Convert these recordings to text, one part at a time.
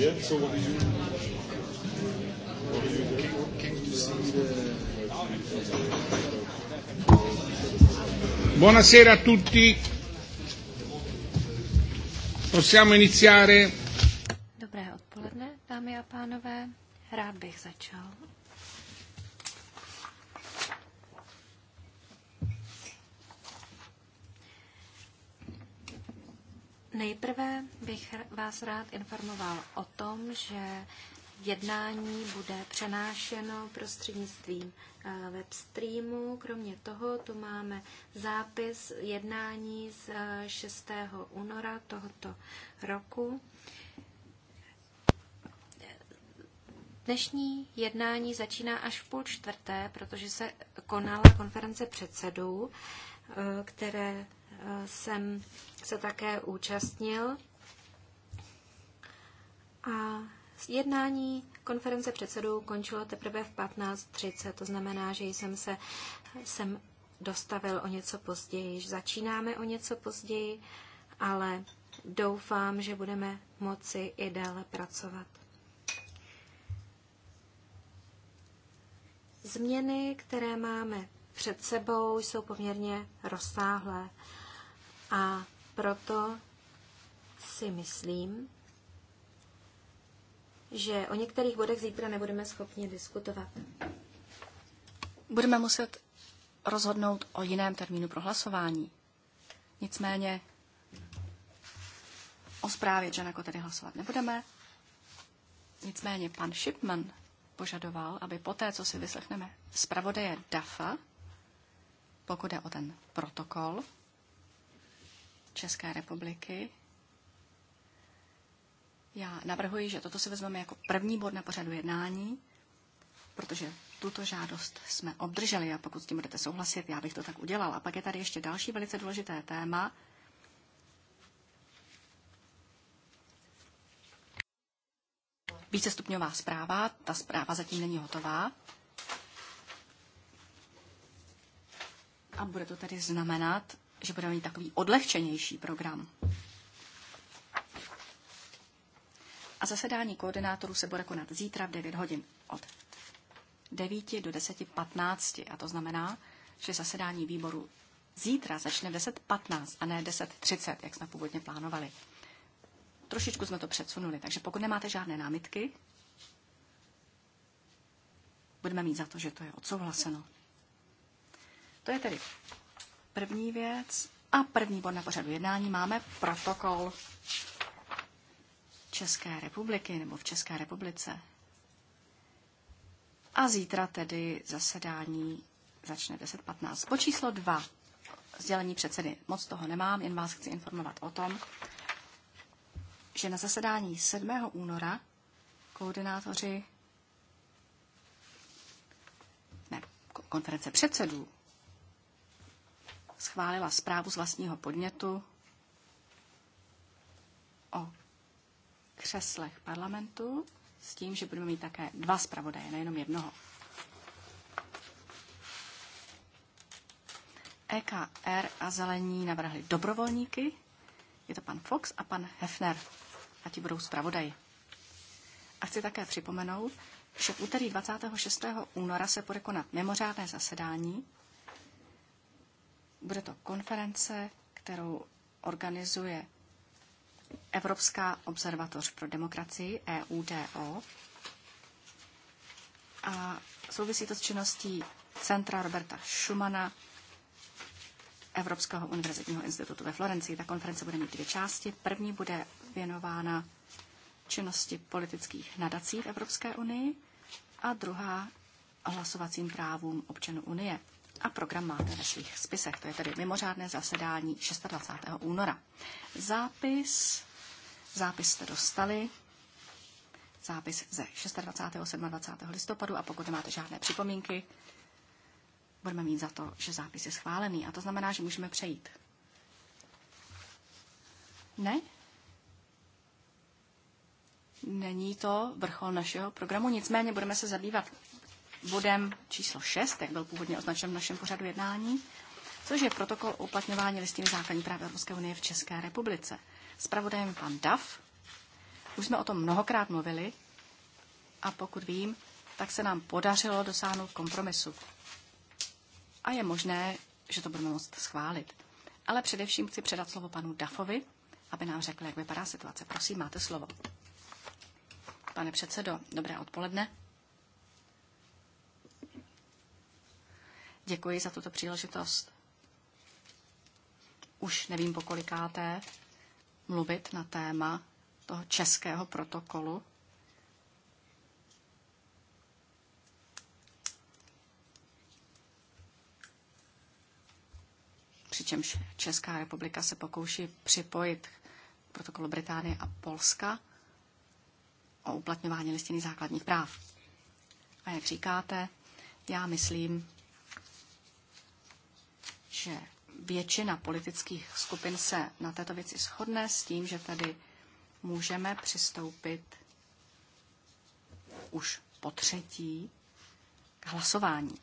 Yeah, so what did you what did you Came to see the Buonasera a tutti. Possiamo iniziare. Dobré odpoledne, dámy a pánové. Rád bych začal. Nejprve bych vás rád informoval o tom, že jednání bude přenášeno prostřednictvím eh, webstreamu. Kromě toho tu máme zápis jednání z 6. Eh, února tohoto roku. Dnešní jednání začíná až v půl čtvrté, protože se konala konference předsedů, eh, které jsem se také účastnil. A jednání konference předsedů končilo teprve v 15.30, to znamená, že jsem se sem dostavil o něco později. Začínáme o něco později, ale doufám, že budeme moci i déle pracovat. Změny, které máme před sebou, jsou poměrně rozsáhlé. A proto si myslím, že o některých bodech zítra nebudeme schopni diskutovat. Budeme muset rozhodnout o jiném termínu pro hlasování. Nicméně o zprávě Janako tedy hlasovat nebudeme. Nicméně pan Shipman požadoval, aby poté, co si vyslechneme zpravodaje DAFA, pokud je o ten protokol, České republiky. Já navrhuji, že toto si vezmeme jako první bod na pořadu jednání, protože tuto žádost jsme obdrželi a pokud s tím budete souhlasit, já bych to tak udělala. A pak je tady ještě další velice důležité téma, vícestupňová zpráva. Ta zpráva zatím není hotová. A bude to tedy znamenat, že budeme mít takový odlehčenější program. A zasedání koordinátorů se bude konat zítra v 9 hodin od 9 do 10.15. A to znamená, že zasedání výboru zítra začne v 10.15 a ne 10.30, jak jsme původně plánovali. Trošičku jsme to předsunuli, takže pokud nemáte žádné námitky, budeme mít za to, že to je odsouhlaseno. To je tedy První věc a první bod na pořadu jednání máme protokol České republiky nebo v České republice. A zítra tedy zasedání začne 10.15. Po číslo 2 sdělení předsedy. Moc toho nemám, jen vás chci informovat o tom, že na zasedání 7. února koordinátoři ne, konference předsedů schválila zprávu z vlastního podnětu o křeslech parlamentu s tím, že budeme mít také dva zpravodaje, nejenom jednoho. EKR a zelení navrhli dobrovolníky. Je to pan Fox a pan Hefner. A ti budou zpravodaji. A chci také připomenout, že v úterý 26. února se bude konat mimořádné zasedání bude to konference, kterou organizuje Evropská observatoř pro demokracii, EUDO. A souvisí to s činností Centra Roberta Schumana Evropského univerzitního institutu ve Florencii. Ta konference bude mít dvě části. První bude věnována činnosti politických nadací v Evropské unii a druhá hlasovacím právům občanů Unie a program máte ve svých spisech. To je tedy mimořádné zasedání 26. února. Zápis, zápis jste dostali, zápis ze 26. 27. listopadu a pokud nemáte žádné připomínky, budeme mít za to, že zápis je schválený a to znamená, že můžeme přejít. Ne? Není to vrchol našeho programu, nicméně budeme se zabývat bodem číslo 6, jak byl původně označen v našem pořadu jednání, což je protokol o uplatňování listiny základní práv Evropské unie v České republice. Spravodajem je pan Daf. Už jsme o tom mnohokrát mluvili a pokud vím, tak se nám podařilo dosáhnout kompromisu. A je možné, že to budeme moct schválit. Ale především chci předat slovo panu Dafovi, aby nám řekl, jak vypadá situace. Prosím, máte slovo. Pane předsedo, dobré odpoledne. Děkuji za tuto příležitost. Už nevím po kolikáté mluvit na téma toho českého protokolu. Přičemž Česká republika se pokouší připojit k protokolu Británie a Polska o uplatňování listiny základních práv. A jak říkáte, já myslím, že většina politických skupin se na této věci shodne s tím, že tady můžeme přistoupit už po třetí k hlasování.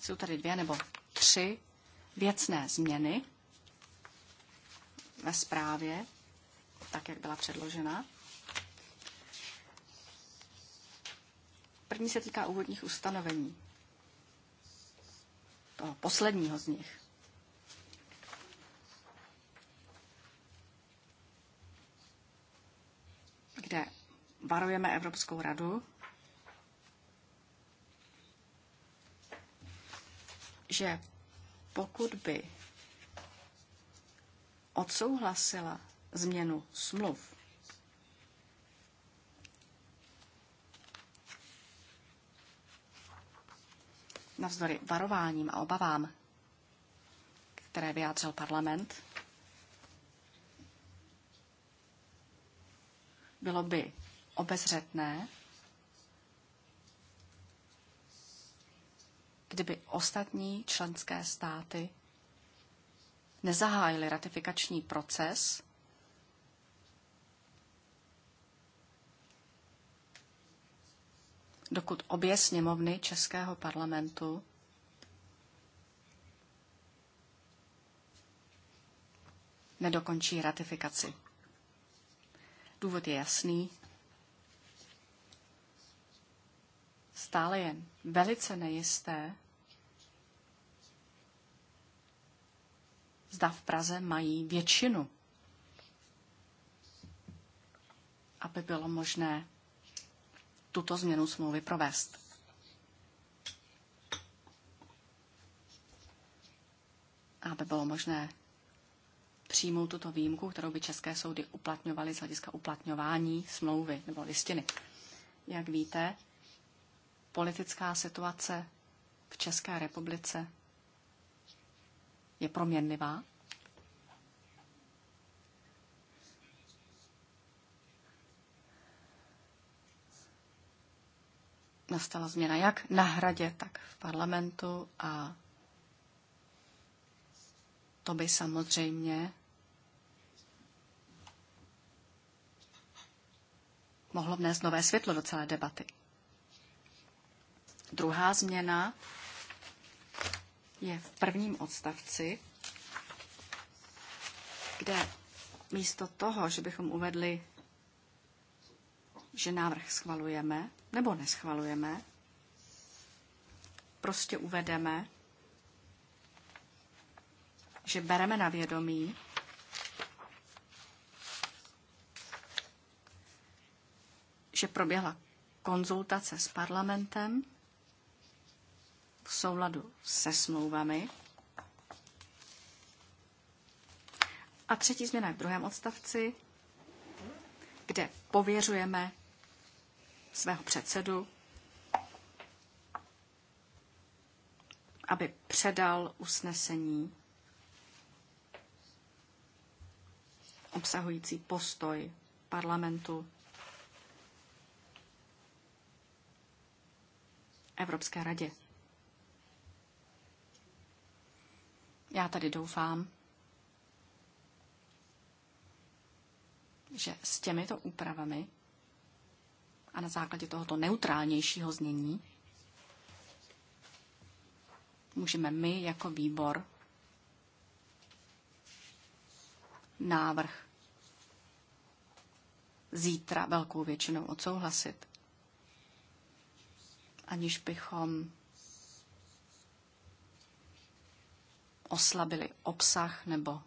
Jsou tady dvě nebo tři věcné změny ve zprávě, tak jak byla předložena. První se týká úvodních ustanovení toho posledního z nich. Kde varujeme Evropskou radu, že pokud by odsouhlasila změnu smluv, navzdory varováním a obavám, které vyjádřil parlament, bylo by obezřetné, kdyby ostatní členské státy nezahájily ratifikační proces dokud obě sněmovny Českého parlamentu nedokončí ratifikaci. Důvod je jasný. Stále jen velice nejisté, zda v Praze mají většinu, aby bylo možné tuto změnu smlouvy provést. Aby bylo možné přijmout tuto výjimku, kterou by české soudy uplatňovaly z hlediska uplatňování smlouvy nebo listiny. Jak víte, politická situace v České republice je proměnlivá nastala změna jak na hradě, tak v parlamentu a to by samozřejmě mohlo vnést nové světlo do celé debaty. Druhá změna je v prvním odstavci, kde místo toho, že bychom uvedli že návrh schvalujeme nebo neschvalujeme, prostě uvedeme, že bereme na vědomí, že proběhla konzultace s parlamentem v souladu se smlouvami. A třetí změna v druhém odstavci, kde pověřujeme svého předsedu, aby předal usnesení obsahující postoj parlamentu Evropské radě. Já tady doufám, že s těmito úpravami a na základě tohoto neutrálnějšího znění můžeme my jako výbor návrh zítra velkou většinou odsouhlasit, aniž bychom oslabili obsah nebo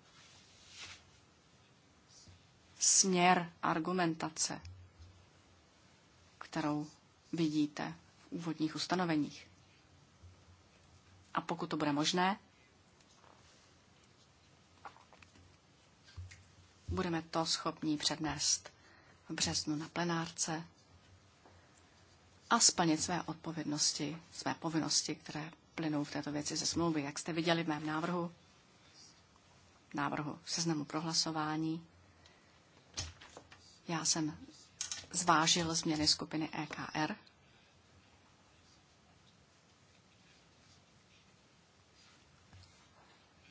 směr argumentace kterou vidíte v úvodních ustanoveních. A pokud to bude možné, budeme to schopní přednést v březnu na plenárce a splnit své odpovědnosti, své povinnosti, které plynou v této věci ze smlouvy. Jak jste viděli v mém návrhu, návrhu seznamu prohlasování, já jsem zvážil změny skupiny EKR.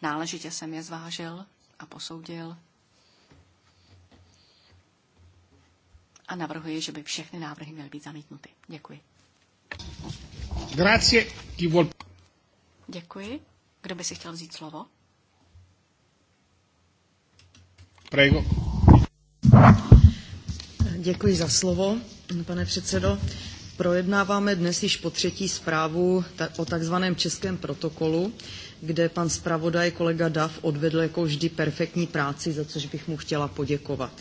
Náležitě jsem je zvážil a posoudil. A navrhuji, že by všechny návrhy měly být zamítnuty. Děkuji. Grazie. Děkuji. Kdo by si chtěl vzít slovo? Prego. Děkuji za slovo, pane předsedo. Projednáváme dnes již po třetí zprávu o takzvaném českém protokolu, kde pan zpravodaj kolega Dav odvedl jako vždy perfektní práci, za což bych mu chtěla poděkovat.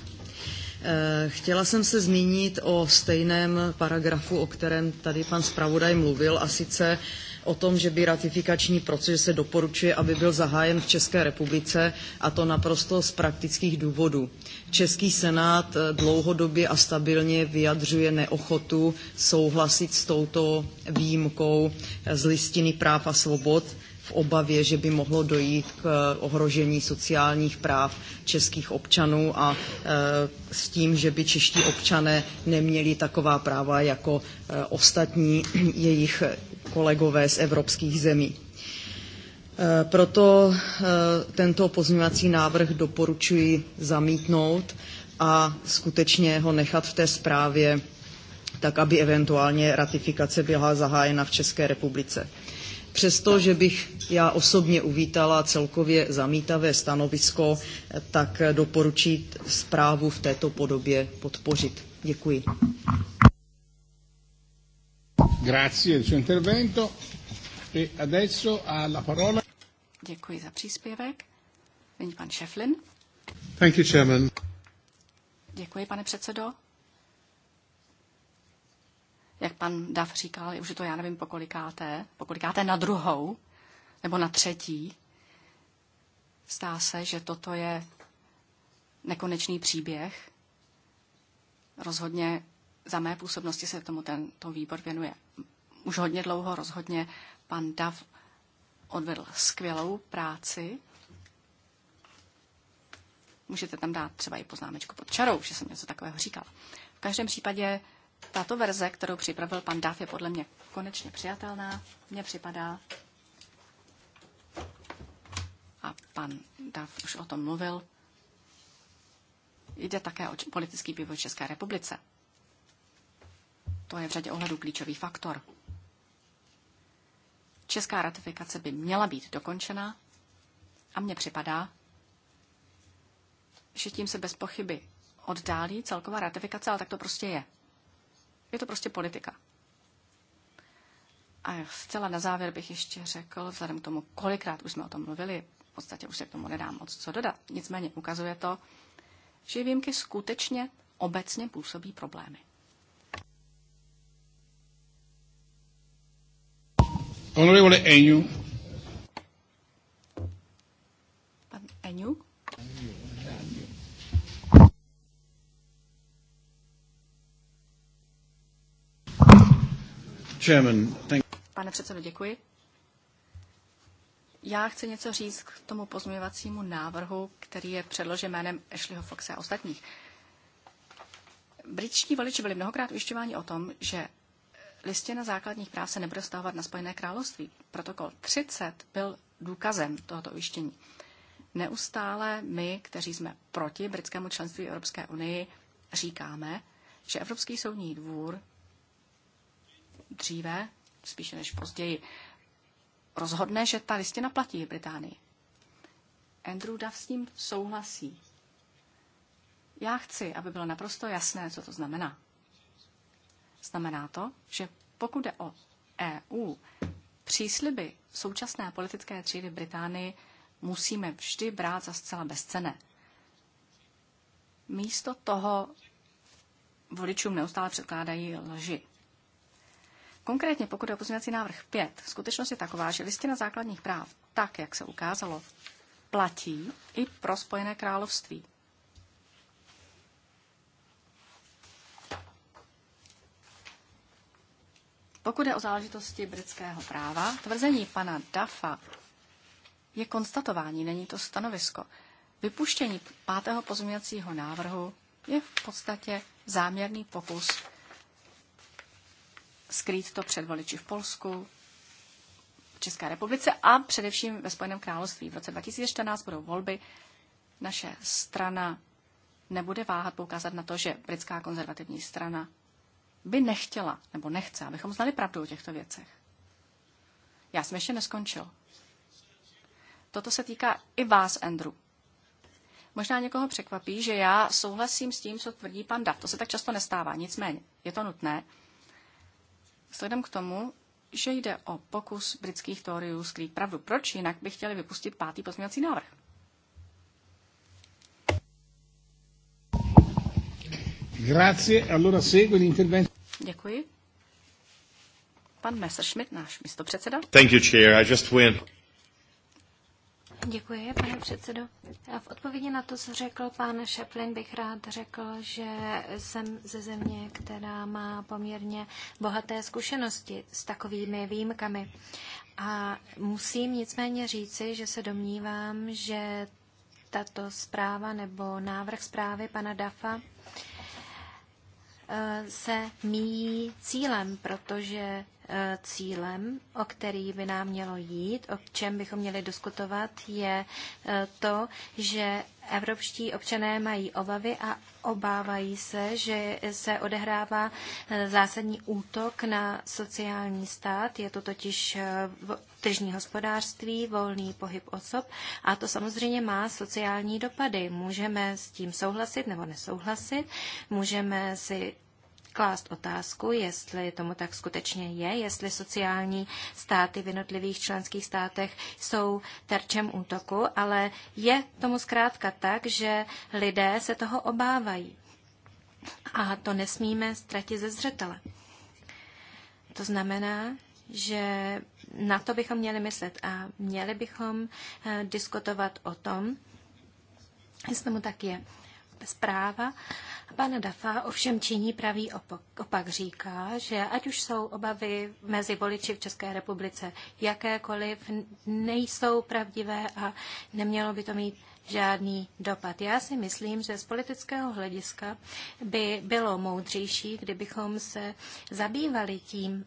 Eh, chtěla jsem se zmínit o stejném paragrafu, o kterém tady pan zpravodaj mluvil, a sice o tom, že by ratifikační proces se doporučuje, aby byl zahájen v České republice a to naprosto z praktických důvodů. Český senát eh, dlouhodobě a stabilně vyjadřuje neochotu souhlasit s touto výjimkou eh, z listiny práv a svobod, v obavě, že by mohlo dojít k eh, ohrožení sociálních práv českých občanů a eh, s tím, že by čeští občané neměli taková práva jako eh, ostatní jejich kolegové z evropských zemí. Proto tento pozměňovací návrh doporučuji zamítnout a skutečně ho nechat v té zprávě, tak aby eventuálně ratifikace byla zahájena v České republice. Přestože bych já osobně uvítala celkově zamítavé stanovisko, tak doporučuji zprávu v této podobě podpořit. Děkuji. Grazie del suo intervento. E adesso ha la parola. Děkuji za příspěvek. Vyní pan Šeflin. Thank you, Chairman. Děkuji, pane předsedo jak pan Dav říkal, už je to já nevím pokolikáté, pokolikáté na druhou nebo na třetí, stá se, že toto je nekonečný příběh. Rozhodně za mé působnosti se tomu tento výbor věnuje už hodně dlouho, rozhodně pan Dav odvedl skvělou práci. Můžete tam dát třeba i poznámečku pod čarou, že jsem něco takového říkal. V každém případě tato verze, kterou připravil pan Dáv, je podle mě konečně přijatelná. Mně připadá, a pan Dáv už o tom mluvil, jde také o politický vývoj České republice. To je v řadě ohledů klíčový faktor. Česká ratifikace by měla být dokončena a mně připadá, že tím se bez pochyby oddálí celková ratifikace, ale tak to prostě je. Je to prostě politika. A zcela na závěr bych ještě řekl, vzhledem k tomu, kolikrát už jsme o tom mluvili, v podstatě už se k tomu nedá moc co dodat. Nicméně ukazuje to, že výjimky skutečně obecně působí problémy. Honorable Pan Eňu? Pane předsedo, děkuji. Já chci něco říct k tomu pozměňovacímu návrhu, který je předložen jménem Ashleyho Foxe a ostatních. Britští voliči byli mnohokrát ujišťováni o tom, že listina základních práv se nebude stávat na Spojené království. Protokol 30 byl důkazem tohoto ujištění. Neustále my, kteří jsme proti britskému členství Evropské unii, říkáme, že Evropský soudní dvůr dříve, spíše než později, rozhodne, že ta listina platí v Británii. Andrew Duff s tím souhlasí. Já chci, aby bylo naprosto jasné, co to znamená. Znamená to, že pokud jde o EU, přísliby současné politické třídy v Británii musíme vždy brát za zcela bezcené. Místo toho voličům neustále předkládají lži. Konkrétně pokud je pozměňovací návrh 5, skutečnost je taková, že listina základních práv, tak jak se ukázalo, platí i pro Spojené království. Pokud je o záležitosti britského práva, tvrzení pana Dafa je konstatování, není to stanovisko. Vypuštění pátého pozměňovacího návrhu je v podstatě záměrný pokus skrýt to před voliči v Polsku, v České republice a především ve Spojeném království. V roce 2014 budou volby. Naše strana nebude váhat poukázat na to, že britská konzervativní strana by nechtěla nebo nechce, abychom znali pravdu o těchto věcech. Já jsem ještě neskončil. Toto se týká i vás, Andrew. Možná někoho překvapí, že já souhlasím s tím, co tvrdí pan Dav. To se tak často nestává. Nicméně, je to nutné. Vzhledem k tomu, že jde o pokus britských teoriů skrýt pravdu. Proč jinak by chtěli vypustit pátý pozměňovací návrh? Grazie, allora segue l'intervento. Děkuji. Pan Messerschmidt, náš místopředseda. Thank you, Chair. I just win. Děkuji, pane předsedo. V odpovědi na to, co řekl pan Šeplin, bych rád řekl, že jsem ze země, která má poměrně bohaté zkušenosti s takovými výjimkami. A musím nicméně říci, že se domnívám, že tato zpráva nebo návrh zprávy pana Dafa eh, se míjí cílem, protože Eh, cílem, o který by nám mělo jít, o čem bychom měli diskutovat, je eh, to, že evropští občané mají obavy a obávají se, že se odehrává eh, zásadní útok na sociální stát. Je to totiž tržní hospodářství, volný pohyb osob a to samozřejmě má sociální dopady. Můžeme s tím souhlasit nebo nesouhlasit, můžeme si klást otázku, jestli tomu tak skutečně je, jestli sociální státy v jednotlivých členských státech jsou terčem útoku, ale je tomu zkrátka tak, že lidé se toho obávají. A to nesmíme ztratit ze zřetele. To znamená, že na to bychom měli myslet a měli bychom eh, diskutovat o tom, jestli tomu tak je zpráva pana Dafa ovšem činí pravý opak. opak. Říká, že ať už jsou obavy mezi voliči v České republice jakékoliv, nejsou pravdivé a nemělo by to mít žádný dopad. Já si myslím, že z politického hlediska by bylo moudřejší, kdybychom se zabývali tím,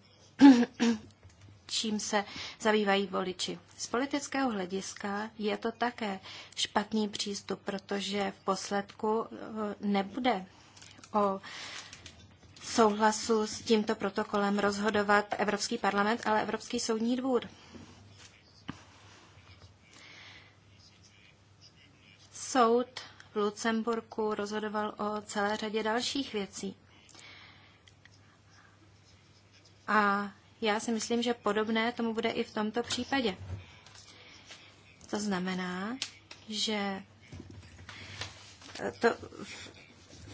čím se zabývají voliči. Z politického hlediska je to také špatný přístup, protože v posledku eh, nebude o souhlasu s tímto protokolem rozhodovat Evropský parlament, ale Evropský soudní dvůr. Soud v Lucemburku rozhodoval o celé řadě dalších věcí. A já si myslím, že podobné tomu bude i v tomto případě. To znamená, že eh, to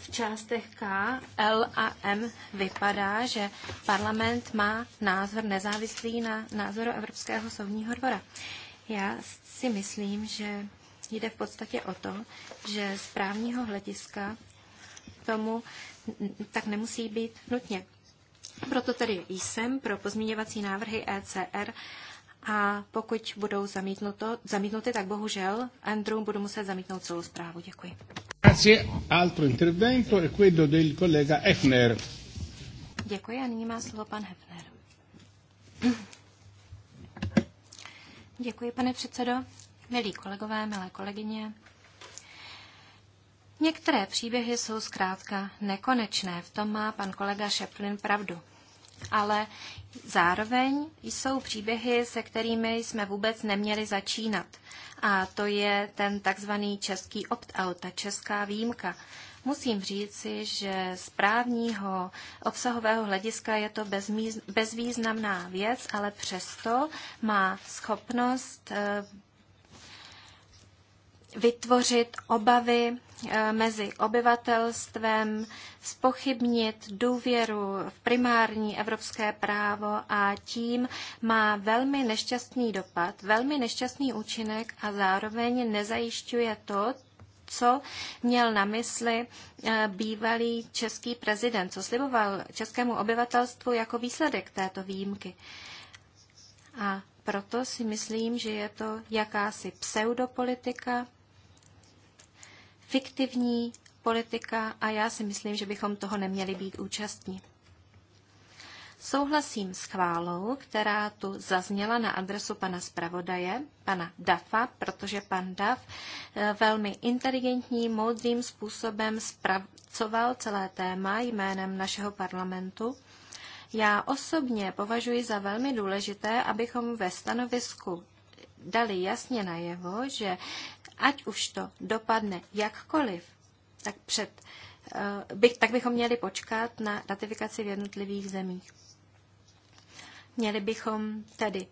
v částech K, L a M vypadá, že parlament má názor nezávislý na názoru Evropského soudního dvora. Já si myslím, že jde v podstatě o to, že z právního hlediska tomu tak nemusí být nutně. Proto tedy jsem pro pozměňovací návrhy ECR a pokud budou zamítnuto, zamítnuty, tak bohužel Andrew budu muset zamítnout celou zprávu. Děkuji. Děkuji a nyní má slovo pan Hefner. Děkuji, pane předsedo. Milí kolegové, milé kolegyně, Některé příběhy jsou zkrátka nekonečné, v tom má pan kolega Šeplin pravdu ale zároveň jsou příběhy, se kterými jsme vůbec neměli začínat. A to je ten takzvaný český opt-out, ta česká výjimka. Musím říci, že z právního obsahového hlediska je to bezmíz, bezvýznamná věc, ale přesto má schopnost eh, vytvořit obavy eh, mezi obyvatelstvem, spochybnit důvěru v primární evropské právo a tím má velmi nešťastný dopad, velmi nešťastný účinek a zároveň nezajišťuje to, co měl na mysli eh, bývalý český prezident, co sliboval českému obyvatelstvu jako výsledek této výjimky. A proto si myslím, že je to jakási pseudopolitika, fiktivní politika a já si myslím, že bychom toho neměli být účastní. Souhlasím s chválou, která tu zazněla na adresu pana zpravodaje, pana Dafa, protože pan Daf eh, velmi inteligentním, moudrým způsobem zpracoval celé téma jménem našeho parlamentu. Já osobně považuji za velmi důležité, abychom ve stanovisku dali jasně najevo, že ať už to dopadne jakkoliv, tak, před, eh, bych, tak bychom měli počkat na ratifikaci v jednotlivých zemích. Měli bychom tedy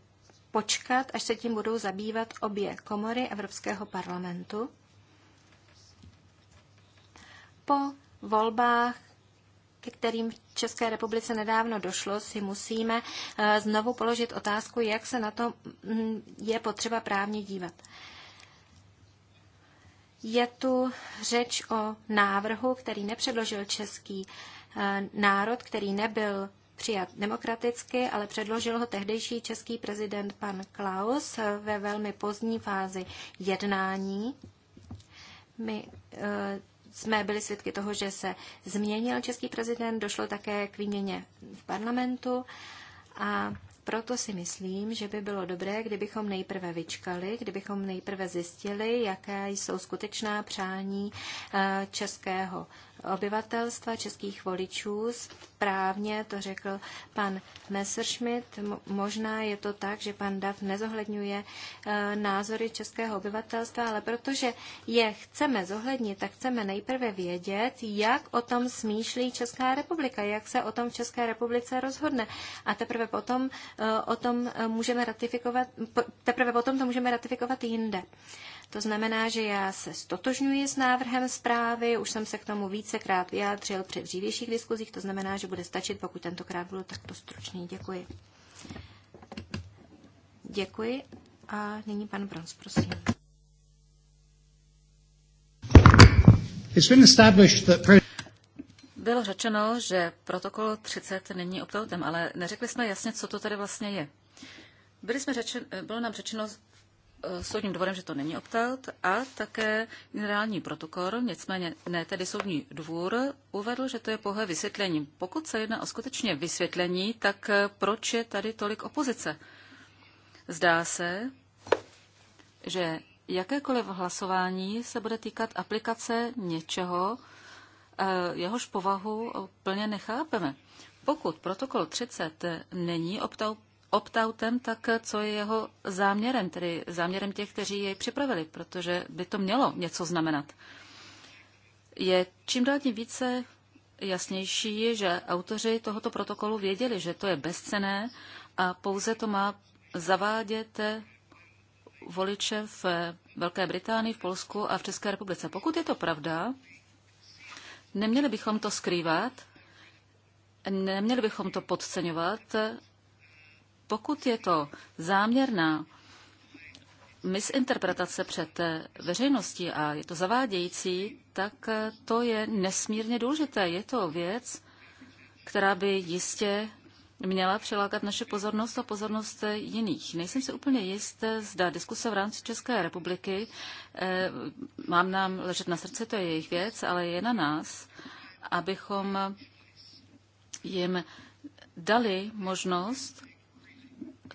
počkat, až se tím budou zabývat obě komory Evropského parlamentu. Po volbách ke kterým v České republice nedávno došlo, si musíme eh, znovu položit otázku, jak se na to hm, je potřeba právně dívat. Je tu řeč o návrhu, který nepředložil český eh, národ, který nebyl přijat demokraticky, ale předložil ho tehdejší český prezident pan Klaus eh, ve velmi pozdní fázi jednání. My jsme byli svědky toho, že se změnil český prezident, došlo také k výměně v parlamentu a proto si myslím, že by bylo dobré, kdybychom nejprve vyčkali, kdybychom nejprve zjistili, jaké jsou skutečná přání eh, českého obyvatelstva českých voličů. Správně to řekl pan Messerschmidt. Možná je to tak, že pan Dav nezohledňuje e, názory českého obyvatelstva, ale protože je chceme zohlednit, tak chceme nejprve vědět, jak o tom smýšlí Česká republika, jak se o tom v České republice rozhodne. A teprve potom e, o tom e, můžeme ratifikovat, teprve potom to můžeme ratifikovat jinde. To znamená, že já se stotožňuji s návrhem zprávy, už jsem se k tomu vícekrát vyjádřil při dřívějších diskuzích, to znamená, že bude stačit, pokud tentokrát budu takto stručný. Děkuji. Děkuji a nyní pan Brons, prosím. Bylo řečeno, že protokol 30 není obtoutem, ale neřekli jsme jasně, co to tady vlastně je. Byli jsme řečen, bylo nám řečeno, Eh, soudním dvorem, že to není optát, a také generální protokol, nicméně ne tedy soudní dvůr, uvedl, že to je pouhé vysvětlení. Pokud se jedná o skutečně vysvětlení, tak eh, proč je tady tolik opozice? Zdá se, že jakékoliv hlasování se bude týkat aplikace něčeho, eh, jehož povahu plně nechápeme. Pokud protokol 30 není optout, optautem, tak co je jeho záměrem, tedy záměrem těch, kteří jej připravili, protože by to mělo něco znamenat. Je čím dál tím více jasnější, že autoři tohoto protokolu věděli, že to je bezcené a pouze to má zavádět voliče v Velké Británii, v Polsku a v České republice. Pokud je to pravda, neměli bychom to skrývat, neměli bychom to podceňovat, pokud je to záměrná misinterpretace před eh, veřejností a je to zavádějící, tak eh, to je nesmírně důležité. Je to věc, která by jistě měla přilákat naše pozornost a pozornost eh, jiných. Nejsem si úplně jist, zda diskuse v rámci České republiky, mám nám ležet na srdci, to je jejich věc, ale je na nás, abychom jim dali možnost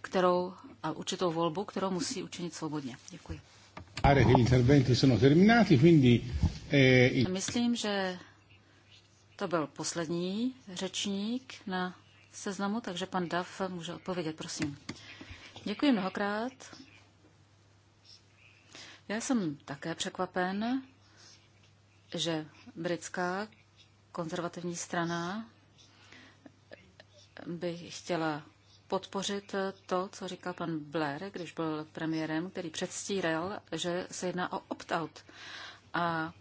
kterou, a určitou volbu, kterou musí učinit svobodně. Děkuji. Eh, myslím, že to byl poslední řečník na seznamu, takže pan Daf může odpovědět, prosím. Děkuji mnohokrát. Já jsem také překvapen, že britská konzervativní strana by chtěla podpořit eh, to, co říkal pan Blair, když byl premiérem, který předstíral, že se jedná o opt-out. A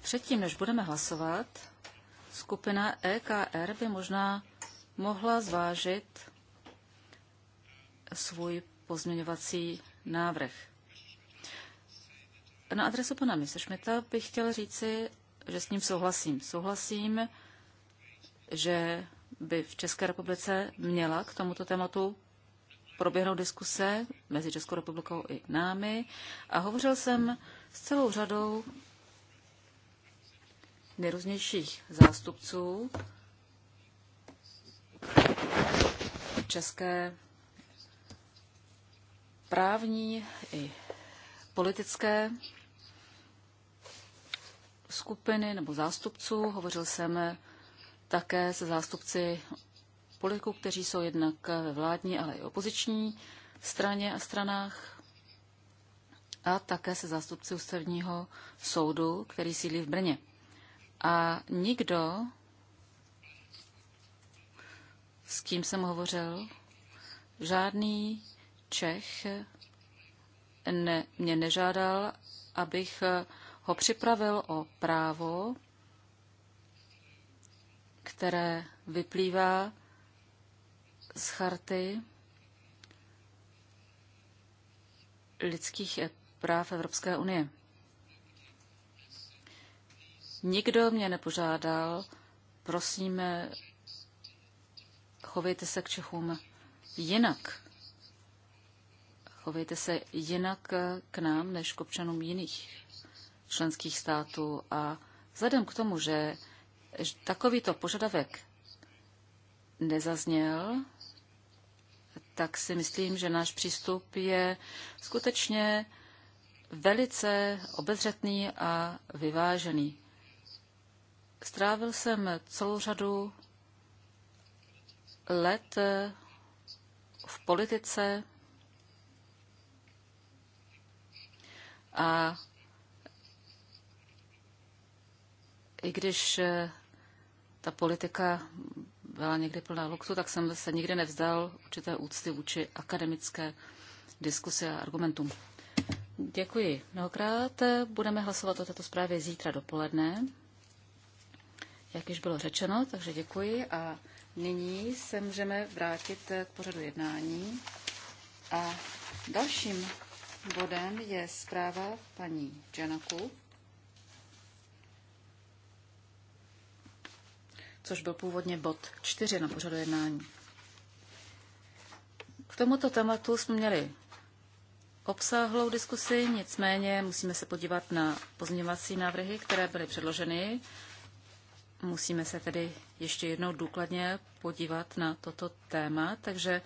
předtím, než budeme hlasovat, skupina EKR by možná mohla zvážit svůj pozměňovací návrh. Na adresu pana Mr. Šmita bych chtěl říci, že s ním souhlasím. Souhlasím že by v České republice měla k tomuto tématu proběhnout diskuse mezi Českou republikou i námi a hovořil jsem s celou řadou nejrůznějších zástupců české právní i politické skupiny nebo zástupců. Hovořil jsem také se zástupci politiků, kteří jsou jednak ve vládní, ale i opoziční straně a stranách a také se zástupci ústavního soudu, který sídlí v Brně. A nikdo, s kým jsem hovořil, žádný Čech ne, mě nežádal, abych ho připravil o právo které vyplývá z charty lidských práv Evropské unie. Nikdo mě nepožádal, prosím, chovejte se k Čechům jinak. Chovejte se jinak k nám, než k občanům jiných členských států. A vzhledem k tomu, že takovýto požadavek nezazněl, tak si myslím, že náš přístup je skutečně velice obezřetný a vyvážený. Strávil jsem celou řadu let v politice a i když ta politika byla někdy plná luxu, tak jsem se nikdy nevzdal určité úcty vůči akademické diskusi a argumentům. Děkuji mnohokrát. Budeme hlasovat o této zprávě zítra dopoledne, jak již bylo řečeno, takže děkuji a nyní se můžeme vrátit k pořadu jednání. A dalším bodem je zpráva paní Janaku. což byl původně bod 4 na pořadu jednání. K tomuto tématu jsme měli obsáhlou diskusi, nicméně musíme se podívat na pozměňovací návrhy, které byly předloženy. Musíme se tedy ještě jednou důkladně podívat na toto téma, takže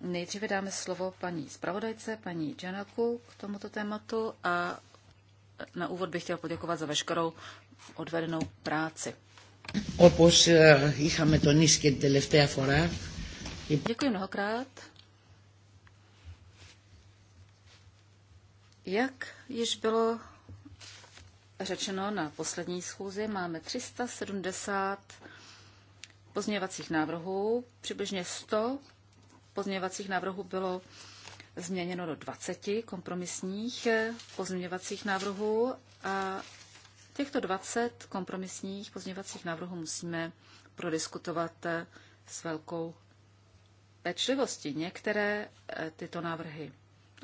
nejdříve dáme slovo paní zpravodajce, paní Janaku k tomuto tématu a na úvod bych chtěla poděkovat za veškerou odvedenou práci. Όπως είχαμε τονίσει και την τελευταία φορά. Děkuji mnohokrát. Jak již bylo řečeno na poslední schůzi, máme 370 pozměňovacích návrhů, přibližně 100 pozměňovacích návrhů bylo změněno do 20 kompromisních eh, pozměňovacích návrhů a Těchto 20 kompromisních pozměňovacích návrhů musíme prodiskutovat eh, s velkou pečlivostí. Některé eh, tyto návrhy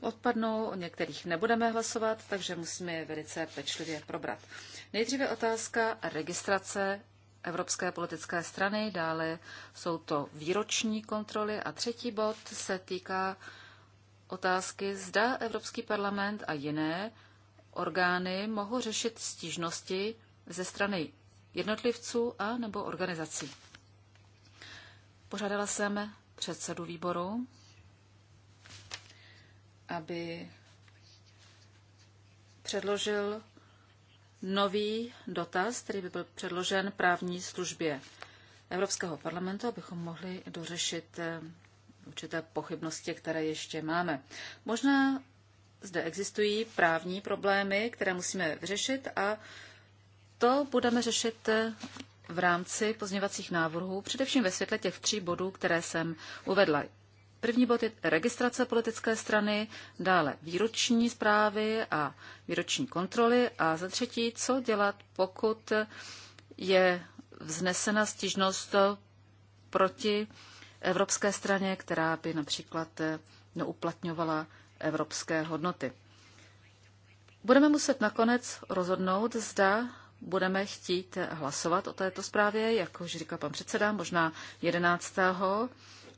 odpadnou, o některých nebudeme hlasovat, takže musíme je velice pečlivě probrat. Nejdříve otázka registrace Evropské politické strany, dále jsou to výroční kontroly a třetí bod se týká otázky, zda Evropský parlament a jiné orgány mohou řešit stížnosti ze strany jednotlivců a nebo organizací. Požádala jsem předsedu výboru, aby předložil nový dotaz, který by byl předložen právní službě Evropského parlamentu, abychom mohli dořešit eh, určité pochybnosti, které ještě máme. Možná zde existují právní problémy, které musíme vyřešit a to budeme řešit eh, v rámci pozměvacích návrhů, především ve světle těch tří bodů, které jsem uvedla. První bod je registrace politické strany, dále výroční zprávy a výroční kontroly a za třetí, co dělat, pokud je vznesena stížnost proti evropské straně, která by například eh, neuplatňovala evropské hodnoty. Budeme muset nakonec rozhodnout, zda budeme chtít hlasovat o této zprávě, jak už říká pan předseda, možná 11.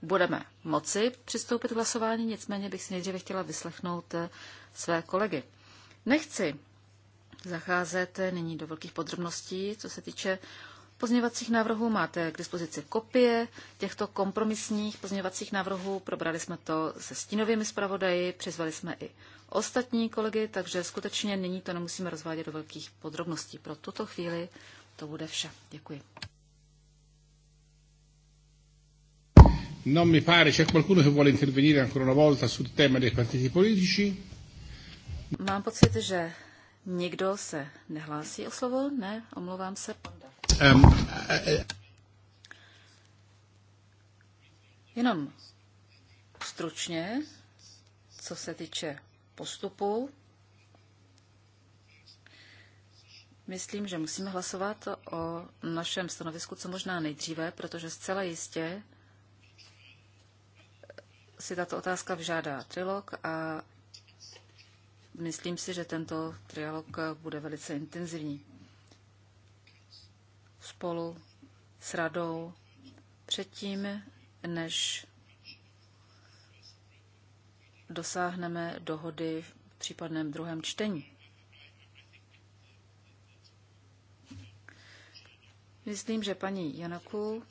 budeme moci přistoupit k hlasování, nicméně bych si nejdříve chtěla vyslechnout své kolegy. Nechci zacházet nyní do velkých podrobností, co se týče pozměňovacích návrhů máte k dispozici kopie těchto kompromisních pozměňovacích návrhů. Probrali jsme to se stínovými zpravodaji, přizvali jsme i ostatní kolegy, takže skutečně nyní to nemusíme rozvádět do velkých podrobností. Pro tuto chvíli to bude vše. Děkuji. Non mi pare, c'è qualcuno che vuole intervenire ancora una volta sul tema dei partiti politici? Mám pocit, že nikdo se nehlásí o slovo. Ne, omlouvám se. Pan Um, uh, uh, Jenom stručně, co se týče postupu, myslím, že musíme hlasovat o našem stanovisku co možná nejdříve, protože zcela jistě si tato otázka vyžádá trilog a myslím si, že tento trialog bude velice intenzivní spolu s radou předtím, než dosáhneme dohody v případném druhém čtení. Myslím, že paní Janaku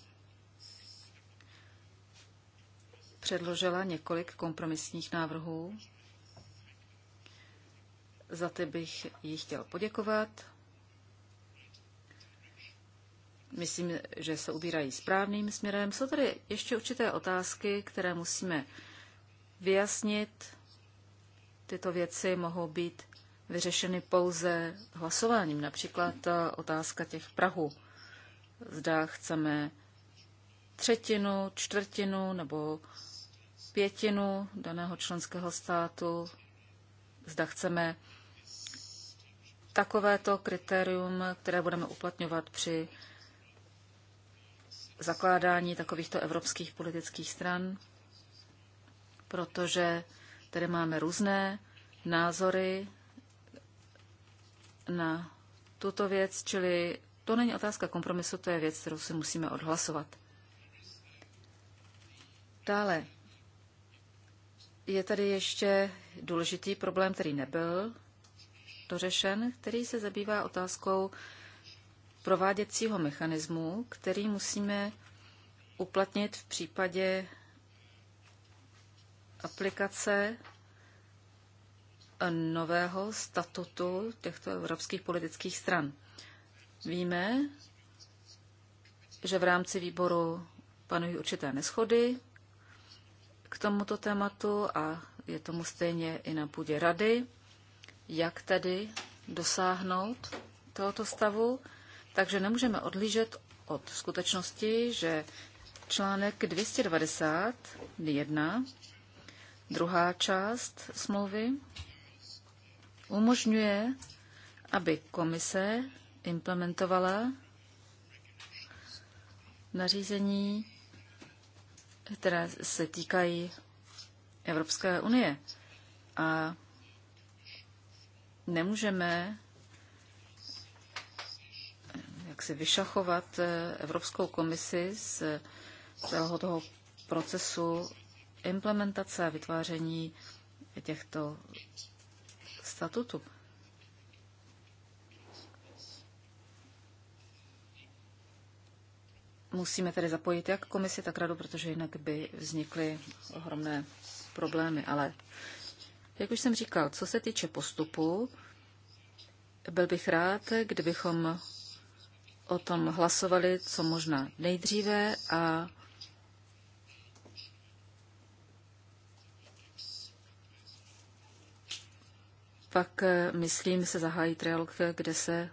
předložila několik kompromisních návrhů. Za ty bych jí chtěl poděkovat. Myslím, že se ubírají správným směrem. Jsou tady ještě určité otázky, které musíme vyjasnit. Tyto věci mohou být vyřešeny pouze hlasováním. Například ta eh, otázka těch Prahu. Zda chceme třetinu, čtvrtinu nebo pětinu daného členského státu. Zda chceme takovéto kritérium, které budeme uplatňovat při zakládání takovýchto evropských politických stran, protože tady máme různé názory na tuto věc, čili to není otázka kompromisu, to je věc, kterou si musíme odhlasovat. Dále je tady ještě důležitý problém, který nebyl dořešen, který se zabývá otázkou prováděcího mechanismu, který musíme uplatnit v případě aplikace nového statutu těchto evropských politických stran. Víme, že v rámci výboru panují určité neschody k tomuto tématu a je tomu stejně i na půdě rady, jak tedy dosáhnout tohoto stavu. Takže nemůžeme odlížet od skutečnosti, že článek 291, druhá část smlouvy, umožňuje, aby komise implementovala nařízení, které se týkají Evropské unie. A nemůžeme jaksi vyšachovat eh, Evropskou komisi z eh, celého toho procesu implementace a vytváření těchto statutů. Musíme tedy zapojit jak komisi, tak radu, protože jinak by vznikly ohromné problémy. Ale jak už jsem říkal, co se týče postupu, byl bych rád, kdybychom o tom hlasovali co možná nejdříve a pak, eh, myslím, se zahájí trialog, kde se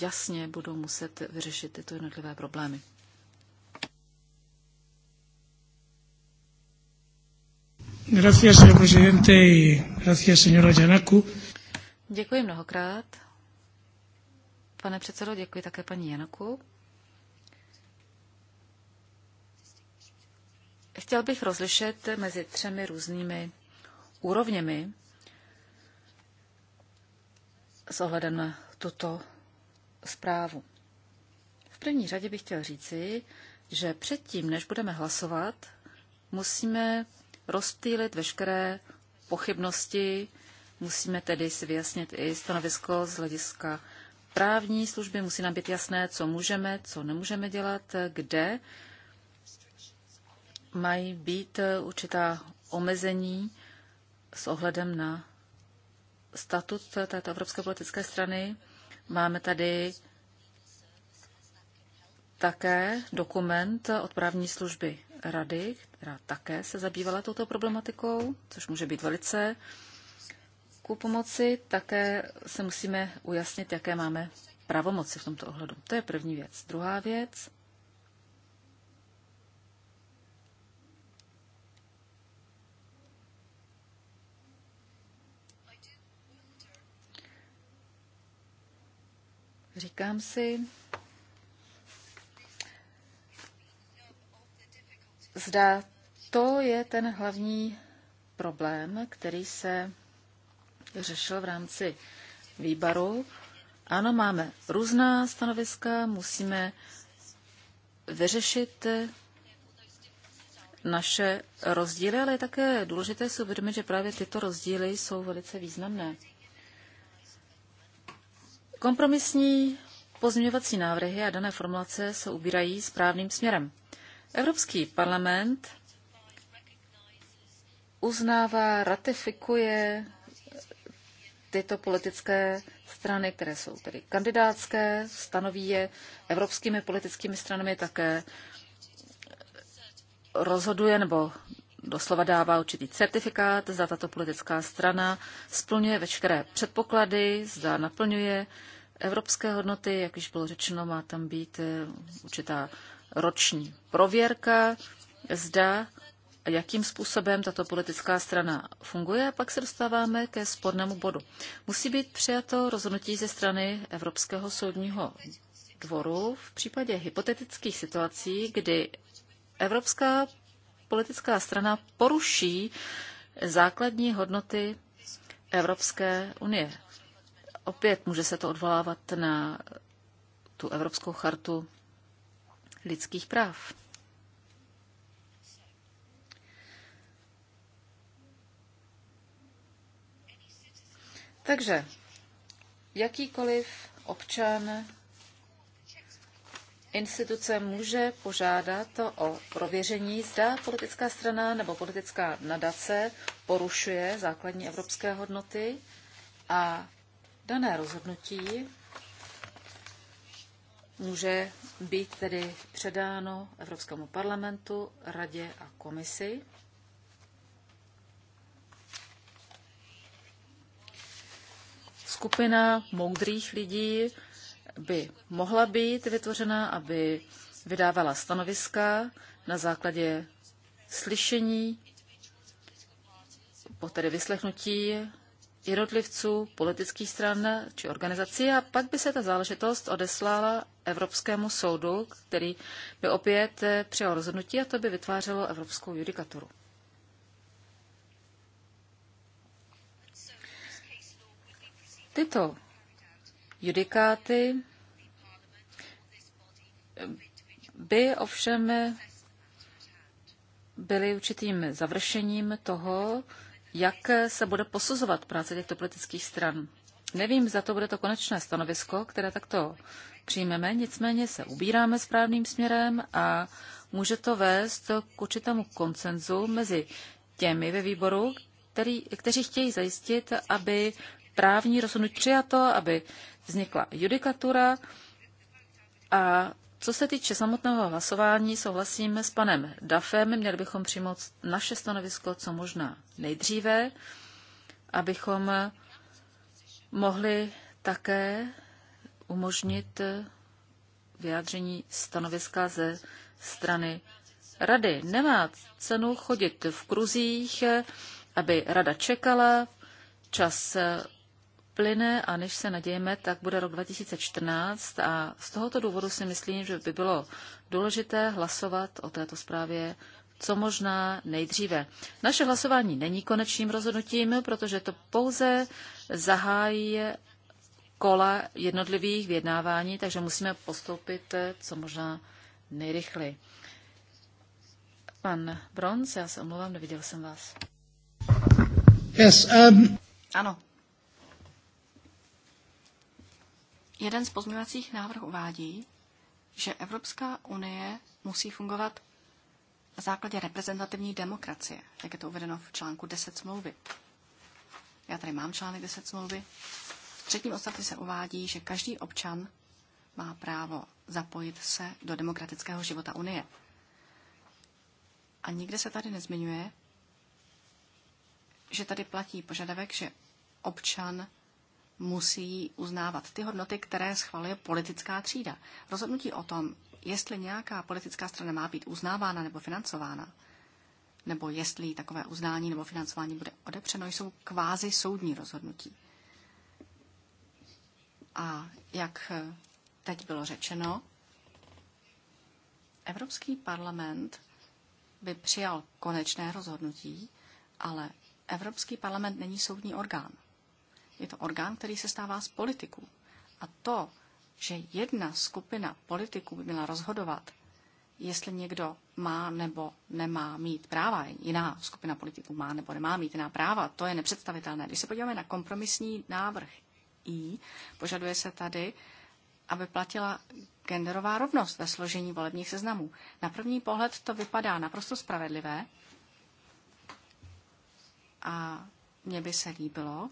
jasně budou muset vyřešit tyto jednotlivé problémy. Gracias, señor presidente, y gracias, señora Děkuji mnohokrát pane předsedo, děkuji také paní Janaku. Chtěl bych rozlišet mezi třemi různými úrovněmi s ohledem na tuto zprávu. V první řadě bych chtěl říci, že předtím, než budeme hlasovat, musíme rozptýlit veškeré pochybnosti, musíme tedy si vyjasnit i stanovisko z hlediska právní služby, musí nám být jasné, co můžeme, co nemůžeme dělat, kde mají být určitá omezení s ohledem na statut této Evropské politické strany. Máme tady také dokument od právní služby rady, která také se zabývala touto problematikou, což může být velice prvků pomoci, také se musíme ujasnit, jaké máme pravomoci v tomto ohledu. To je první věc. Druhá věc. Říkám si, zda to je ten hlavní problém, který se řešil v rámci výbaru. Ano, máme různá stanoviska, musíme vyřešit eh, naše rozdíly, ale je také důležité si uvědomit, že právě tyto rozdíly jsou velice významné. Kompromisní pozměňovací návrhy a dané formulace se ubírají správným směrem. Evropský parlament uznává, ratifikuje tyto politické strany, které jsou tedy kandidátské, stanoví je evropskými politickými stranami také rozhoduje nebo doslova dává určitý certifikát, zda tato politická strana splňuje veškeré předpoklady, zda naplňuje evropské hodnoty, jak již bylo řečeno, má tam být eh, určitá roční prověrka, zda jakým způsobem tato politická strana funguje a pak se dostáváme ke spornému bodu. Musí být přijato rozhodnutí ze strany Evropského soudního dvoru v případě hypotetických situací, kdy Evropská politická strana poruší základní hodnoty Evropské unie. Opět může se to odvolávat na tu Evropskou chartu lidských práv. Takže jakýkoliv občan instituce může požádat o prověření, zda politická strana nebo politická nadace porušuje základní evropské hodnoty a dané rozhodnutí může být tedy předáno Evropskému parlamentu, radě a komisi. skupina moudrých lidí by mohla být vytvořena, aby vydávala stanoviska na základě slyšení, po tedy vyslechnutí jednotlivců, politických stran či organizací a pak by se ta záležitost odeslala Evropskému soudu, který by opět přijal rozhodnutí a to by vytvářelo evropskou judikaturu. Tyto judikáty by ovšem byly určitým završením toho, jak se bude posuzovat práce těchto politických stran. Nevím, za to bude to konečné stanovisko, které takto přijmeme, nicméně se ubíráme správným směrem a může to vést k určitému koncenzu mezi těmi ve výboru, který, kteří chtějí zajistit, aby správní rozhodnutí přijato, aby vznikla judikatura. A co se týče samotného hlasování, souhlasím s panem Dafem. Měli bychom přijmout naše stanovisko co možná nejdříve, abychom mohli také umožnit vyjádření stanoviska ze strany rady. Nemá cenu chodit v kruzích, aby rada čekala, čas plyne a než se nadějeme, tak bude rok 2014 a z tohoto důvodu si myslím, že by bylo důležité hlasovat o této zprávě co možná nejdříve. Naše hlasování není konečným rozhodnutím, protože to pouze zahájí kola jednotlivých vyjednávání, takže musíme postoupit co možná nejrychleji. Pan Bronz, já se omlouvám, neviděl jsem vás. Yes, um... Ano, Jeden z pozměňovacích návrhů uvádí, že Evropská unie musí fungovat na základě reprezentativní demokracie, jak je to uvedeno v článku 10 smlouvy. Já tady mám článek 10 smlouvy. V třetím odstavci se uvádí, že každý občan má právo zapojit se do demokratického života Unie. A nikde se tady nezmiňuje, že tady platí požadavek, že občan musí uznávat ty hodnoty, které schvaluje politická třída. Rozhodnutí o tom, jestli nějaká politická strana má být uznávána nebo financována, nebo jestli takové uznání nebo financování bude odepřeno, jsou kvázi soudní rozhodnutí. A jak teď bylo řečeno, Evropský parlament by přijal konečné rozhodnutí, ale Evropský parlament není soudní orgán. Je to orgán, který se stává z politiků. A to, že jedna skupina politiků by měla rozhodovat, jestli někdo má nebo nemá mít práva, jiná skupina politiků má nebo nemá mít jiná práva, to je nepředstavitelné. Když se podíváme na kompromisní návrh I, požaduje se tady, aby platila genderová rovnost ve složení volebních seznamů. Na první pohled to vypadá naprosto spravedlivé a mně by se líbilo,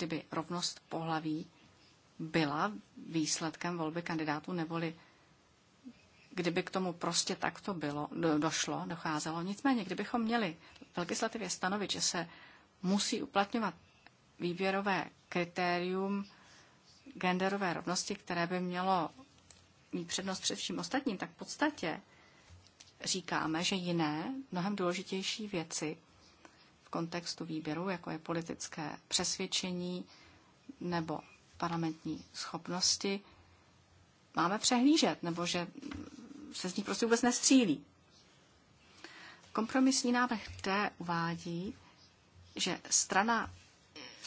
kdyby rovnost pohlaví byla výsledkem volby kandidátů, neboli kdyby k tomu prostě takto bylo, do, došlo, docházelo. Nicméně, kdybychom měli v legislativě stanovit, že se musí uplatňovat výběrové kritérium genderové rovnosti, které by mělo mít přednost před vším ostatním, tak v podstatě říkáme, že jiné, mnohem důležitější věci kontextu výběru, jako je politické přesvědčení nebo parlamentní schopnosti, máme přehlížet, nebo že se z nich prostě vůbec nestřílí. Kompromisní návrh D uvádí, že strana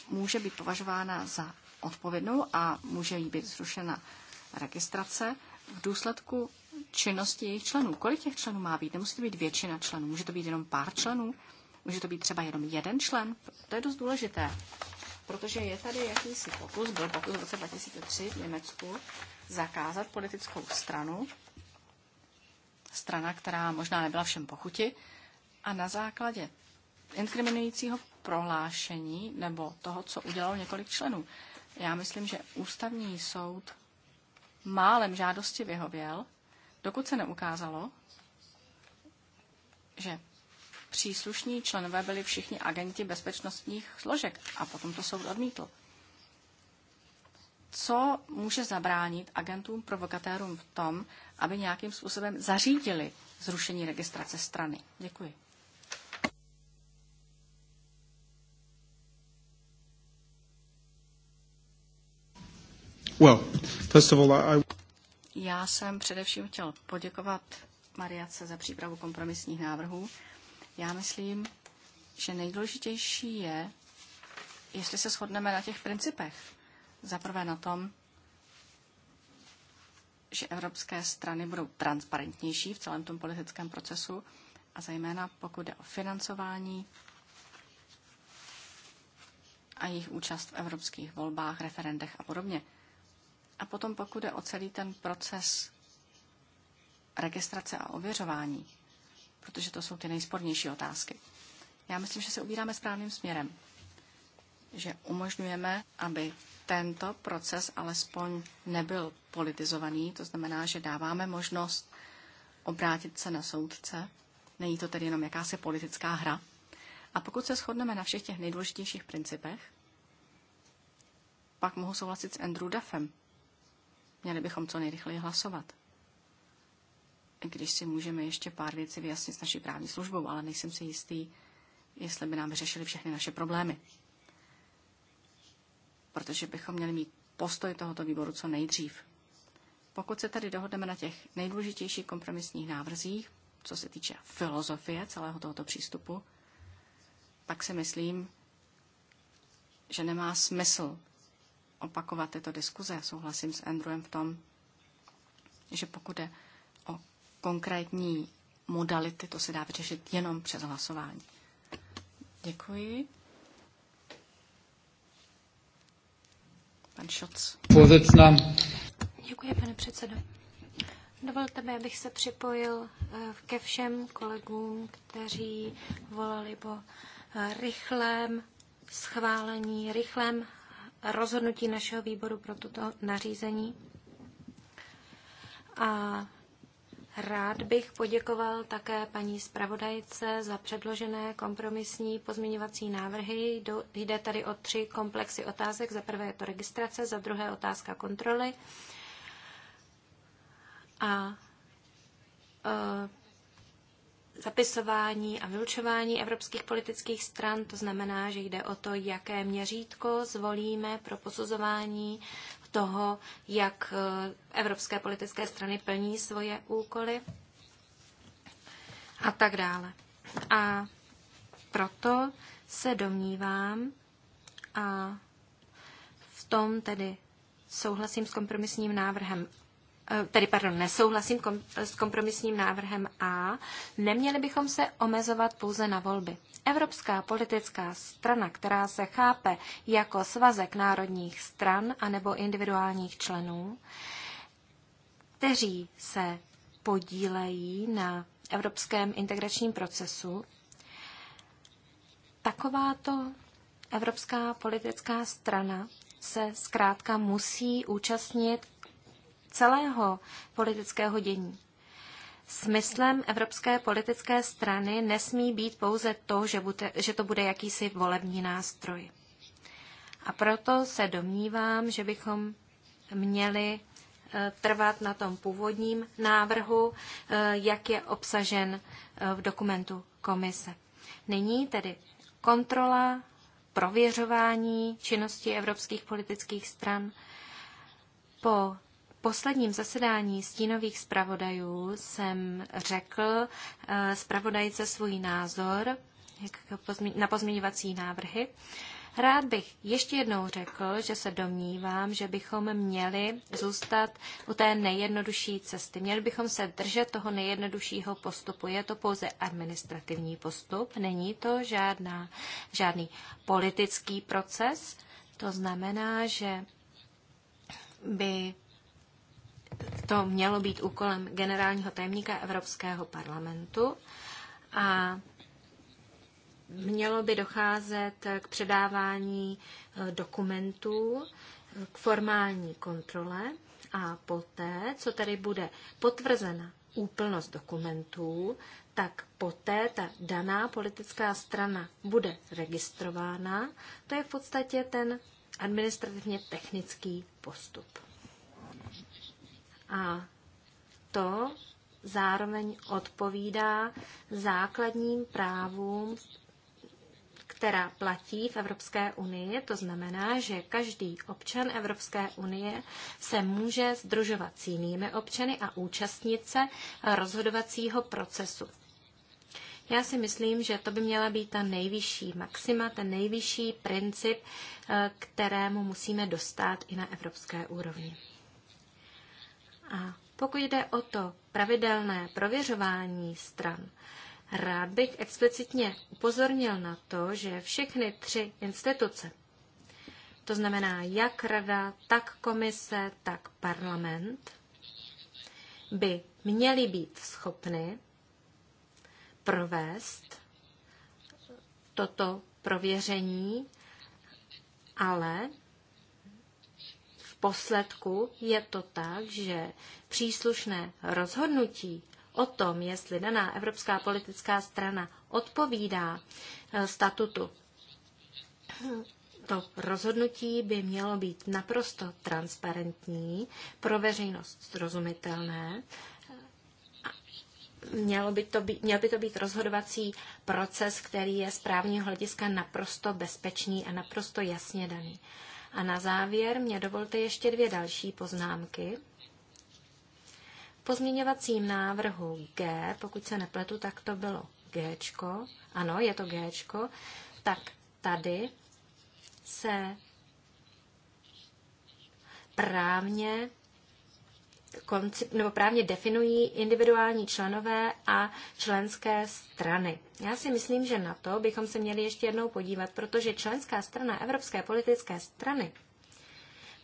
může být považována za odpovědnou a může jí být zrušena registrace v důsledku činnosti jejich členů. Kolik těch členů má být? Nemusí to být většina členů, může to být jenom pár členů. Může to být třeba jenom jeden člen. To je dost důležité, protože je tady jakýsi pokus, byl pokus v roce 2003 v Německu, zakázat politickou stranu, strana, která možná nebyla všem pochuti, a na základě inkriminujícího prohlášení nebo toho, co udělalo několik členů. Já myslím, že ústavní soud málem žádosti vyhověl, dokud se neukázalo, že příslušní členové byli všichni agenti bezpečnostních složek a potom to soud odmítl. Co může zabránit agentům provokatérům v tom, aby nějakým způsobem zařídili zrušení registrace strany? Děkuji. Well, first of all, I... Já jsem především chtěl poděkovat Mariace za přípravu kompromisních návrhů já myslím, že nejdůležitější je, jestli se shodneme na těch principech. Zaprvé na tom, že evropské strany budou transparentnější v celém tom politickém procesu a zejména pokud jde o financování a jejich účast v evropských volbách, referendech a podobně. A potom pokud jde o celý ten proces registrace a ověřování protože to jsou ty nejspornější otázky. Já myslím, že se ubíráme správným směrem, že umožňujeme, aby tento proces alespoň nebyl politizovaný, to znamená, že dáváme možnost obrátit se na soudce, není to tedy jenom jakási politická hra. A pokud se shodneme na všech těch nejdůležitějších principech, pak mohu souhlasit s Andrew Duffem. Měli bychom co nejrychleji hlasovat když si můžeme ještě pár věcí vyjasnit s naší právní službou, ale nejsem si jistý, jestli by nám vyřešili všechny naše problémy. Protože bychom měli mít postoj tohoto výboru co nejdřív. Pokud se tady dohodneme na těch nejdůležitějších kompromisních návrzích, co se týče filozofie celého tohoto přístupu, pak si myslím, že nemá smysl opakovat tyto diskuze. Souhlasím s Andrewem v tom, že pokud je konkrétní modality, to se dá vyřešit jenom přes hlasování. Děkuji. Pan Šoc. Děkuji, pane předsedo. Dovolte mi, abych se připojil eh, ke všem kolegům, kteří volali po eh, rychlém schválení, rychlém rozhodnutí našeho výboru pro toto nařízení. A Rád bych poděkoval také paní zpravodajce za předložené kompromisní pozměňovací návrhy. Jde tady o tři komplexy otázek. Za prvé je to registrace, za druhé otázka kontroly a e, zapisování a vylučování evropských politických stran. To znamená, že jde o to, jaké měřítko zvolíme pro posuzování toho, jak eh, evropské politické strany plní svoje úkoly a tak dále. A proto se domnívám a v tom tedy souhlasím s kompromisním návrhem eh, tedy pardon, nesouhlasím kom, s kompromisním návrhem A, neměli bychom se omezovat pouze na volby. Evropská politická strana, která se chápe jako svazek národních stran anebo individuálních členů, kteří se podílejí na evropském integračním procesu, takováto evropská politická strana se zkrátka musí účastnit celého politického dění. Smyslem evropské politické strany nesmí být pouze to, že, bude, že to bude jakýsi volební nástroj. A proto se domnívám, že bychom měli e, trvat na tom původním návrhu, e, jak je obsažen e, v dokumentu komise. Nyní tedy kontrola, prověřování činnosti evropských politických stran po posledním zasedání stínových zpravodajů jsem řekl eh, zpravodajce svůj názor na pozměňovací návrhy. Rád bych ještě jednou řekl, že se domnívám, že bychom měli zůstat u té nejjednodušší cesty. Měli bychom se držet toho nejjednoduššího postupu. Je to pouze administrativní postup, není to žádná, žádný politický proces. To znamená, že by to mělo být úkolem generálního tajemníka Evropského parlamentu a mělo by docházet k předávání eh, dokumentů, eh, k formální kontrole a poté, co tady bude potvrzena úplnost dokumentů, tak poté ta daná politická strana bude registrována. To je v podstatě ten administrativně technický postup. A to zároveň odpovídá základním právům, která platí v Evropské unii. To znamená, že každý občan Evropské unie se může združovat s jinými občany a účastnit se rozhodovacího procesu. Já si myslím, že to by měla být ta nejvyšší maxima, ten nejvyšší princip, eh, kterému musíme dostat i na evropské úrovni. A pokud jde o to pravidelné prověřování stran, rád bych explicitně upozornil na to, že všechny tři instituce, to znamená jak rada, tak komise, tak parlament, by měly být schopny provést toto prověření, ale posledku je to tak, že příslušné rozhodnutí o tom, jestli daná evropská politická strana odpovídá eh, statutu, to rozhodnutí by mělo být naprosto transparentní, pro veřejnost srozumitelné, mělo by to být, měl by to být rozhodovací proces, který je z právního hlediska naprosto bezpečný a naprosto jasně daný. A na závěr mě dovolte ještě dvě další poznámky. V pozměňovacím návrhu G, pokud se nepletu, tak to bylo G. Ano, je to G. Tak tady se právně nebo právně definují individuální členové a členské strany. Já si myslím, že na to bychom se měli ještě jednou podívat, protože členská strana Evropské politické strany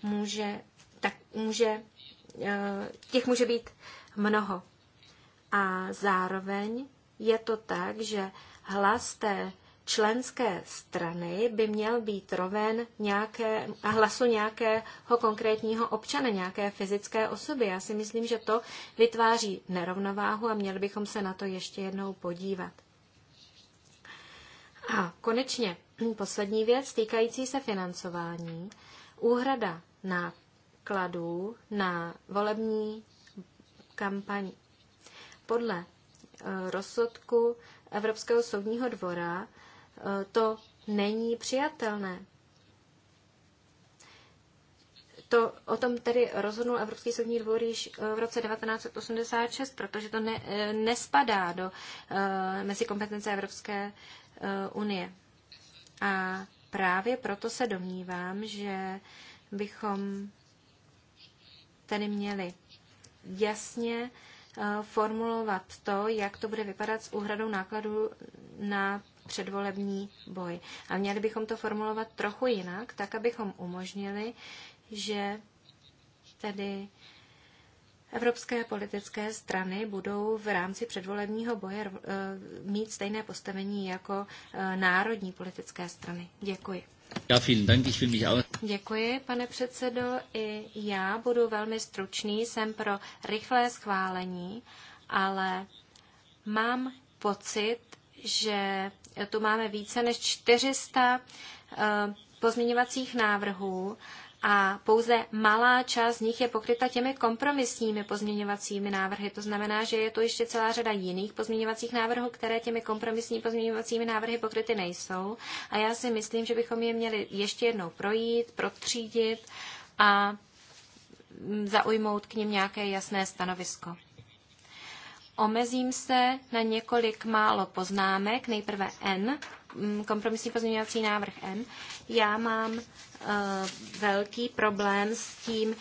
může, tak může, eh, těch může být mnoho. A zároveň je to tak, že hlas té členské strany by měl být roven nějaké, a hlasu nějakého konkrétního občana, nějaké fyzické osoby. Já si myslím, že to vytváří nerovnováhu a měli bychom se na to ještě jednou podívat. A konečně poslední věc týkající se financování. Úhrada nákladů na volební kampaň. Podle eh, rozsudku Evropského soudního dvora to není přijatelné. To, o tom tedy rozhodnul Evropský soudní dvůr již eh, v roce 1986, protože to ne, eh, nespadá do eh, mezi kompetence Evropské unie. A právě proto se domnívám, že bychom tedy měli jasně formulovat to, jak to bude vypadat s úhradou nákladů na předvolební boj. A měli bychom to formulovat trochu jinak, tak abychom umožnili, že tedy evropské politické strany budou v rámci předvolebního boje eh, mít stejné postavení jako eh, národní politické strany. Děkuji. Ja, vielen Dank. Ich will mich auch... Děkuji, pane předsedo. I já budu velmi stručný. Jsem pro rychlé schválení, ale mám pocit, že tu máme více než 400 eh, pozměňovacích návrhů a pouze malá část z nich je pokryta těmi kompromisními pozměňovacími návrhy. To znamená, že je tu ještě celá řada jiných pozměňovacích návrhů, které těmi kompromisní pozměňovacími návrhy pokryty nejsou. A já si myslím, že bychom je měli ještě jednou projít, protřídit a mm, zaujmout k ním nějaké jasné stanovisko. Omezím se na několik málo poznámek. Nejprve N, mm, kompromisní pozměňovací návrh N. Já mám uh, velký problém s tím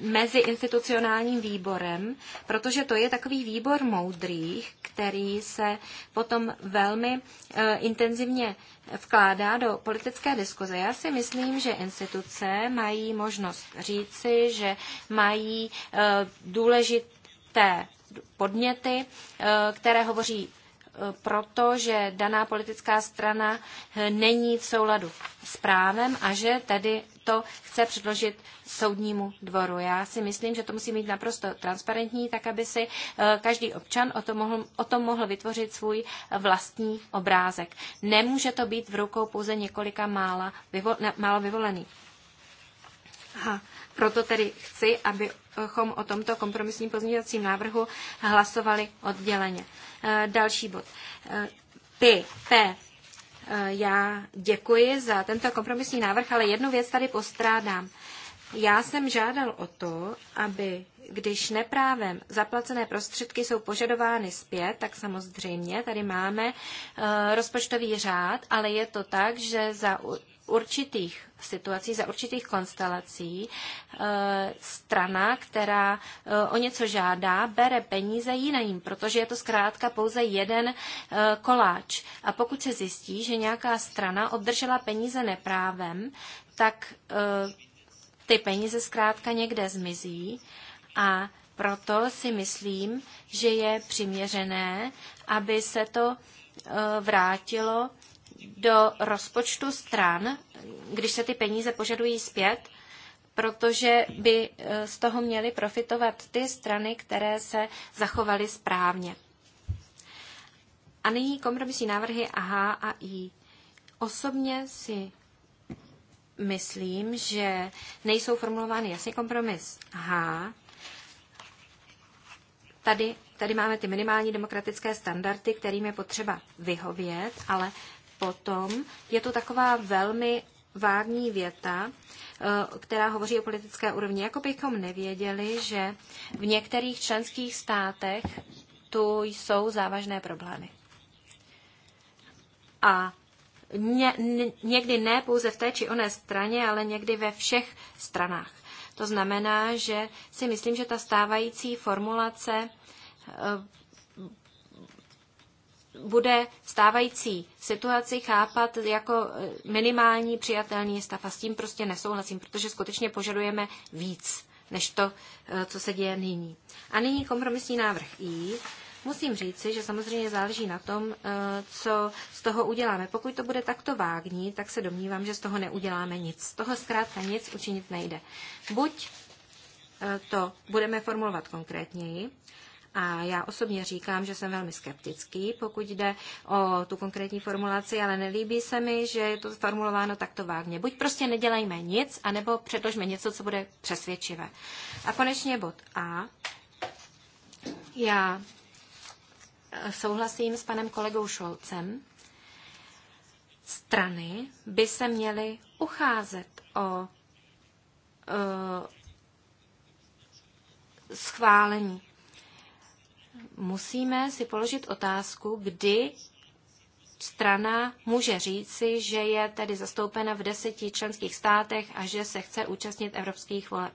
meziinstitucionálním výborem, protože to je takový výbor moudrých, který se potom velmi uh, intenzivně vkládá do politické diskuze. Já si myslím, že instituce mají možnost říci, že mají uh, důležité podněty, eh, které hovoří eh, proto, že daná politická strana eh, není v souladu s právem a že tedy to chce předložit soudnímu dvoru. Já si myslím, že to musí být naprosto transparentní, tak aby si každý občan o tom mohl, o tom mohl vytvořit svůj vlastní obrázek. Nemůže to být v rukou pouze několika mála, málo vyvolených. Aha. Proto tedy chci, abychom o tomto kompromisním pozměňovacím návrhu hlasovali odděleně. E, další bod. E, P. P. E, já děkuji za tento kompromisní návrh, ale jednu věc tady postrádám. Já jsem žádal o to, aby když neprávem zaplacené prostředky jsou požadovány zpět, tak samozřejmě tady máme rozpočtový řád, ale je to tak, že za určitých situací, za určitých konstelací e, strana, která e, o něco žádá, bere peníze jiným, protože je to zkrátka pouze jeden e, koláč. A pokud se zjistí, že nějaká strana obdržela peníze neprávem, tak ty peníze zkrátka někde zmizí a proto si myslím, že je přiměřené, aby se to vrátilo do rozpočtu stran, když se ty peníze požadují zpět, protože by eh, z toho měly profitovat ty strany, které se zachovaly správně. A nyní kompromisní návrhy A, H a I. Osobně si myslím, že nejsou formulovány jasně kompromis H. Tady, tady máme ty minimální demokratické standardy, kterým je potřeba vyhovět, ale potom je to taková velmi vágní věta, eh, která hovoří o politické úrovni. Jako bychom nevěděli, že v některých členských státech tu jsou závažné problémy. A ně, někdy ne pouze v té či oné straně, ale někdy ve všech stranách. To znamená, že si myslím, že ta stávající formulace eh, bude stávající situaci chápat jako eh, minimální přijatelný stav a s tím prostě nesouhlasím, protože skutečně požadujeme víc než to, eh, co se děje nyní. A nyní kompromisní návrh I. Musím říci, že samozřejmě záleží na tom, eh, co z toho uděláme. Pokud to bude takto vágní, tak se domnívám, že z toho neuděláme nic. Z toho zkrátka nic učinit nejde. Buď to budeme formulovat konkrétněji, a já osobně říkám, že jsem velmi skeptický, pokud jde o tu konkrétní formulaci, ale nelíbí se mi, že je to formulováno takto vágně. Buď prostě nedělejme nic, anebo předložme něco, co bude přesvědčivé. A konečně bod A. Já eh, souhlasím s panem kolegou Šolcem. Strany by se měly ucházet o eh, schválení musíme si položit otázku, kdy strana může říci, že je tedy zastoupena v deseti členských státech a že se chce účastnit evropských voleb.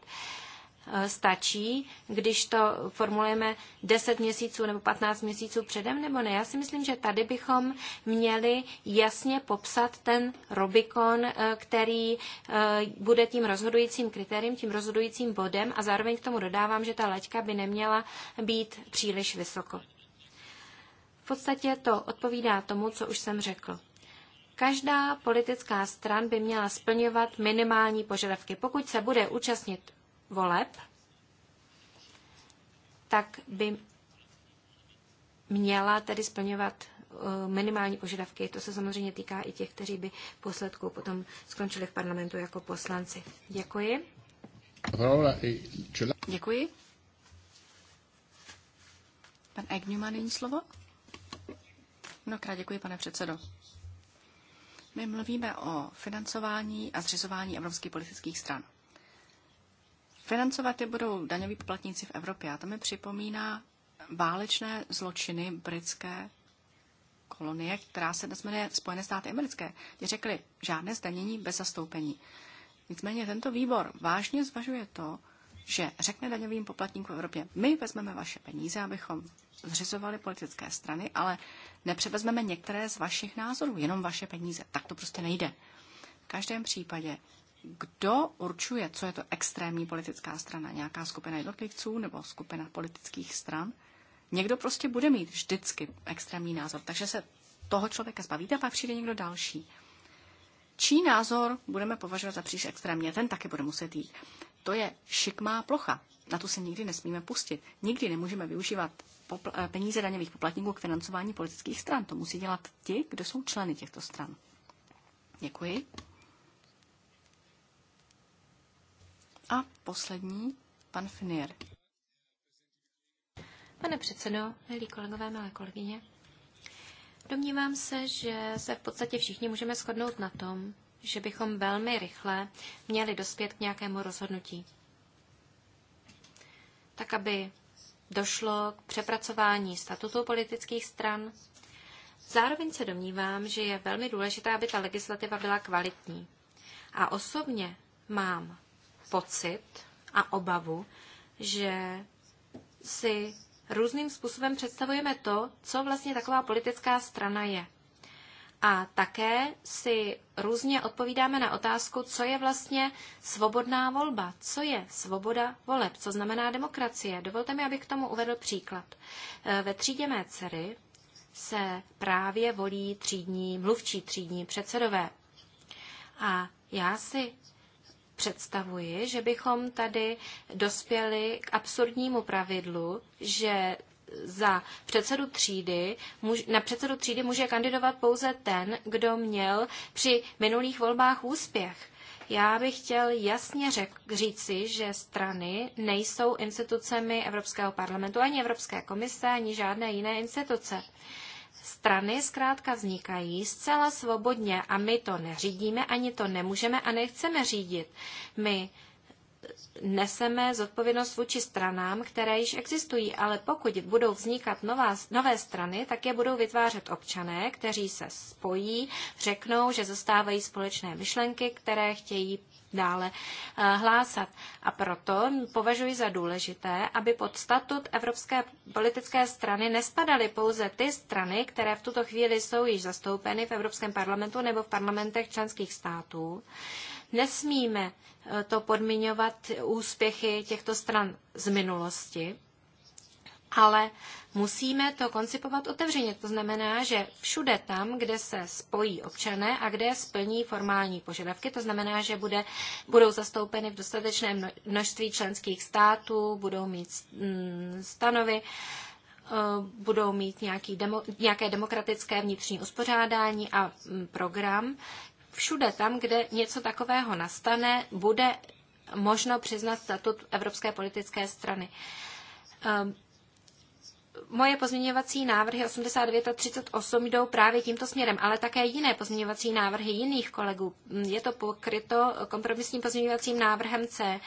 Eh, stačí, když to formulujeme 10 měsíců nebo 15 měsíců předem, nebo ne? Já si myslím, že tady bychom měli jasně popsat ten Rubikon, eh, který eh, bude tím rozhodujícím kritériem, tím rozhodujícím bodem a zároveň k tomu dodávám, že ta laťka by neměla být příliš vysoko. V podstatě to odpovídá tomu, co už jsem řekl. Každá politická stran by měla splňovat minimální požadavky. Pokud se bude účastnit voleb, tak by měla tedy splňovat eh, minimální požadavky. To se samozřejmě týká i těch, kteří by v posledku potom skončili v parlamentu jako poslanci. Děkuji. Děkuji. Pan Egnu má nyní slovo. Mnohokrát děkuji, pane předsedo. My mluvíme o financování a zřizování evropských politických stran. Financovat je budou daňoví poplatníci v Evropě. A to mi připomíná válečné zločiny britské kolonie, která se dnes jmenuje Spojené státy americké, Ti řekli žádné zdanění bez zastoupení. Nicméně tento výbor vážně zvažuje to, že řekne daňovým poplatníkům v Evropě, my vezmeme vaše peníze, abychom zřizovali politické strany, ale nepřevezmeme některé z vašich názorů, jenom vaše peníze. Tak to prostě nejde. V každém případě kdo určuje, co je to extrémní politická strana, nějaká skupina jednotlivců nebo skupina politických stran. Někdo prostě bude mít vždycky extrémní názor, takže se toho člověka zbavíte a pak přijde někdo další. Čí názor budeme považovat za příliš extrémně, ten taky bude muset jít. To je šikmá plocha. Na tu se nikdy nesmíme pustit. Nikdy nemůžeme využívat eh, peníze daňových poplatníků k financování politických stran. To musí dělat ti, kdo jsou členy těchto stran. Děkuji. A poslední, pan Finier. Pane předsedo, milí kolegové, milé kolegyně, domnívám se, že se v podstatě všichni můžeme shodnout na tom, že bychom velmi rychle měli dospět k nějakému rozhodnutí. Tak, aby došlo k přepracování statutu politických stran. Zároveň se domnívám, že je velmi důležité, aby ta legislativa byla kvalitní. A osobně mám pocit a obavu, že si různým způsobem představujeme to, co vlastně taková politická strana je. A také si různě odpovídáme na otázku, co je vlastně svobodná volba, co je svoboda voleb, co znamená demokracie. Dovolte mi, abych k tomu uvedl příklad. E, ve třídě mé dcery se právě volí třídní, mluvčí třídní předsedové. A já si představuji, že bychom tady dospěli k absurdnímu pravidlu, že za předsedu třídy, na předsedu třídy může kandidovat pouze ten, kdo měl při minulých volbách úspěch. Já bych chtěl jasně řek, říci, že strany nejsou institucemi Evropského parlamentu, ani Evropské komise, ani žádné jiné instituce strany zkrátka vznikají zcela svobodně a my to neřídíme, ani to nemůžeme a nechceme řídit. My neseme zodpovědnost vůči stranám, které již existují, ale pokud budou vznikat nová, nové strany, tak je budou vytvářet občané, kteří se spojí, řeknou, že zastávají společné myšlenky, které chtějí dále eh, hlásat. A proto považuji za důležité, aby pod statut Evropské politické strany nespadaly pouze ty strany, které v tuto chvíli jsou již zastoupeny v Evropském parlamentu nebo v parlamentech členských států. Nesmíme eh, to podmiňovat úspěchy těchto stran z minulosti ale musíme to koncipovat otevřeně. To znamená, že všude tam, kde se spojí občané a kde splní formální požadavky, to znamená, že bude, budou zastoupeny v dostatečném množství členských států, budou mít mm, stanovy, eh, budou mít nějaký demo, nějaké demokratické vnitřní uspořádání a mm, program. Všude tam, kde něco takového nastane, bude možno přiznat statut Evropské politické strany. Ehm, moje pozměňovací návrhy 89 a 38 jdou právě tímto směrem, ale také jiné pozměňovací návrhy jiných kolegů. Mm, je to pokryto kompromisním pozměňovacím návrhem C.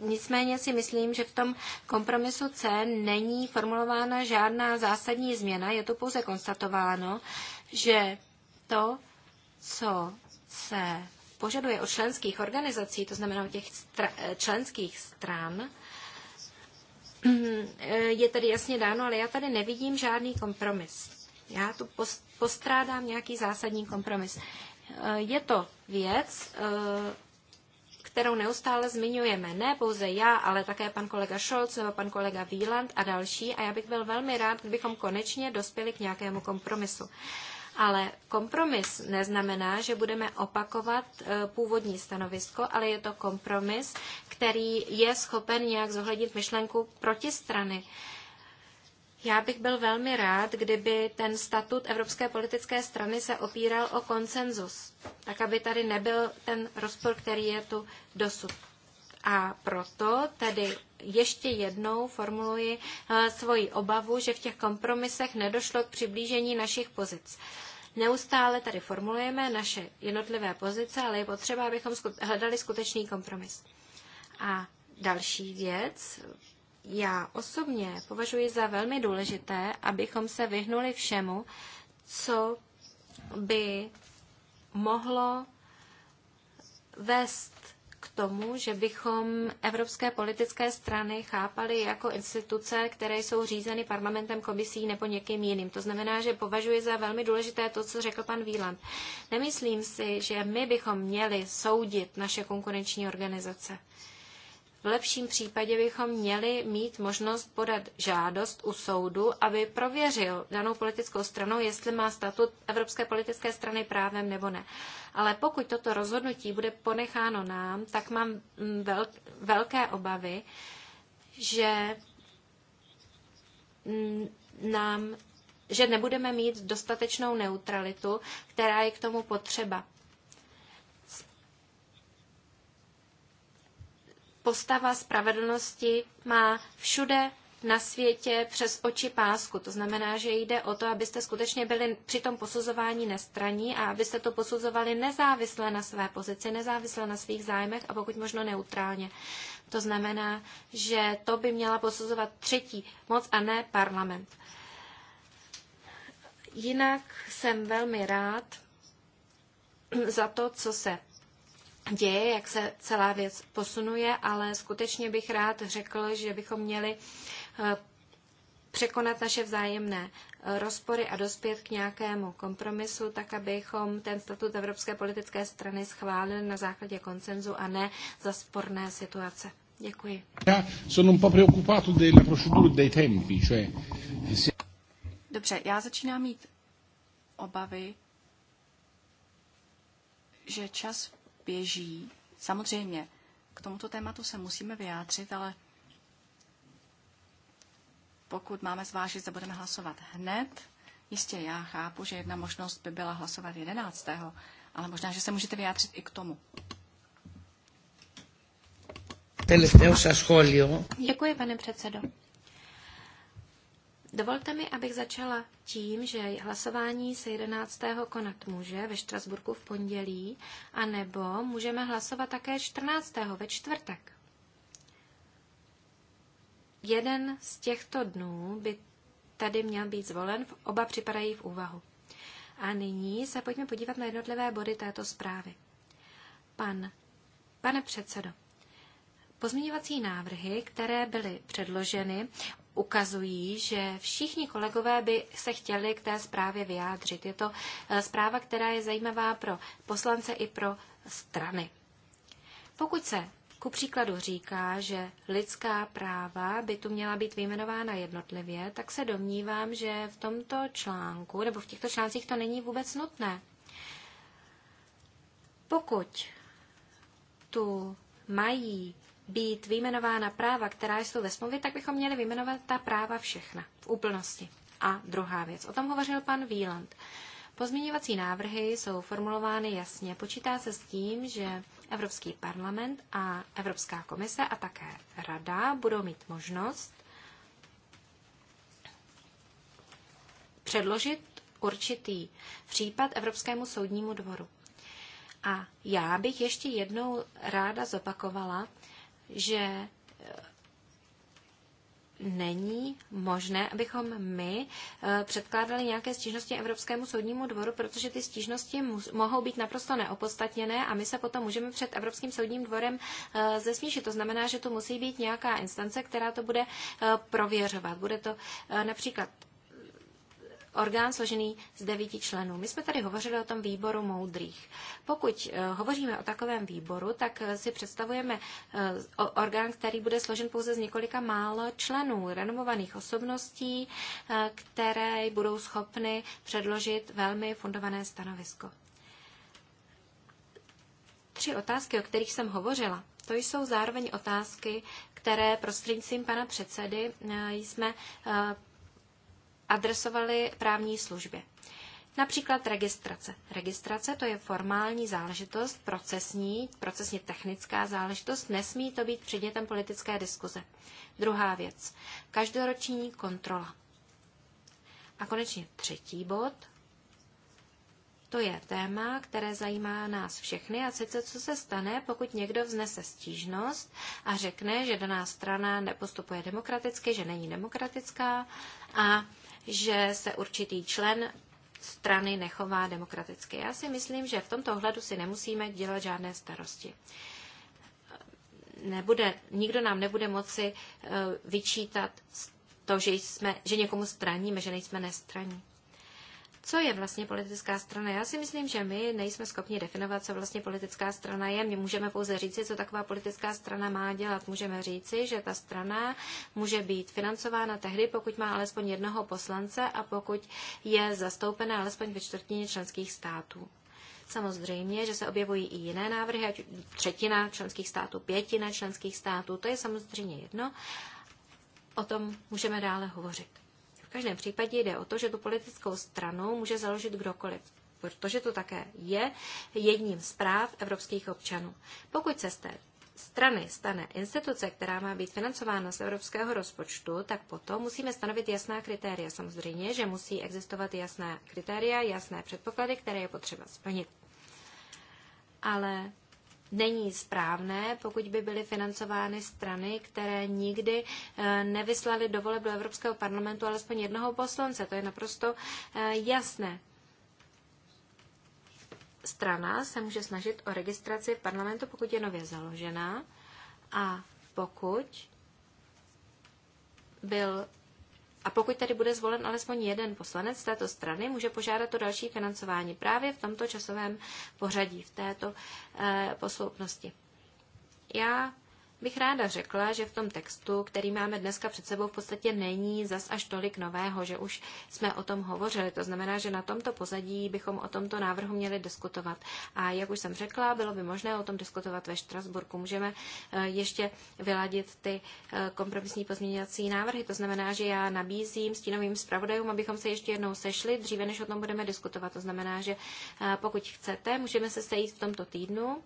Nicméně si myslím, že v tom kompromisu C není formulována žádná zásadní změna, je to pouze konstatováno, že to, co se požaduje od členských organizací, to znamená od těch členských stran, Mhm, eh, je tady jasně dáno, ale já tady nevidím žádný kompromis. Já tu postrádám nějaký zásadní kompromis. Eh, je to věc, eh, kterou neustále zmiňujeme, ne pouze já, ale také pan kolega Scholz nebo pan kolega Wieland a další. A já bych byl velmi rád, kdybychom konečně dospěli k nějakému kompromisu. Ale kompromis neznamená, že budeme opakovat e, původní stanovisko, ale je to kompromis, který je schopen nějak zohlednit myšlenku protistrany. Já bych byl velmi rád, kdyby ten statut Evropské politické strany se opíral o konsenzus, tak aby tady nebyl ten rozpor, který je tu dosud. A proto tedy ještě jednou formuluji eh, svoji obavu, že v těch kompromisech nedošlo k přiblížení našich pozic. Neustále tady formulujeme naše jednotlivé pozice, ale je potřeba, abychom hledali skutečný kompromis. A další věc, já osobně považuji za velmi důležité, abychom se vyhnuli všemu, co by mohlo vést tomu, že bychom evropské politické strany chápali jako instituce, které jsou řízeny parlamentem, komisí nebo někým jiným. To znamená, že považuji za velmi důležité to, co řekl pan Víland. Nemyslím si, že my bychom měli soudit naše konkurenční organizace. V lepším případě bychom měli mít možnost podat žádost u soudu, aby prověřil danou politickou stranu, jestli má statut Evropské politické strany právem nebo ne. Ale pokud toto rozhodnutí bude ponecháno nám, tak mám mm, velké obavy, že mm, nám že nebudeme mít dostatečnou neutralitu, která je k tomu potřeba. postava spravedlnosti má všude na světě přes oči pásku. To znamená, že jde o to, abyste skutečně byli při tom posuzování nestraní a abyste to posuzovali nezávisle na své pozici, nezávisle na svých zájmech a pokud možno neutrálně. To znamená, že to by měla posuzovat třetí moc a ne parlament. Jinak jsem velmi rád za to, co se děje, jak se celá věc posunuje, ale skutečně bych rád řekl, že bychom měli eh, překonat naše vzájemné eh, rozpory a dospět k nějakému kompromisu, tak abychom ten statut Evropské politické strany schválili na základě koncenzu a ne za sporné situace. Děkuji. Já jsem un po' preoccupato della procedura dei tempi, cioè... Dobře, já začínám mít obavy, že čas běží. Samozřejmě, k tomuto tématu se musíme vyjádřit, ale pokud máme zvážit, že budeme hlasovat hned, jistě já chápu, že jedna možnost by byla hlasovat 11. Ale možná, že se můžete vyjádřit i k tomu. Děkuji, pane předsedo. Dovolte mi, abych začala tím, že hlasování se 11. konat může ve Štrasburku v pondělí, anebo můžeme hlasovat také 14. ve čtvrtek. Jeden z těchto dnů by tady měl být zvolen, oba připadají v úvahu. A nyní se pojďme podívat na jednotlivé body této zprávy. Pan, pane předsedo, Pozměňovací návrhy, které byly předloženy, ukazují, že všichni kolegové by se chtěli k té zprávě vyjádřit. Je to eh, zpráva, která je zajímavá pro poslance i pro strany. Pokud se ku příkladu říká, že lidská práva by tu měla být vyjmenována jednotlivě, tak se domnívám, že v tomto článku nebo v těchto článcích to není vůbec nutné. Pokud tu mají být vyjmenována práva, která jsou ve smlouvě, tak bychom měli vyjmenovat ta práva všechna v úplnosti. A druhá věc, o tom hovořil pan Wieland. Pozměňovací návrhy jsou formulovány jasně. Počítá se s tím, že Evropský parlament a Evropská komise a také Rada budou mít možnost předložit určitý případ Evropskému soudnímu dvoru. A já bych ještě jednou ráda zopakovala, že eh, není možné, abychom my eh, předkládali nějaké stížnosti Evropskému soudnímu dvoru, protože ty stížnosti mohou být naprosto neopodstatněné a my se potom můžeme před Evropským soudním dvorem eh, zesmíšit. To znamená, že tu musí být nějaká instance, která to bude prověřovat. Bude to například orgán složený z devíti členů. My jsme tady hovořili o tom výboru moudrých. Pokud eh, hovoříme o takovém výboru, tak eh, si představujeme eh, orgán, který bude složen pouze z několika málo členů, renomovaných osobností, které budou schopny předložit velmi fundované stanovisko. Tři otázky, o kterých jsem hovořila, to jsou zároveň otázky, které prostřednictvím pana předsedy jsme adresovali právní službě. Například registrace. Registrace to je formální záležitost, procesní, procesně technická záležitost, nesmí to být předmětem politické diskuze. Druhá věc, každoroční kontrola. A konečně třetí bod, to je téma, které zajímá nás všechny a sice co se stane, pokud někdo vznese stížnost a řekne, že daná strana nepostupuje demokraticky, že není demokratická a že se určitý člen strany nechová demokraticky. Já si myslím, že v tomto ohledu si nemusíme dělat žádné starosti. Nebude, nikdo nám nebude moci eh, vyčítat to, že, jsme, že někomu straníme, že nejsme nestraní co je vlastně politická strana. Já si myslím, že my nejsme schopni definovat, co vlastně politická strana je. My můžeme pouze říci, co taková politická strana má dělat. Můžeme říci, že ta strana může být financována tehdy, pokud má alespoň jednoho poslance a pokud je zastoupena alespoň ve čtvrtině členských států. Samozřejmě, že se objevují i jiné návrhy, ať třetina členských států, pětina členských států, to je samozřejmě jedno. O tom můžeme dále hovořit každém případě jde o to, že tu politickou stranu může založit kdokoliv protože to také je jedním z práv evropských občanů. Pokud se z té strany stane instituce, která má být financována z evropského rozpočtu, tak potom musíme stanovit jasná kritéria. Samozřejmě, že musí existovat jasná kritéria, jasné předpoklady, které je potřeba splnit. Ale není správné, pokud by byly financovány strany, které nikdy eh, nevyslaly do voleb do Evropského parlamentu alespoň jednoho poslance. To je naprosto eh, jasné. Strana se může snažit o registraci parlamentu, pokud je nově založená a pokud byl a pokud tady bude zvolen alespoň jeden poslanec z této strany, může požádat o další financování právě v tomto časovém pořadí, v této e, posloupnosti. Já bych ráda řekla, že v tom textu, který máme dneska před sebou, v podstatě není zas až tolik nového, že už jsme o tom hovořili. To znamená, že na tomto pozadí bychom o tomto návrhu měli diskutovat. A jak už jsem řekla, bylo by možné o tom diskutovat ve Štrasburku. Můžeme eh, ještě vyladit ty eh, kompromisní pozměňovací návrhy. To znamená, že já nabízím stínovým zpravodajům, abychom se ještě jednou sešli, dříve než o tom budeme diskutovat. To znamená, že eh, pokud chcete, můžeme se sejít v tomto týdnu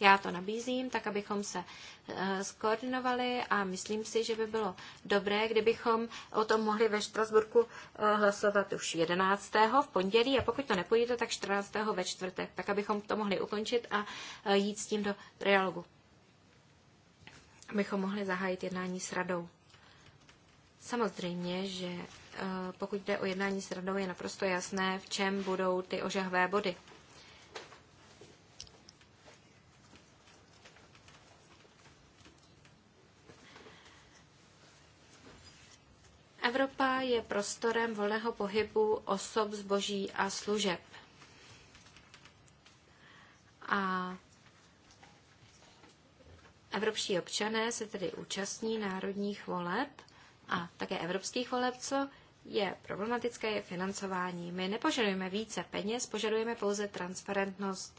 já to nabízím, tak abychom se eh, skoordinovali a myslím si, že by bylo dobré, kdybychom o tom mohli ve Štrasburku eh, hlasovat už 11. v pondělí a pokud to nepůjde, tak 14. ve čtvrtek, tak abychom to mohli ukončit a eh, jít s tím do dialogu. Abychom mohli zahájit jednání s radou. Samozřejmě, že pokud jde o jednání s radou, je naprosto jasné, v čem budou ty ožahvé body. Evropa je prostorem volného pohybu osob, zboží a služeb. A evropští občané se tedy účastní národních voleb a také evropských voleb, co je problematické, je financování. My nepožadujeme více peněz, požadujeme pouze transparentnost.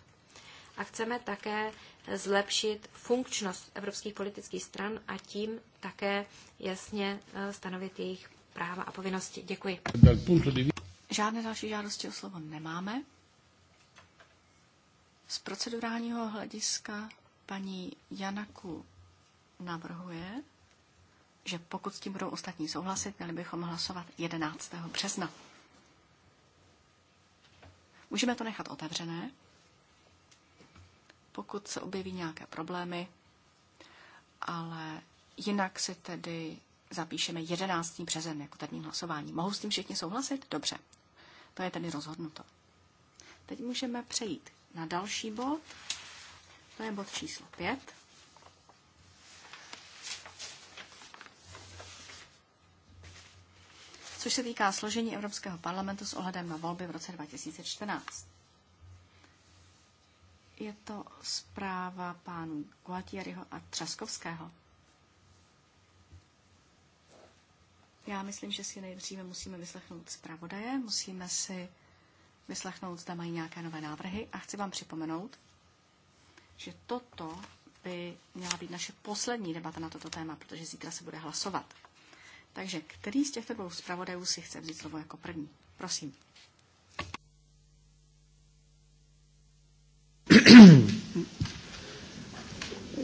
A chceme také zlepšit funkčnost evropských politických stran a tím také jasně eh, stanovit jejich práva a povinnosti. Děkuji. Žádné další žádosti o slovo nemáme. Z procedurálního hlediska paní Janaku navrhuje, že pokud s tím budou ostatní souhlasit, měli bychom hlasovat 11. března. Můžeme to nechat otevřené. Pokud se objeví nějaké problémy, ale jinak si tedy zapíšeme 11. březen jako termín hlasování. Mohou s tím všichni souhlasit? Dobře. To je tedy rozhodnuto. Teď můžeme přejít na další bod. To je bod číslo 5. což se týká složení Evropského parlamentu s ohledem na volby v roce 2014. Je to zpráva pánů Guatieriho a Třaskovského. Já myslím, že si nejdříve musíme vyslechnout zpravodaje, musíme si vyslechnout, zda mají nějaké nové návrhy a chci vám připomenout, že toto by měla být naše poslední debata na toto téma, protože zítra se bude hlasovat. Takže který z těchto dvou zpravodajů si chce vzít slovo jako první? Prosím.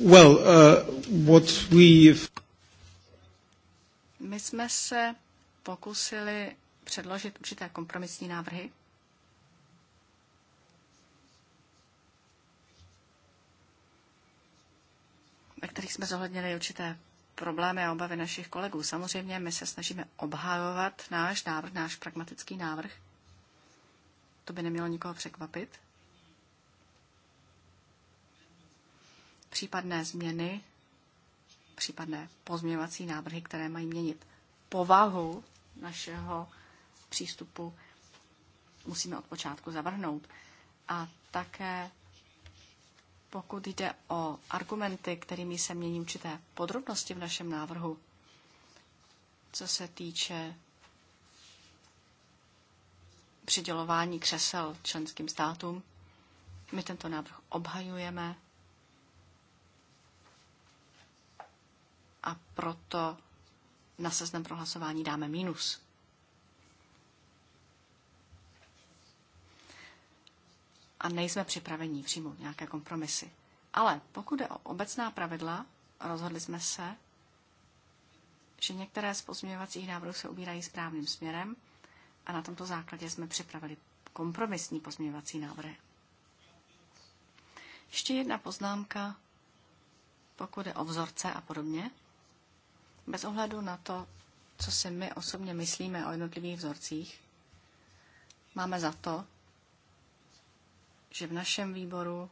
well, uh, what we've... My jsme se pokusili předložit určité kompromisní návrhy. ve kterých jsme zohlednili určité problémy a obavy našich kolegů. Samozřejmě my se snažíme obhajovat náš návrh, náš pragmatický návrh. To by nemělo nikoho překvapit. Případné změny případné pozměňovací návrhy, které mají měnit povahu našeho přístupu, musíme od počátku zavrhnout. A také pokud jde o argumenty, kterými se mění určité podrobnosti v našem návrhu, co se týče přidělování křesel členským státům, my tento návrh obhajujeme a proto na seznam pro hlasování dáme mínus. A nejsme připraveni přijmout nějaké kompromisy. Ale pokud je o obecná pravidla, rozhodli jsme se, že některé z pozměňovacích návrhů se ubírají správným směrem a na tomto základě jsme připravili kompromisní pozměňovací návrhy. Ještě jedna poznámka, pokud je o vzorce a podobně. Bez ohledu na to, co si my osobně myslíme o jednotlivých vzorcích, máme za to, že v našem výboru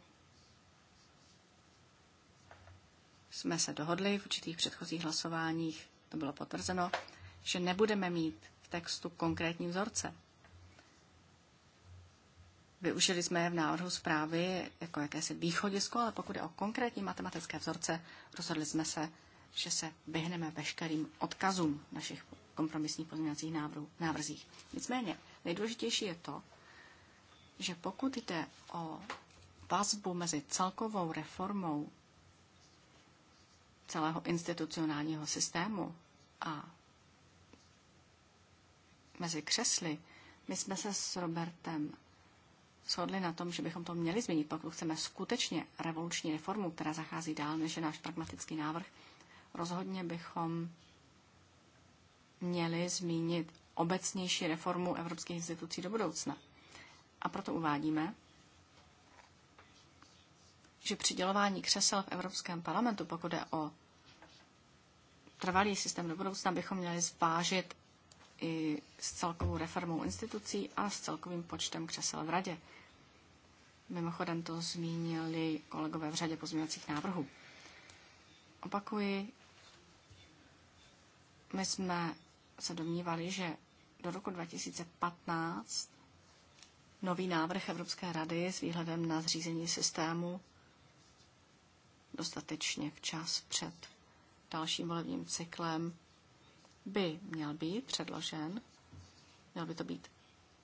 jsme se dohodli v určitých předchozích hlasováních, to bylo potvrzeno, že nebudeme mít v textu konkrétní vzorce. Využili jsme je v návrhu zprávy jako jakési východisko, ale pokud je o konkrétní matematické vzorce, rozhodli jsme se, že se vyhneme veškerým odkazům našich kompromisních pozměňovacích návrzích. Nicméně nejdůležitější je to, že pokud jde o vazbu mezi celkovou reformou celého institucionálního systému a mezi křesly, my jsme se s Robertem shodli na tom, že bychom to měli změnit, pokud chceme skutečně revoluční reformu, která zachází dál než je náš pragmatický návrh, rozhodně bychom měli zmínit obecnější reformu evropských institucí do budoucna. A proto uvádíme, že přidělování křesel v Evropském parlamentu, pokud je o trvalý systém do budoucna, bychom měli zvážit i s celkovou reformou institucí a s celkovým počtem křesel v radě. Mimochodem to zmínili kolegové v řadě pozměňovacích návrhů. Opakuji, my jsme se domnívali, že do roku 2015 nový návrh Evropské rady s výhledem na zřízení systému dostatečně včas před dalším volebním cyklem by měl být předložen. Měl by to být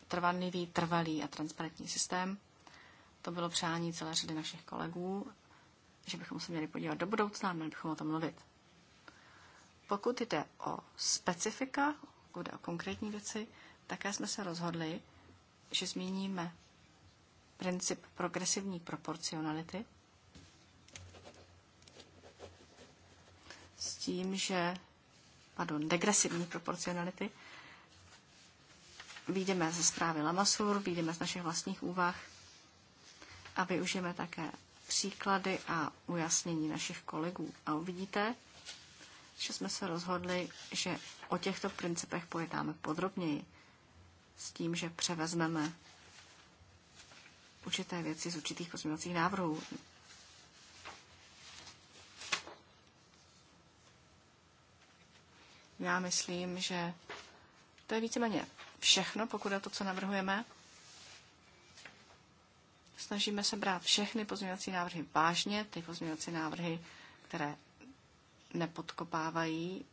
trvanlivý, trvalý a transparentní systém. To bylo přání celé řady našich kolegů, že bychom se měli podívat do budoucna a měli bychom o tom mluvit. Pokud jde o specifika, pokud jde o konkrétní věci, také jsme se rozhodli, že zmíníme princip progresivní proporcionality s tím, že, pardon, degresivní proporcionality, výjdeme ze zprávy Lamasur, výjdeme z našich vlastních úvah a využijeme také příklady a ujasnění našich kolegů. A uvidíte, že jsme se rozhodli, že o těchto principech pojednáme podrobněji, s tím, že převezmeme určité věci z určitých pozměňovacích návrhů. Já myslím, že to je víceméně všechno, pokud je to, co navrhujeme. Snažíme se brát všechny pozměňovací návrhy vážně, ty pozměňovací návrhy, které nepodkopávají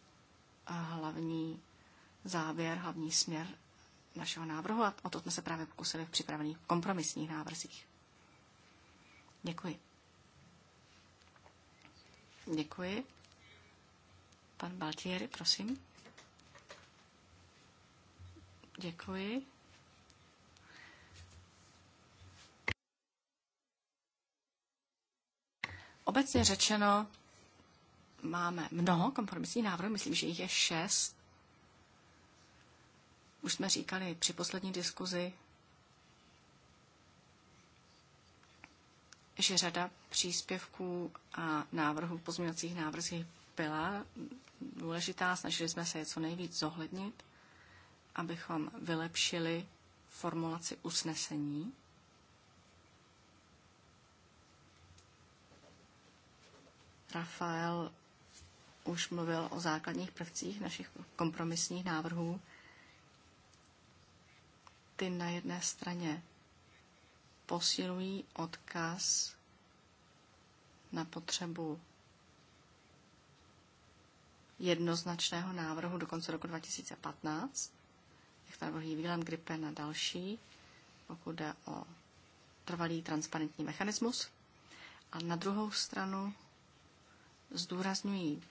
eh, hlavní závěr, hlavní směr našeho návrhu a o to jsme se právě pokusili v připravených kompromisních návrzích. Děkuji. Děkuji. Pan Baltieri, prosím. Děkuji. Obecně řečeno, máme mnoho kompromisních návrhů, myslím, že jich je šest. Už jsme říkali při poslední diskuzi, že řada příspěvků a návrhů pozměňovacích návrzích byla důležitá. Snažili jsme se je co nejvíc zohlednit, abychom vylepšili formulaci usnesení. Rafael už mluvil o základních prvcích našich kompromisních návrhů. Ty na jedné straně posilují odkaz na potřebu jednoznačného návrhu do konce roku 2015, jak to navrhují Wieland Gripen na další, pokud jde o trvalý transparentní mechanismus. A na druhou stranu zdůrazňují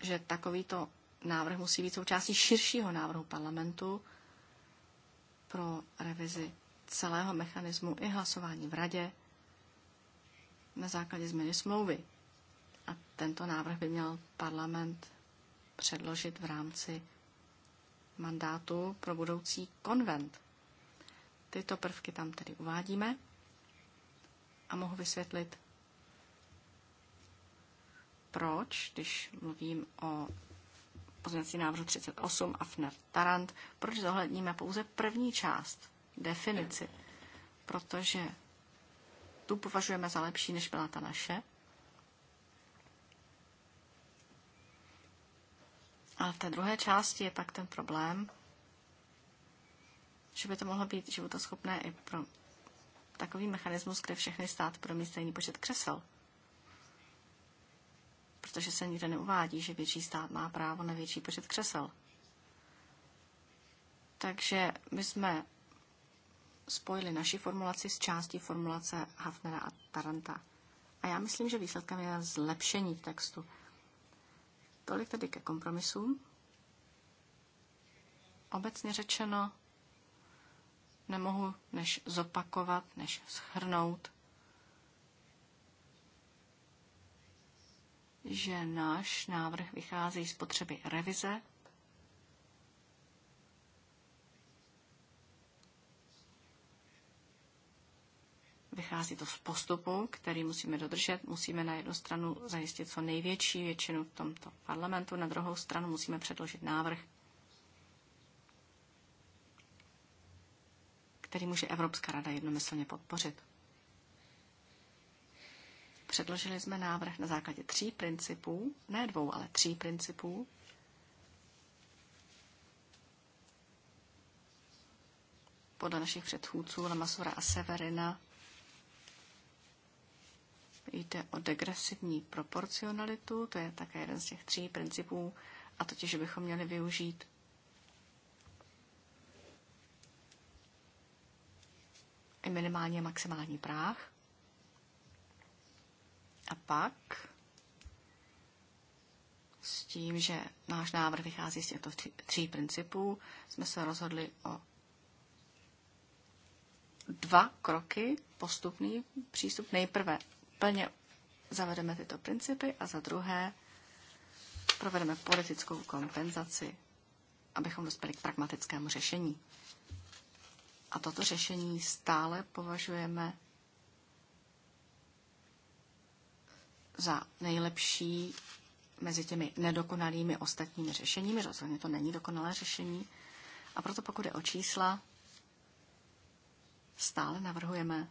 že takovýto návrh musí být součástí širšího návrhu parlamentu pro revizi celého mechanismu i hlasování v radě na základě změny smlouvy. A tento návrh by měl parlament předložit v rámci mandátu pro budoucí konvent. Tyto prvky tam tedy uvádíme a mohu vysvětlit, proč, když mluvím o pozměnací návrhu 38 a FNER Tarant, proč zohledníme pouze první část, definici, protože tu považujeme za lepší, než byla ta naše. Ale v té druhé části je pak ten problém, že by to mohlo být životoschopné i pro takový mechanismus, kde všechny státy pro stejný počet křesel protože se nikde neuvádí, že větší stát má právo na větší počet křesel. Takže my jsme spojili naši formulaci s částí formulace Hafnera a Taranta. A já myslím, že výsledkem je zlepšení textu. Tolik tedy ke kompromisům. Obecně řečeno, nemohu než zopakovat, než shrnout, že náš návrh vychází z potřeby revize Vychází to z postupu, který musíme dodržet. Musíme na jednu stranu zajistit co největší většinu v tomto parlamentu, na druhou stranu musíme předložit návrh, který může Evropská rada jednomyslně podpořit. Předložili jsme návrh na základě tří principů, ne dvou, ale tří principů. Podle našich předchůdců Lamasura a Severina jde o degresivní proporcionalitu, to je také jeden z těch tří principů, a totiž bychom měli využít i minimálně maximální práh. A pak s tím, že náš návrh vychází z těchto tří principů, jsme se rozhodli o dva kroky, postupný přístup. Nejprve plně zavedeme tyto principy a za druhé provedeme politickou kompenzaci, abychom dospěli k pragmatickému řešení. A toto řešení stále považujeme za nejlepší mezi těmi nedokonalými ostatními řešeními. Rozhodně to není dokonalé řešení. A proto pokud je o čísla, stále navrhujeme,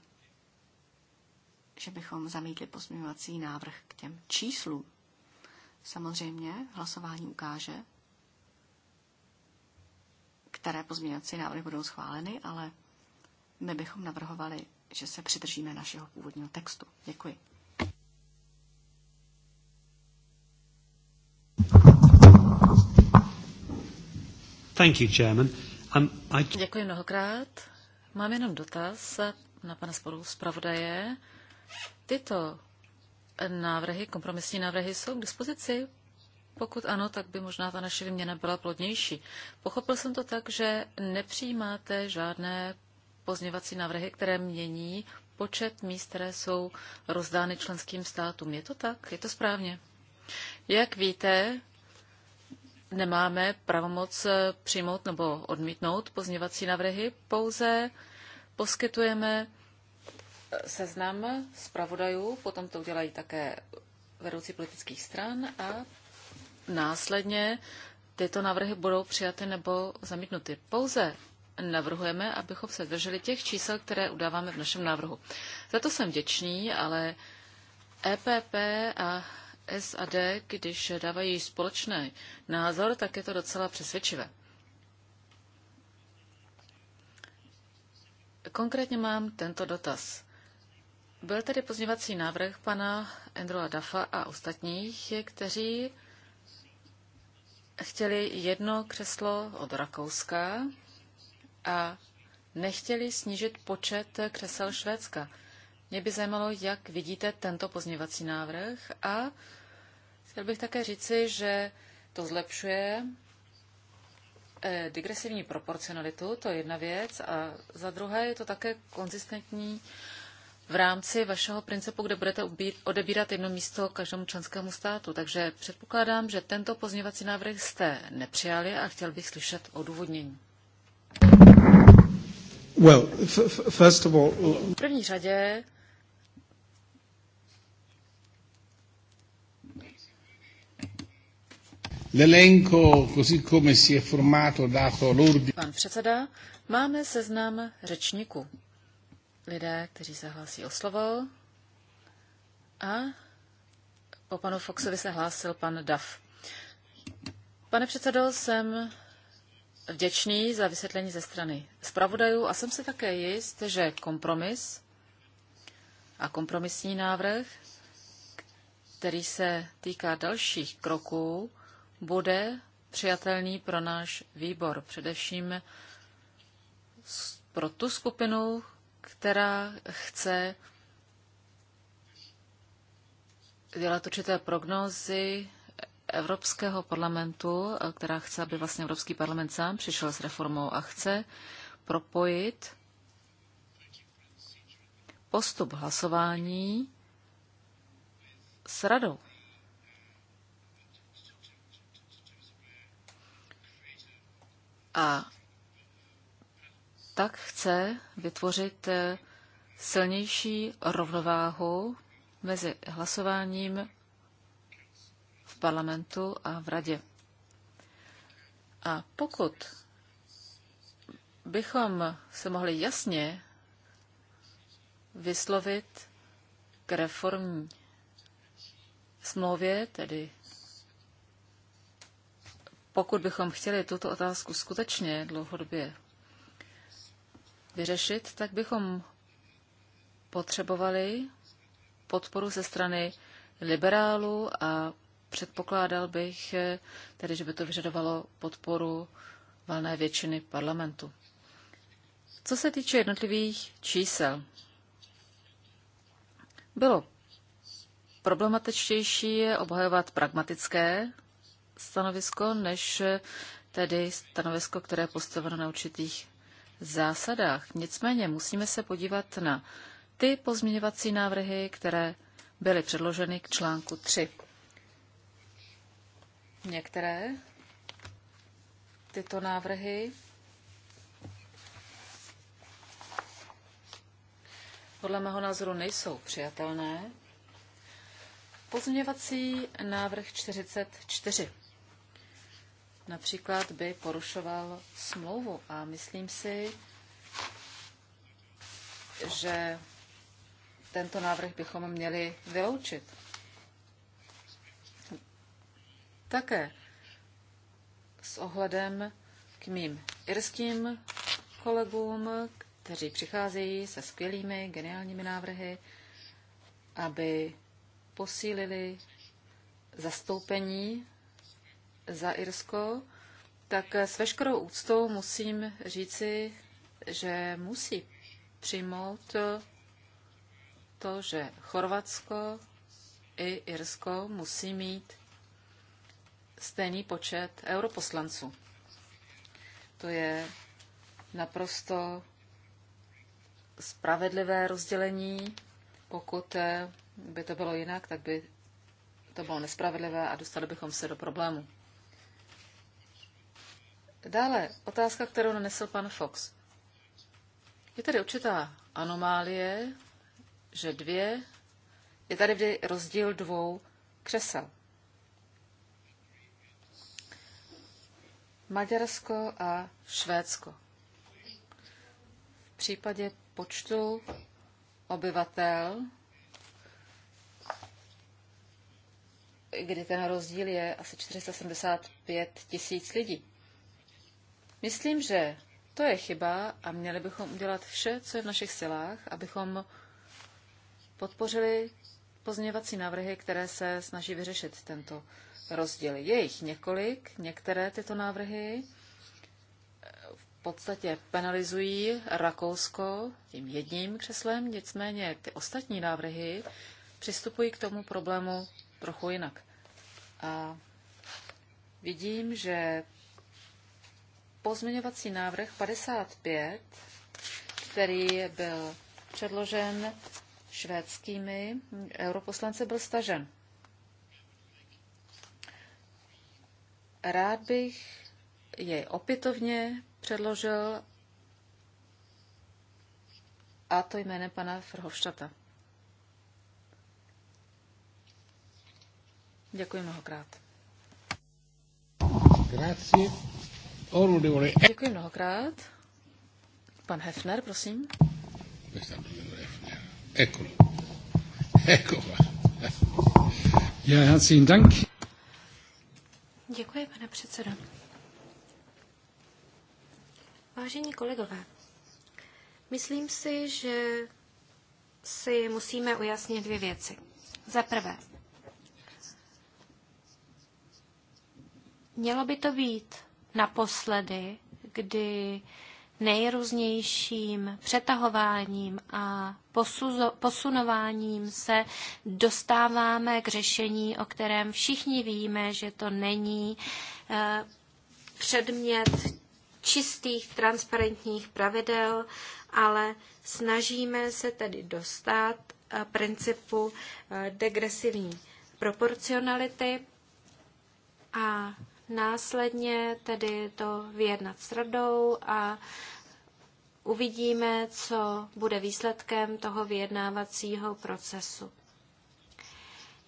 že bychom zamítli pozměňovací návrh k těm číslům. Samozřejmě hlasování ukáže, které pozměňovací návrhy budou schváleny, ale my bychom navrhovali, že se přidržíme našeho původního textu. Děkuji. Thank you, Chairman. Um, I... Děkuji mnohokrát. Mám jenom dotaz na pana spolu zpravodaje. Tyto návrhy, kompromisní návrhy jsou k dispozici? Pokud ano, tak by možná ta naše vyměna byla plodnější. Pochopil jsem to tak, že nepřijímáte žádné pozněvací návrhy, které mění počet míst, které jsou rozdány členským státům. Je to tak? Je to správně? Jak víte, nemáme pravomoc eh, přijmout nebo odmítnout pozměvací návrhy, pouze poskytujeme eh, seznam zpravodajů, potom to udělají také vedoucí politických stran a následně tyto návrhy budou přijaty nebo zamítnuty. Pouze navrhujeme, abychom se drželi těch čísel, které udáváme v našem návrhu. Za to jsem děčný, ale EPP a SAD, když dávají společný názor, tak je to docela přesvědčivé. Konkrétně mám tento dotaz. Byl tedy pozměvací návrh pana Andrewa Dafa a ostatních, kteří chtěli jedno křeslo od Rakouska a nechtěli snížit počet křesel Švédska. Mě by zajímalo, jak vidíte tento pozměvací návrh a Chtěl bych také říci, že to zlepšuje eh, digresivní proporcionalitu, to je jedna věc, a za druhé je to také konzistentní v rámci vašeho principu, kde budete odebírat jedno místo každému členskému státu. Takže předpokládám, že tento pozměvací návrh jste nepřijali a chtěl bych slyšet odůvodnění. Well, first of all... V první řadě L'elenco, così come si è formato, dato l'ordine. Pan předseda, máme seznam řečníků. Lidé, kteří se hlásí o slovo. A po panu Foxovi se hlásil pan Duff. Pane předsedo, jsem vděčný za vysvětlení ze strany zpravodajů a jsem si také jist, že kompromis a kompromisní návrh, který se týká dalších kroků, bude přijatelný pro náš výbor, především pro tu skupinu, která chce dělat určité prognózy Evropského parlamentu, která chce, aby vlastně Evropský parlament sám přišel s reformou a chce propojit postup hlasování s radou. A tak chce vytvořit eh, silnější rovnováhu mezi hlasováním v parlamentu a v radě. A pokud bychom se mohli jasně vyslovit k reformní smlouvě, tedy pokud bychom chtěli tuto otázku skutečně dlouhodobě vyřešit, tak bychom potřebovali podporu ze strany liberálů a předpokládal bych tedy, že by to vyžadovalo podporu valné většiny parlamentu. Co se týče jednotlivých čísel, bylo problematičtější je obhajovat pragmatické stanovisko, než tedy stanovisko, které je postaveno na určitých zásadách. Nicméně musíme se podívat na ty pozměňovací návrhy, které byly předloženy k článku 3. Některé tyto návrhy podle mého názoru nejsou přijatelné. Pozměňovací návrh 44 například by porušoval smlouvu. A myslím si, že tento návrh bychom měli vyloučit. Také s ohledem k mým irským kolegům, kteří přicházejí se skvělými, geniálními návrhy, aby posílili zastoupení za Irsko, tak s veškerou úctou musím říci, že musí přijmout to, že Chorvatsko i Irsko musí mít stejný počet europoslanců. To je naprosto spravedlivé rozdělení. Pokud by to bylo jinak, tak by to bylo nespravedlivé a dostali bychom se do problému. Dále otázka, kterou nanesl pan Fox. Je tady určitá anomálie, že dvě, je tady vždy rozdíl dvou křesel. Maďarsko a Švédsko. V případě počtu obyvatel, kdy ten rozdíl je asi 475 tisíc lidí. Myslím, že to je chyba a měli bychom udělat vše, co je v našich silách, abychom podpořili pozměňovací návrhy, které se snaží vyřešit tento rozdíl. Je jich několik, některé tyto návrhy v podstatě penalizují Rakousko tím jedním křeslem, nicméně ty ostatní návrhy přistupují k tomu problému trochu jinak. A vidím, že pozměňovací návrh 55, který byl předložen švédskými europoslanci, byl stažen. Rád bych jej opětovně předložil a to jménem pana Frhovštata. Děkuji mnohokrát. Grazie. Děkuji mnohokrát. Pan Hefner, prosím. Eccolo. herzlichen Dank. Děkuji, pane předsedo. Vážení kolegové, myslím si, že si musíme ujasnit dvě věci. Za prvé, mělo by to být naposledy, kdy nejrůznějším přetahováním a posuzo- posunováním se dostáváme k řešení, o kterém všichni víme, že to není eh, předmět čistých, transparentních pravidel, ale snažíme se tedy dostat eh, principu eh, degresivní proporcionality a Následně tedy to vyjednat s radou a uvidíme, co bude výsledkem toho vyjednávacího procesu.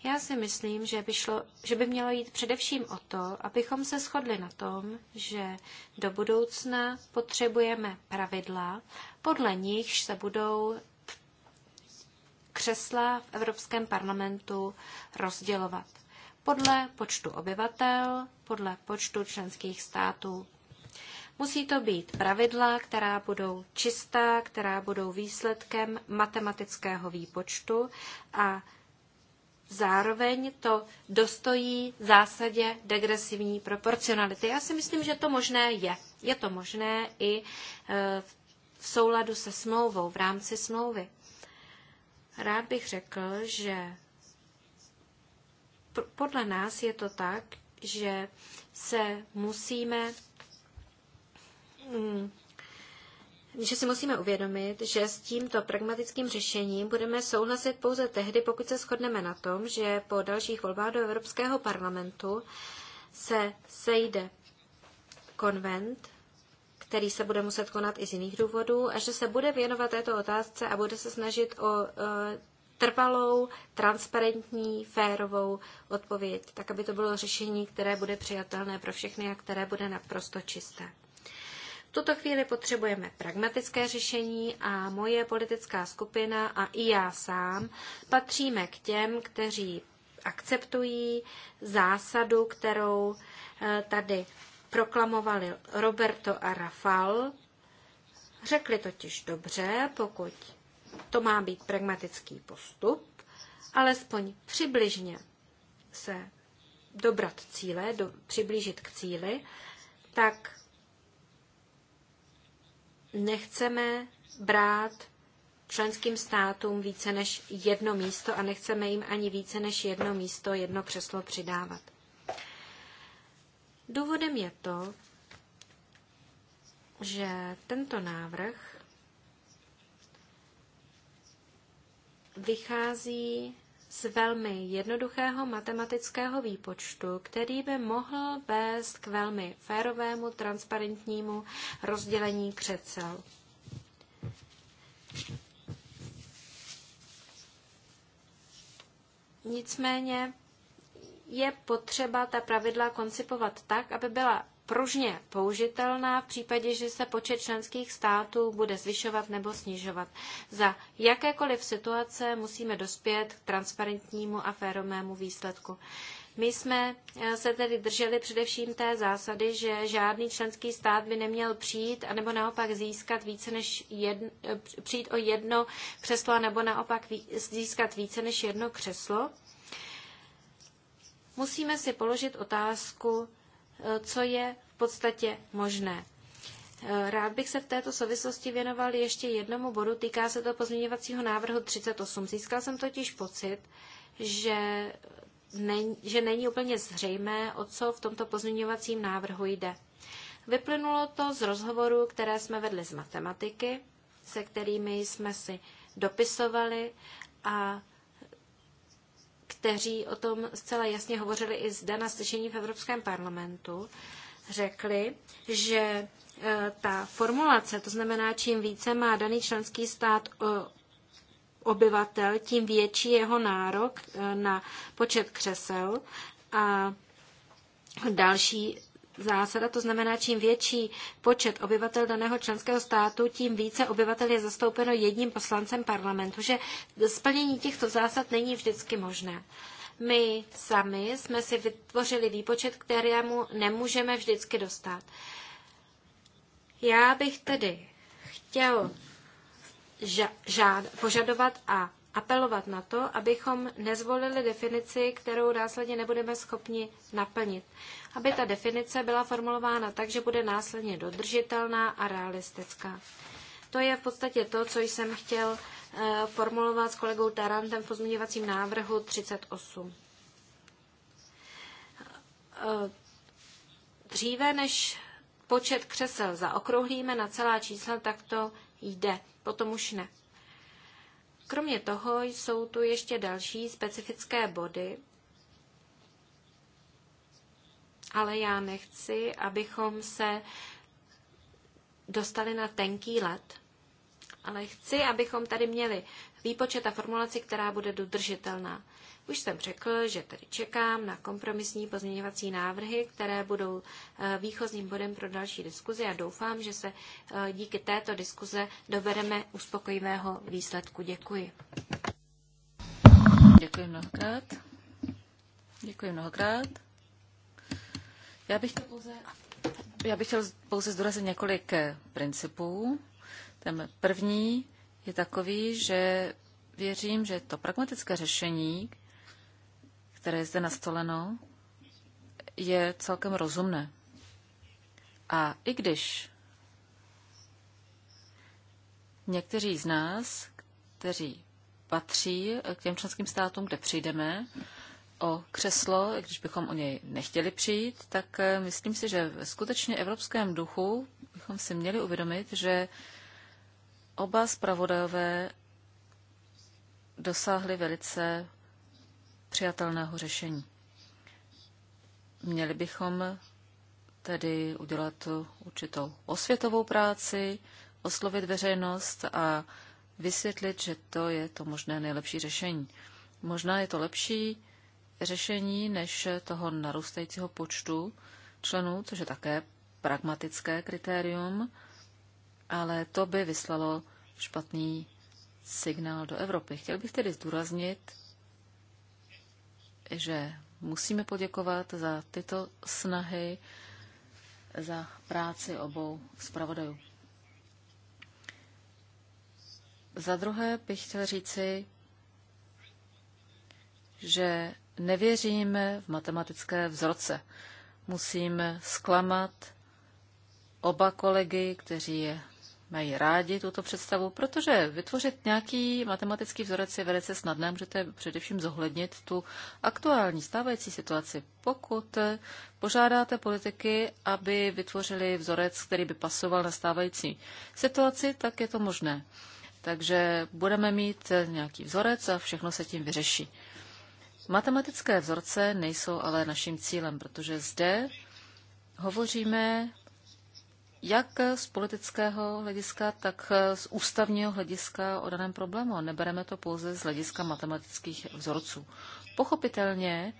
Já si myslím, že by, šlo, že by mělo jít především o to, abychom se shodli na tom, že do budoucna potřebujeme pravidla, podle nichž se budou křesla v Evropském parlamentu rozdělovat podle počtu obyvatel, podle počtu členských států. Musí to být pravidla, která budou čistá, která budou výsledkem matematického výpočtu a zároveň to dostojí zásadě degresivní proporcionality. Já si myslím, že to možné je. Je to možné i e, v souladu se smlouvou, v rámci smlouvy. Rád bych řekl, že podle nás je to tak, že se musíme mm, že si musíme uvědomit, že s tímto pragmatickým řešením budeme souhlasit pouze tehdy, pokud se shodneme na tom, že po dalších volbách do Evropského parlamentu se sejde konvent, který se bude muset konat i z jiných důvodů, a že se bude věnovat této otázce a bude se snažit o eh, trvalou, transparentní, férovou odpověď, tak aby to bylo řešení, které bude přijatelné pro všechny a které bude naprosto čisté. V tuto chvíli potřebujeme pragmatické řešení a moje politická skupina a i já sám patříme k těm, kteří akceptují zásadu, kterou eh, tady proklamovali Roberto a Rafal. Řekli totiž dobře, pokud to má být pragmatický postup, alespoň přibližně se dobrat cíle, do, přiblížit k cíli, tak nechceme brát členským státům více než jedno místo a nechceme jim ani více než jedno místo, jedno křeslo přidávat. Důvodem je to, že tento návrh vychází z velmi jednoduchého matematického výpočtu, který by mohl vést k velmi férovému, transparentnímu rozdělení křecel. Nicméně je potřeba ta pravidla koncipovat tak, aby byla pružně použitelná v případě, že se počet členských států bude zvyšovat nebo snižovat. Za jakékoliv situace musíme dospět k transparentnímu a férovému výsledku. My jsme eh, se tedy drželi především té zásady, že žádný členský stát by neměl přijít, anebo naopak získat více než jedno, eh, přijít o jedno křeslo, nebo naopak získat více než jedno křeslo. Musíme si položit otázku, co je v podstatě možné. Eh, rád bych se v této souvislosti věnoval ještě jednomu bodu, týká se to pozměňovacího návrhu 38. Získal jsem totiž pocit, že, ne, že není úplně zřejmé, o co v tomto pozměňovacím návrhu jde. Vyplynulo to z rozhovorů, které jsme vedli z matematiky, se kterými jsme si dopisovali a kteří o tom zcela jasně hovořili i zde na slyšení v Evropském parlamentu, řekli, že e, ta formulace, to znamená, čím více má daný členský stát e, obyvatel, tím větší jeho nárok e, na počet křesel a další zásada, to znamená, čím větší počet obyvatel daného členského státu, tím více obyvatel je zastoupeno jedním poslancem parlamentu, že splnění těchto zásad není vždycky možné. My sami jsme si vytvořili výpočet, kterému nemůžeme vždycky dostat. Já bych tedy chtěl žád, požadovat a apelovat na to, abychom nezvolili definici, kterou následně nebudeme schopni naplnit. Aby ta definice byla formulována tak, že bude následně dodržitelná a realistická. To je v podstatě to, co jsem chtěl eh, formulovat s kolegou Tarantem v pozměňovacím návrhu 38. Eh, dříve než počet křesel zaokrouhlíme na celá čísla, tak to jde. Potom už ne. Kromě toho jsou tu ještě další specifické body, ale já nechci, abychom se dostali na tenký let. Ale chci, abychom tady měli výpočet a formulaci, která bude dodržitelná. Už jsem řekl, že tedy čekám na kompromisní pozměňovací návrhy, které budou eh, výchozím bodem pro další diskuzi a doufám, že se eh, díky této diskuze dovedeme uspokojivého výsledku. Děkuji. Děkuji mnohokrát. Děkuji mnohokrát. Já bych chtěl pouze, já bych chtěl pouze zdůraznit několik eh, principů. Ten první je takový, že věřím, že to pragmatické řešení, které je zde nastoleno, je celkem rozumné. A i když někteří z nás, kteří patří k těm členským státům, kde přijdeme o křeslo, když bychom o něj nechtěli přijít, tak eh, myslím si, že v skutečně evropském duchu bychom si měli uvědomit, že Oba zpravodajové dosáhli velice přijatelného řešení. Měli bychom tedy udělat určitou osvětovou práci, oslovit veřejnost a vysvětlit, že to je to možné nejlepší řešení. Možná je to lepší řešení než toho narůstajícího počtu členů, což je také pragmatické kritérium, ale to by vyslalo špatný signál do Evropy. Chtěl bych tedy zdůraznit, že musíme poděkovat za tyto snahy, za práci obou zpravodajů. Za druhé bych chtěl říci, že nevěříme v matematické vzorce. Musím zklamat oba kolegy, kteří mají rádi tuto představu, protože vytvořit nějaký matematický vzorec je velice snadné. Můžete především zohlednit tu aktuální stávající situaci. Pokud požádáte politiky, aby vytvořili vzorec, který by pasoval na stávající situaci, tak je to možné. Takže budeme mít nějaký vzorec a všechno se tím vyřeší. Matematické vzorce nejsou ale naším cílem, protože zde hovoříme jak z politického hlediska, tak z ústavního hlediska o daném problému. Nebereme to pouze z hlediska matematických vzorců. Pochopitelně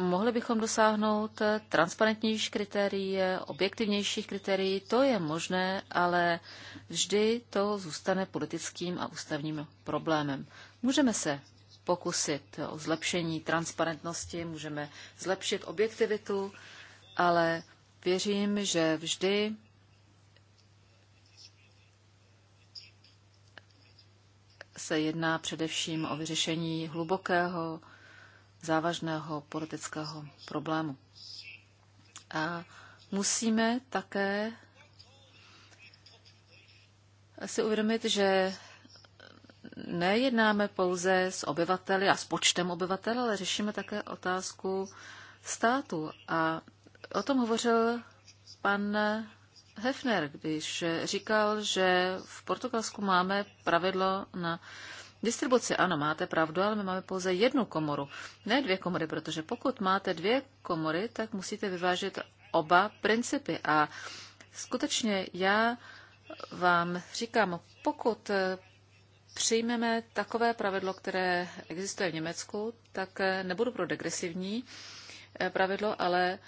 mohli bychom dosáhnout transparentnějších kritérií, objektivnějších kritérií, to je možné, ale vždy to zůstane politickým a ústavním problémem. Můžeme se pokusit o zlepšení transparentnosti, můžeme zlepšit objektivitu, ale Věřím, že vždy se jedná především o vyřešení hlubokého, závažného politického problému. A musíme také si uvědomit, že nejednáme pouze s obyvateli a s počtem obyvatel, ale řešíme také otázku státu. A O tom hovořil pan Hefner, když říkal, že v Portugalsku máme pravidlo na distribuci. Ano, máte pravdu, ale my máme pouze jednu komoru, ne dvě komory, protože pokud máte dvě komory, tak musíte vyvážit oba principy. A skutečně já vám říkám, pokud přijmeme takové pravidlo, které existuje v Německu, tak nebudu pro degresivní eh, pravidlo, ale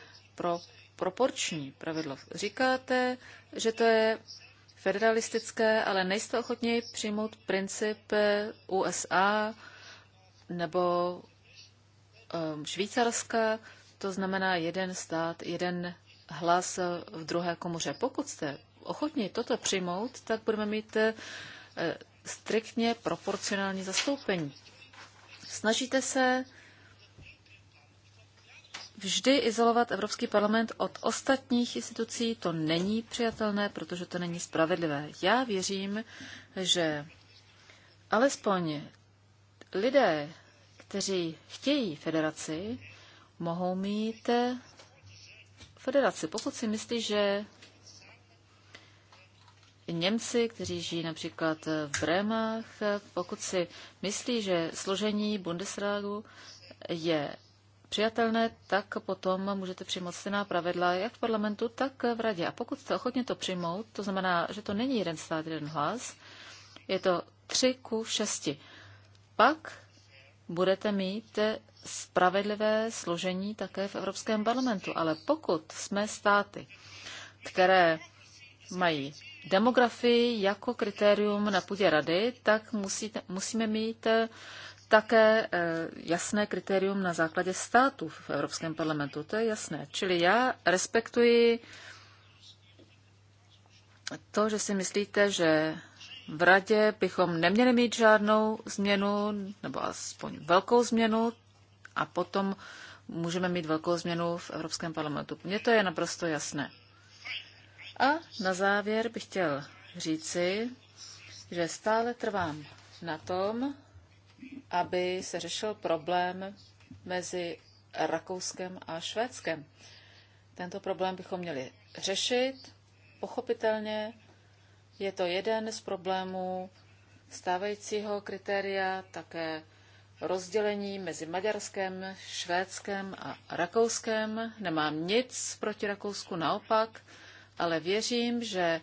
pro proporční pravidlo. Říkáte, že to je federalistické, ale nejste ochotni přijmout princip eh, USA nebo ehm, Švýcarska, to znamená jeden stát, jeden hlas eh, v druhé komoře. Pokud jste ochotni toto přijmout, tak budeme mít eh, striktně proporcionální zastoupení. Snažíte se vždy izolovat Evropský parlament od ostatních institucí, to není přijatelné, protože to není spravedlivé. Já věřím, že alespoň lidé, kteří chtějí federaci, mohou mít federaci. Pokud si myslí, že Němci, kteří žijí například v Brémách, pokud si myslí, že složení Bundesrágu je přijatelné, tak potom můžete přijmout stejná pravidla jak v parlamentu, tak v radě. A pokud jste ochotně to přijmout, to znamená, že to není jeden stát, jeden hlas, je to 3 ku 6. Pak budete mít spravedlivé složení také v Evropském parlamentu. Ale pokud jsme státy, které mají demografii jako kritérium na půdě rady, tak musíte, musíme mít také eh, jasné kritérium na základě států v Evropském parlamentu. To je jasné. Čili já respektuji to, že si myslíte, že v radě bychom neměli mít žádnou změnu, nebo aspoň velkou změnu, a potom můžeme mít velkou změnu v Evropském parlamentu. Mně to je naprosto jasné. A na závěr bych chtěl říci, že stále trvám na tom, aby se řešil problém mezi Rakouskem a Švédskem. Tento problém bychom měli řešit. Pochopitelně je to jeden z problémů stávajícího kritéria, také rozdělení mezi Maďarskem, Švédskem a Rakouskem. Nemám nic proti Rakousku, naopak, ale věřím, že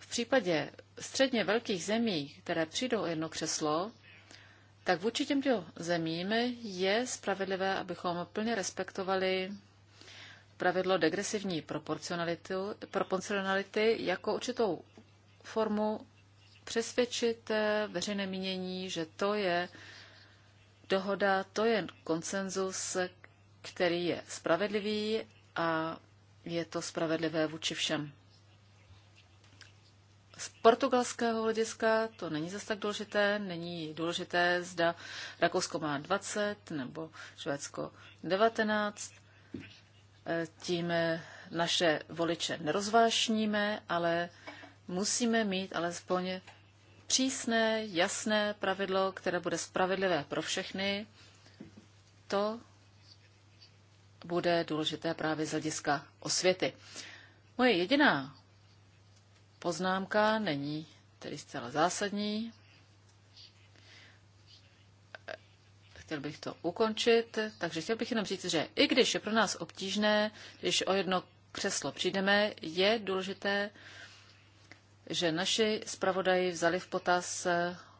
v případě středně velkých zemí, které přijdou o jedno křeslo, tak vůči těmto zemím je spravedlivé, abychom plně respektovali pravidlo degresivní proporcionality, proporcionality jako určitou formu přesvědčit eh, veřejné mínění, že to je dohoda, to je konsenzus, který je spravedlivý a je to spravedlivé vůči všem z portugalského hlediska to není zas tak důležité. Není důležité, zda Rakousko má 20 nebo Švédsko 19. Eh, tím eh, naše voliče nerozvášníme, ale musíme mít alespoň přísné, jasné pravidlo, které bude spravedlivé pro všechny. To bude důležité právě z hlediska osvěty. Moje jediná poznámka, není tedy zcela zásadní. Chtěl bych to ukončit, takže chtěl bych jenom říct, že i když je pro nás obtížné, když o jedno křeslo přijdeme, je důležité, že naši zpravodaji vzali v potaz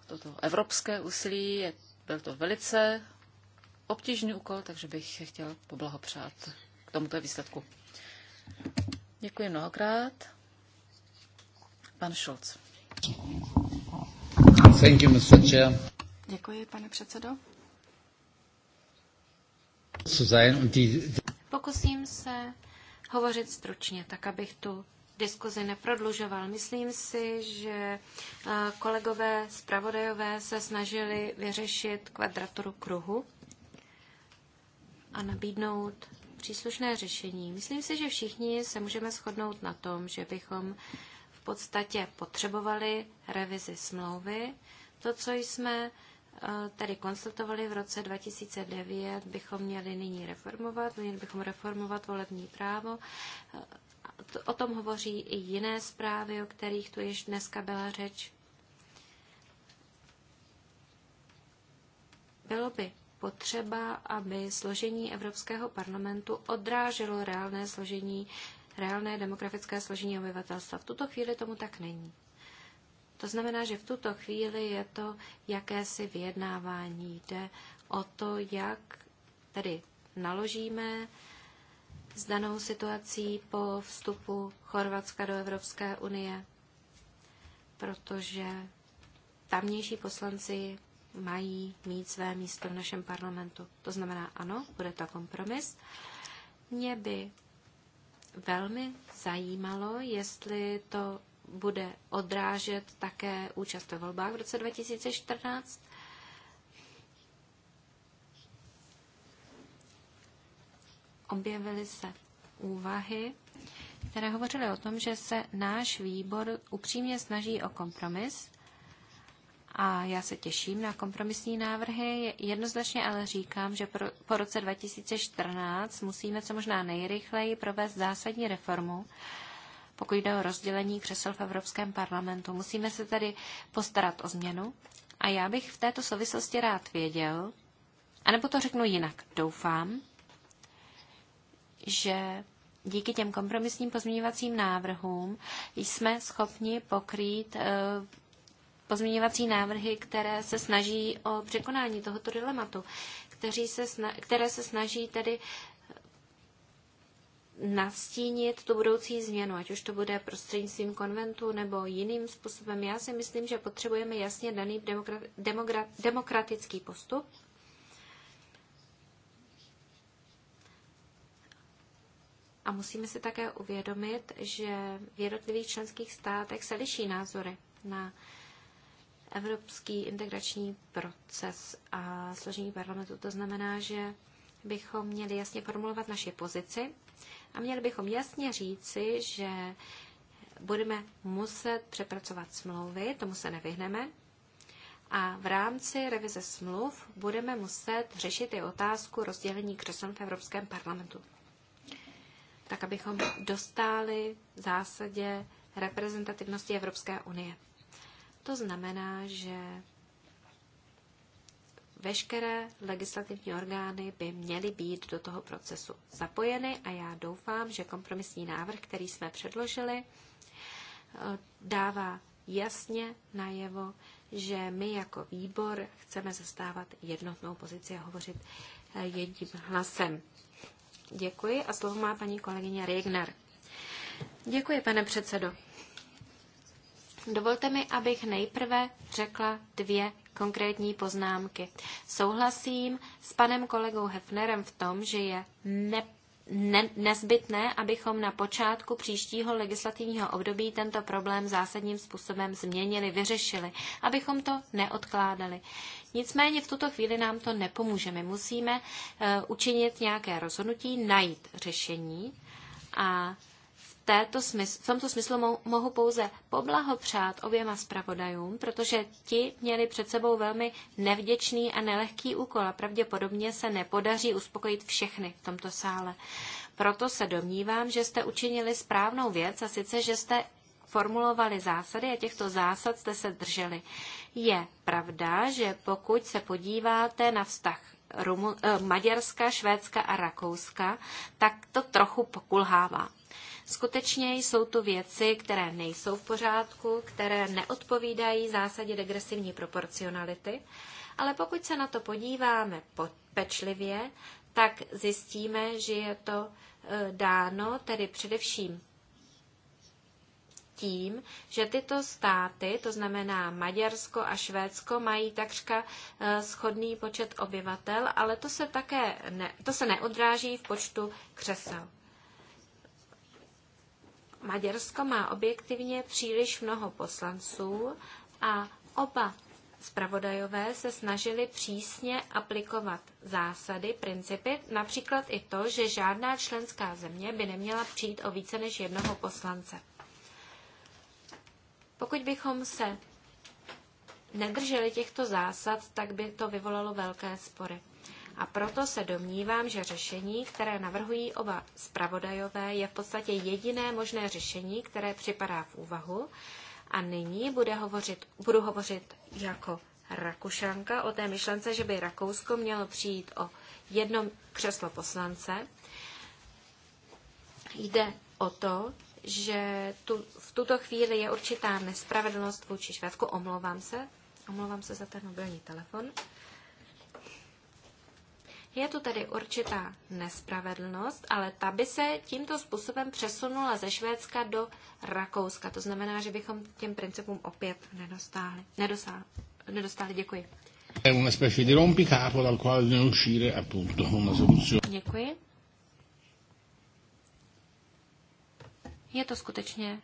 toto evropské úsilí. Byl to velice obtížný úkol, takže bych chtěl poblahopřát k tomuto výsledku. Děkuji mnohokrát. Pan Schulz. Thank you, Mr. Chair. Děkuji, pane předsedo. Pokusím se hovořit stručně, tak abych tu diskuzi neprodlužoval. Myslím si, že eh, kolegové zpravodajové se snažili vyřešit kvadraturu kruhu a nabídnout příslušné řešení. Myslím si, že všichni se můžeme shodnout na tom, že bychom podstatě potřebovali revizi smlouvy. To, co jsme eh, tedy konstatovali v roce 2009, bychom měli nyní reformovat, měli bychom reformovat volební právo. Eh, o tom hovoří i jiné zprávy, o kterých tu již dneska byla řeč. Bylo by potřeba, aby složení Evropského parlamentu odráželo reálné složení reálné demografické složení obyvatelstva. V tuto chvíli tomu tak není. To znamená, že v tuto chvíli je to jakési vyjednávání. Jde o to, jak tedy naložíme s danou situací po vstupu Chorvatska do Evropské unie, protože tamnější poslanci mají mít své místo v našem parlamentu. To znamená, ano, bude to kompromis. Mě by velmi zajímalo, jestli to bude odrážet také účast ve volbách v roce 2014. Objevily se úvahy, které hovořily o tom, že se náš výbor upřímně snaží o kompromis, a já se těším na kompromisní návrhy. Jednoznačně ale říkám, že pro, po roce 2014 musíme co možná nejrychleji provést zásadní reformu, pokud jde o rozdělení křesel v Evropském parlamentu. Musíme se tedy postarat o změnu. A já bych v této souvislosti rád věděl, anebo to řeknu jinak, doufám, že díky těm kompromisním pozměňovacím návrhům jsme schopni pokrýt eh, pozměňovací návrhy, které se snaží o překonání tohoto dilematu, kteří se které se snaží tedy nastínit tu budoucí změnu, ať už to bude prostřednictvím konventu nebo jiným způsobem. Já si myslím, že potřebujeme jasně daný demokra- demokratický postup. A musíme si také uvědomit, že v jednotlivých členských státech se liší názory na uh, evropský integrační proces a složení parlamentu. To znamená, že bychom měli jasně formulovat naši pozici a měli bychom jasně říci, že budeme muset přepracovat smlouvy, tomu se nevyhneme, a v rámci revize smluv budeme muset řešit i otázku rozdělení křesel v Evropském parlamentu. Tak, abychom dostáli v zásadě reprezentativnosti Evropské unie. To znamená, že veškeré legislativní orgány by měly být do toho procesu zapojeny a já doufám, že kompromisní návrh, který jsme předložili, dává jasně najevo, že my jako výbor chceme zastávat jednotnou pozici a hovořit eh, jedním hlasem. Děkuji a slovo má paní kolegyně Regner. Děkuji, pane předsedo. Dovolte mi, abych nejprve řekla dvě konkrétní poznámky. Souhlasím s panem kolegou Hefnerem v tom, že je ne, ne, nezbytné, abychom na počátku příštího legislativního období tento problém zásadním způsobem změnili, vyřešili, abychom to neodkládali. Nicméně v tuto chvíli nám to nepomůže. My musíme uh, učinit nějaké rozhodnutí, najít řešení a této smysl, v tomto smyslu mohu pouze poblahopřát oběma zpravodajům, protože ti měli před sebou velmi nevděčný a nelehký úkol a pravděpodobně se nepodaří uspokojit všechny v tomto sále. Proto se domnívám, že jste učinili správnou věc a sice, že jste formulovali zásady a těchto zásad jste se drželi. Je pravda, že pokud se podíváte na vztah Rumu, eh, Maďarska, Švédska a Rakouska, tak to trochu pokulhává. Skutečně jsou tu věci, které nejsou v pořádku, které neodpovídají zásadě degresivní proporcionality, ale pokud se na to podíváme pečlivě, tak zjistíme, že je to e, dáno tedy především tím, že tyto státy, to znamená Maďarsko a Švédsko, mají takřka e, schodný počet obyvatel, ale to se také ne, to se neodráží v počtu křesel. Maďarsko má objektivně příliš mnoho poslanců a oba zpravodajové se snažili přísně aplikovat zásady, principy, například i to, že žádná členská země by neměla přijít o více než jednoho poslance. Pokud bychom se nedrželi těchto zásad, tak by to vyvolalo velké spory. A proto se domnívám, že řešení, které navrhují oba zpravodajové, je v podstatě jediné možné řešení, které připadá v úvahu. A nyní bude hovořit, budu hovořit jako Rakušanka o té myšlence, že by Rakousko mělo přijít o jedno křeslo poslance. Jde o to, že tu, v tuto chvíli je určitá nespravedlnost vůči Švédsku. Omlouvám se. Omlouvám se za ten mobilní telefon. Je tu tedy určitá nespravedlnost, ale ta by se tímto způsobem přesunula ze Švédska do Rakouska. To znamená, že bychom těm principům opět nedostali, Nedosáhli. Nedostali. Děkuji. Una specie di rompicapo dal quale ne uscire appunto una soluzione. Děkuji. Je to skutečně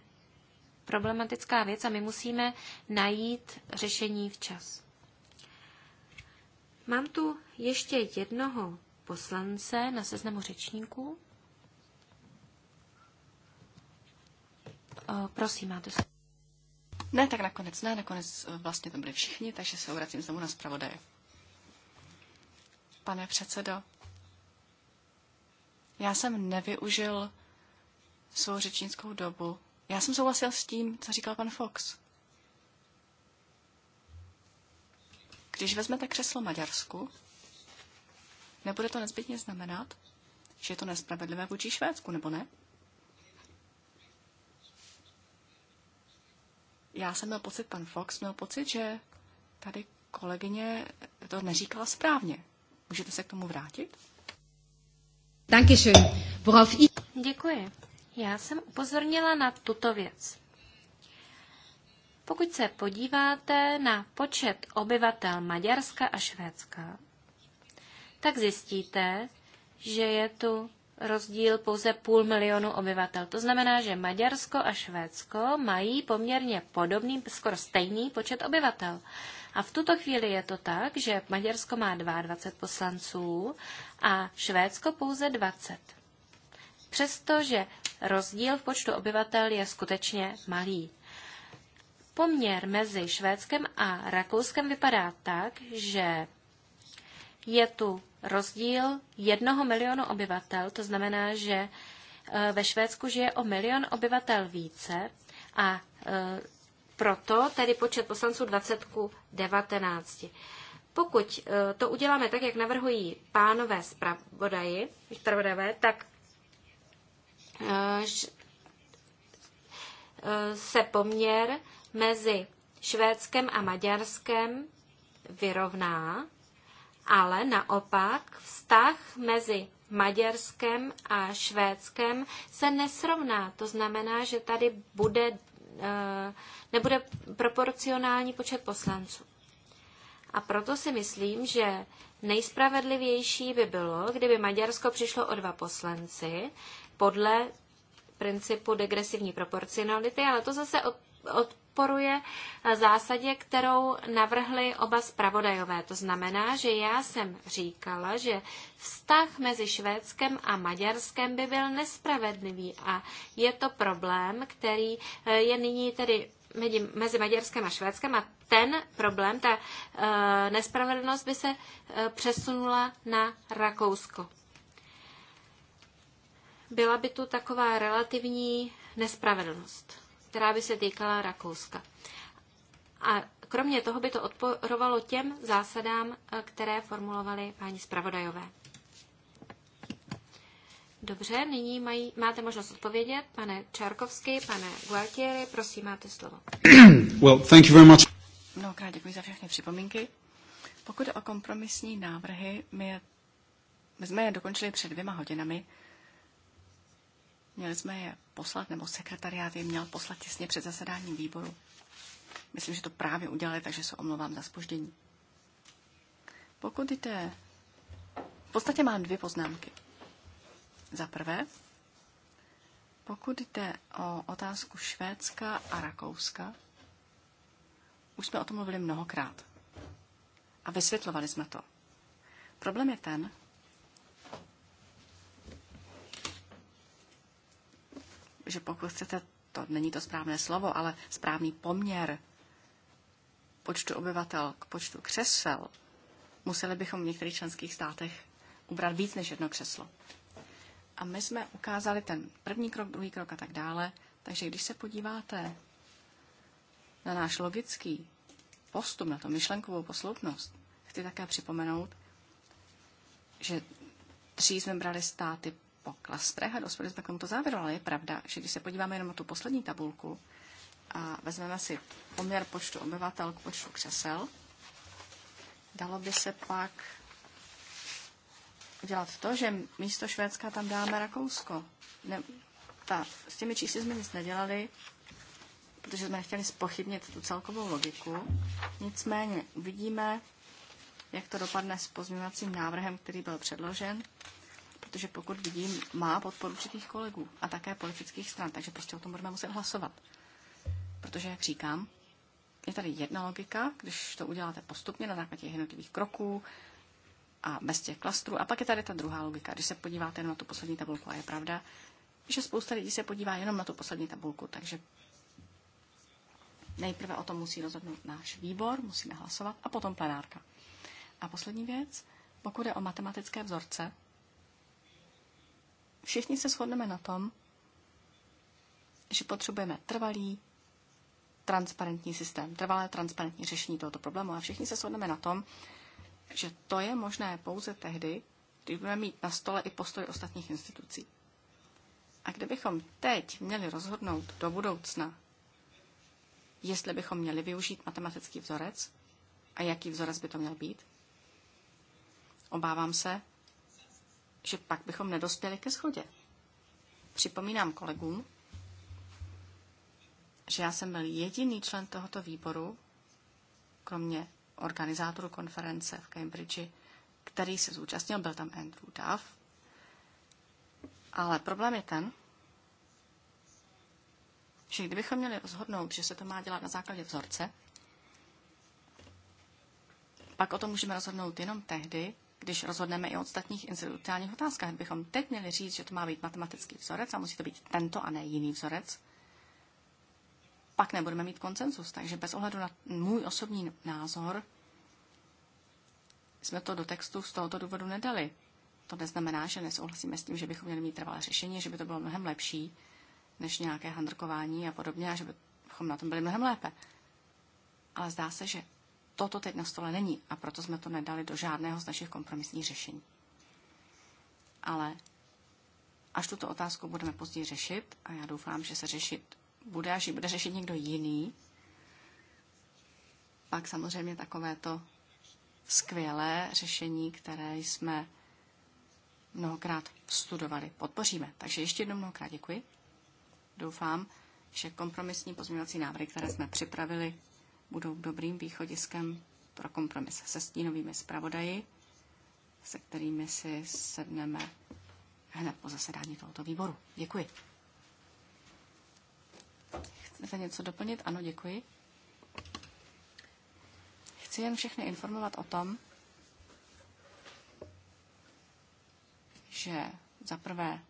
problematická věc a my musíme najít řešení včas. Mám tu ještě jednoho poslance na seznamu řečníků. O, eh, prosím, máte se. Ne, tak nakonec ne, nakonec eh, vlastně to byli všichni, takže se obracím znovu na zpravodaje. Pane předsedo, já jsem nevyužil svou řečnickou dobu. Já jsem souhlasil s tím, co říkal pan Fox. Když vezmete křeslo Maďarsku, nebude to nezbytně znamenat, že je to nespravedlivé vůči Švédsku, nebo ne? Já jsem měl pocit, pan Fox měl pocit, že tady kolegyně to neříkala správně. Můžete se k tomu vrátit? Děkuji. Já jsem upozornila na tuto věc. Pokud se podíváte na počet obyvatel Maďarska a Švédska, tak zjistíte, že je tu rozdíl pouze půl milionu obyvatel. To znamená, že Maďarsko a Švédsko mají poměrně podobný, skoro stejný počet obyvatel. A v tuto chvíli je to tak, že Maďarsko má 22 poslanců a Švédsko pouze 20. Přestože rozdíl v počtu obyvatel je skutečně malý poměr mezi Švédskem a Rakouskem vypadá tak, že je tu rozdíl jednoho milionu obyvatel, to znamená, že e, ve Švédsku žije o milion obyvatel více a e, proto tedy počet poslanců 20 k 19. Pokud e, to uděláme tak, jak navrhují pánové zpravodaji, zpravodajové, tak se poměr mezi Švédskem a Maďarskem vyrovná, ale naopak vztah mezi Maďarskem a Švédskem se nesrovná. To znamená, že tady bude, eh, nebude proporcionální počet poslanců. A proto si myslím, že nejspravedlivější by bylo, kdyby Maďarsko přišlo o dva poslanci podle principu degresivní proporcionality, ale to zase odporuje zásadě, kterou navrhli oba zpravodajové. To znamená, že já jsem říkala, že vztah mezi Švédskem a Maďarskem by byl nespravedlivý a je to problém, který eh, je nyní tedy mezi Maďarskem a Švédskem a ten problém, ta eh, nespravedlnost by se eh, přesunula na Rakousko. Byla by tu taková relativní nespravedlnost která by se týkala Rakouska. A kromě toho by to odporovalo těm zásadám, eh, které formulovali páni zpravodajové. Dobře, nyní mají, máte možnost odpovědět. Pane Čarkovský, pane Gualtieri, prosím, máte slovo. Well, thank you very much. Mnohokrát děkuji za všechny připomínky. Pokud o kompromisní návrhy, my, je, my jsme je dokončili před dvěma hodinami Měli jsme je poslat, nebo sekretariát je měl poslat těsně před zasedáním výboru. Myslím, že to právě udělali, takže se omlouvám za spoždění. Pokud jde... V podstatě mám dvě poznámky. Za prvé, pokud jde o otázku Švédska a Rakouska, už jsme o tom mluvili mnohokrát. A vysvětlovali jsme to. Problém je ten, že pokud chcete, to není to správné slovo, ale správný poměr počtu obyvatel k počtu křesel, museli bychom v některých členských státech ubrat víc než jedno křeslo. A my jsme ukázali ten první krok, druhý krok a tak dále. Takže když se podíváte na náš logický postup, na to myšlenkovou posloupnost, chci také připomenout, že tří jsme brali státy po klastrech a dospěli jsme k tomuto závěru, ale je pravda, že když se podíváme jenom na tu poslední tabulku a vezmeme si poměr počtu obyvatel k počtu křesel, dalo by se pak udělat to, že místo Švédska tam dáme Rakousko. Ne, ta, s těmi čísly jsme nic nedělali, protože jsme nechtěli spochybnit tu celkovou logiku. Nicméně uvidíme, jak to dopadne s pozměňovacím návrhem, který byl předložen protože pokud vidím, má podporu určitých kolegů a také politických stran, takže prostě o tom budeme muset hlasovat. Protože, jak říkám, je tady jedna logika, když to uděláte postupně na základě jednotlivých kroků a bez těch klastrů. A pak je tady ta druhá logika. Když se podíváte jenom na tu poslední tabulku, a je pravda, že spousta lidí se podívá jenom na tu poslední tabulku, takže nejprve o tom musí rozhodnout náš výbor, musíme hlasovat a potom plenárka. A poslední věc, pokud je o matematické vzorce, Všichni se shodneme na tom, že potřebujeme trvalý, transparentní systém, trvalé transparentní řešení tohoto problému. A všichni se shodneme na tom, že to je možné pouze tehdy, když budeme mít na stole i postoj ostatních institucí. A kdybychom teď měli rozhodnout do budoucna, jestli bychom měli využít matematický vzorec a jaký vzorec by to měl být, obávám se, že pak bychom nedospěli ke shodě. Připomínám kolegům, že já jsem byl jediný člen tohoto výboru, kromě organizátoru konference v Cambridge, který se zúčastnil, byl tam Andrew Duff. Ale problém je ten, že kdybychom měli rozhodnout, že se to má dělat na základě vzorce, pak o tom můžeme rozhodnout jenom tehdy, když rozhodneme i o ostatních institucionálních otázkách. Bychom teď měli říct, že to má být matematický vzorec a musí to být tento a ne jiný vzorec, pak nebudeme mít koncensus. Takže bez ohledu na můj osobní názor jsme to do textu z tohoto důvodu nedali. To neznamená, že nesouhlasíme s tím, že bychom měli mít trvalé řešení, že by to bylo mnohem lepší než nějaké handrkování a podobně a že bychom na tom byli mnohem lépe. Ale zdá se, že toto teď na stole není a proto jsme to nedali do žádného z našich kompromisních řešení. Ale až tuto otázku budeme později řešit, a já doufám, že se řešit bude, až ji bude řešit někdo jiný, pak samozřejmě takovéto skvělé řešení, které jsme mnohokrát studovali, podpoříme. Takže ještě jednou mnohokrát děkuji. Doufám, že kompromisní pozměňovací návrhy, které jsme připravili, budou dobrým východiskem pro kompromis se stínovými zpravodaji, se kterými si sedneme hned po zasedání tohoto výboru. Děkuji. Chcete něco doplnit? Ano, děkuji. Chci jen všechny informovat o tom, že za prvé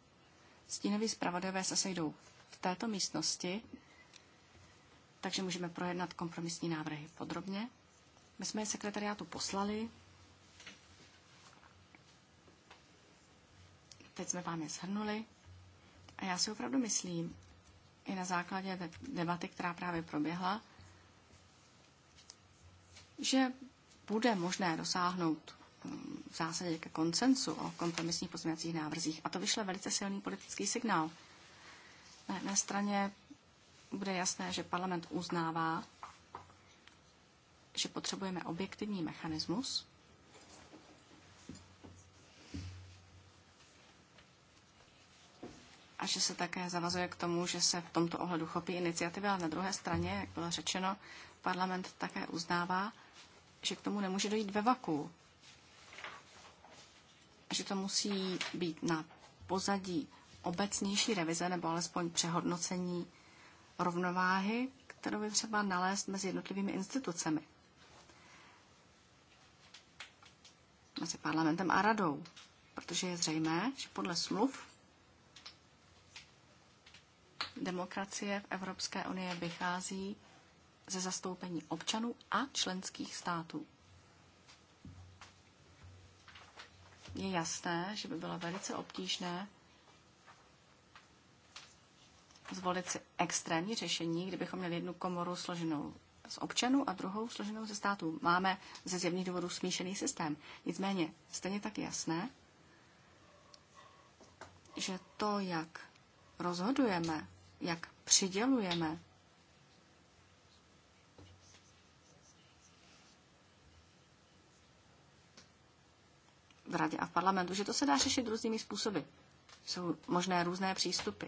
stínoví zpravodajové se sejdou v této místnosti takže můžeme projednat kompromisní návrhy podrobně. My jsme je sekretariátu poslali. Teď jsme vám je shrnuli. A já si opravdu myslím, i na základě debaty, která právě proběhla, že bude možné dosáhnout mm, v zásadě ke koncensu o kompromisních pozměňovacích návrzích. A to vyšle velice silný politický signál. Na straně bude jasné, že parlament uznává, že potřebujeme objektivní mechanismus, a že se také zavazuje k tomu, že se v tomto ohledu chopí iniciativy, ale na druhé straně, jak bylo řečeno, parlament také uznává, že k tomu nemůže dojít ve vaku. Že to musí být na pozadí obecnější revize nebo alespoň přehodnocení rovnováhy, kterou je třeba nalézt mezi jednotlivými institucemi. Mezi parlamentem a radou. Protože je zřejmé, že podle smluv demokracie v Evropské unii vychází ze zastoupení občanů a členských států. Je jasné, že by bylo velice obtížné zvolit si extrémní řešení, kdybychom měli jednu komoru složenou z občanů a druhou složenou ze států. Máme ze zjevných důvodů smíšený systém. Nicméně stejně tak jasné, že to, jak rozhodujeme, jak přidělujeme, v radě a v parlamentu, že to se dá řešit různými způsoby. Jsou možné různé přístupy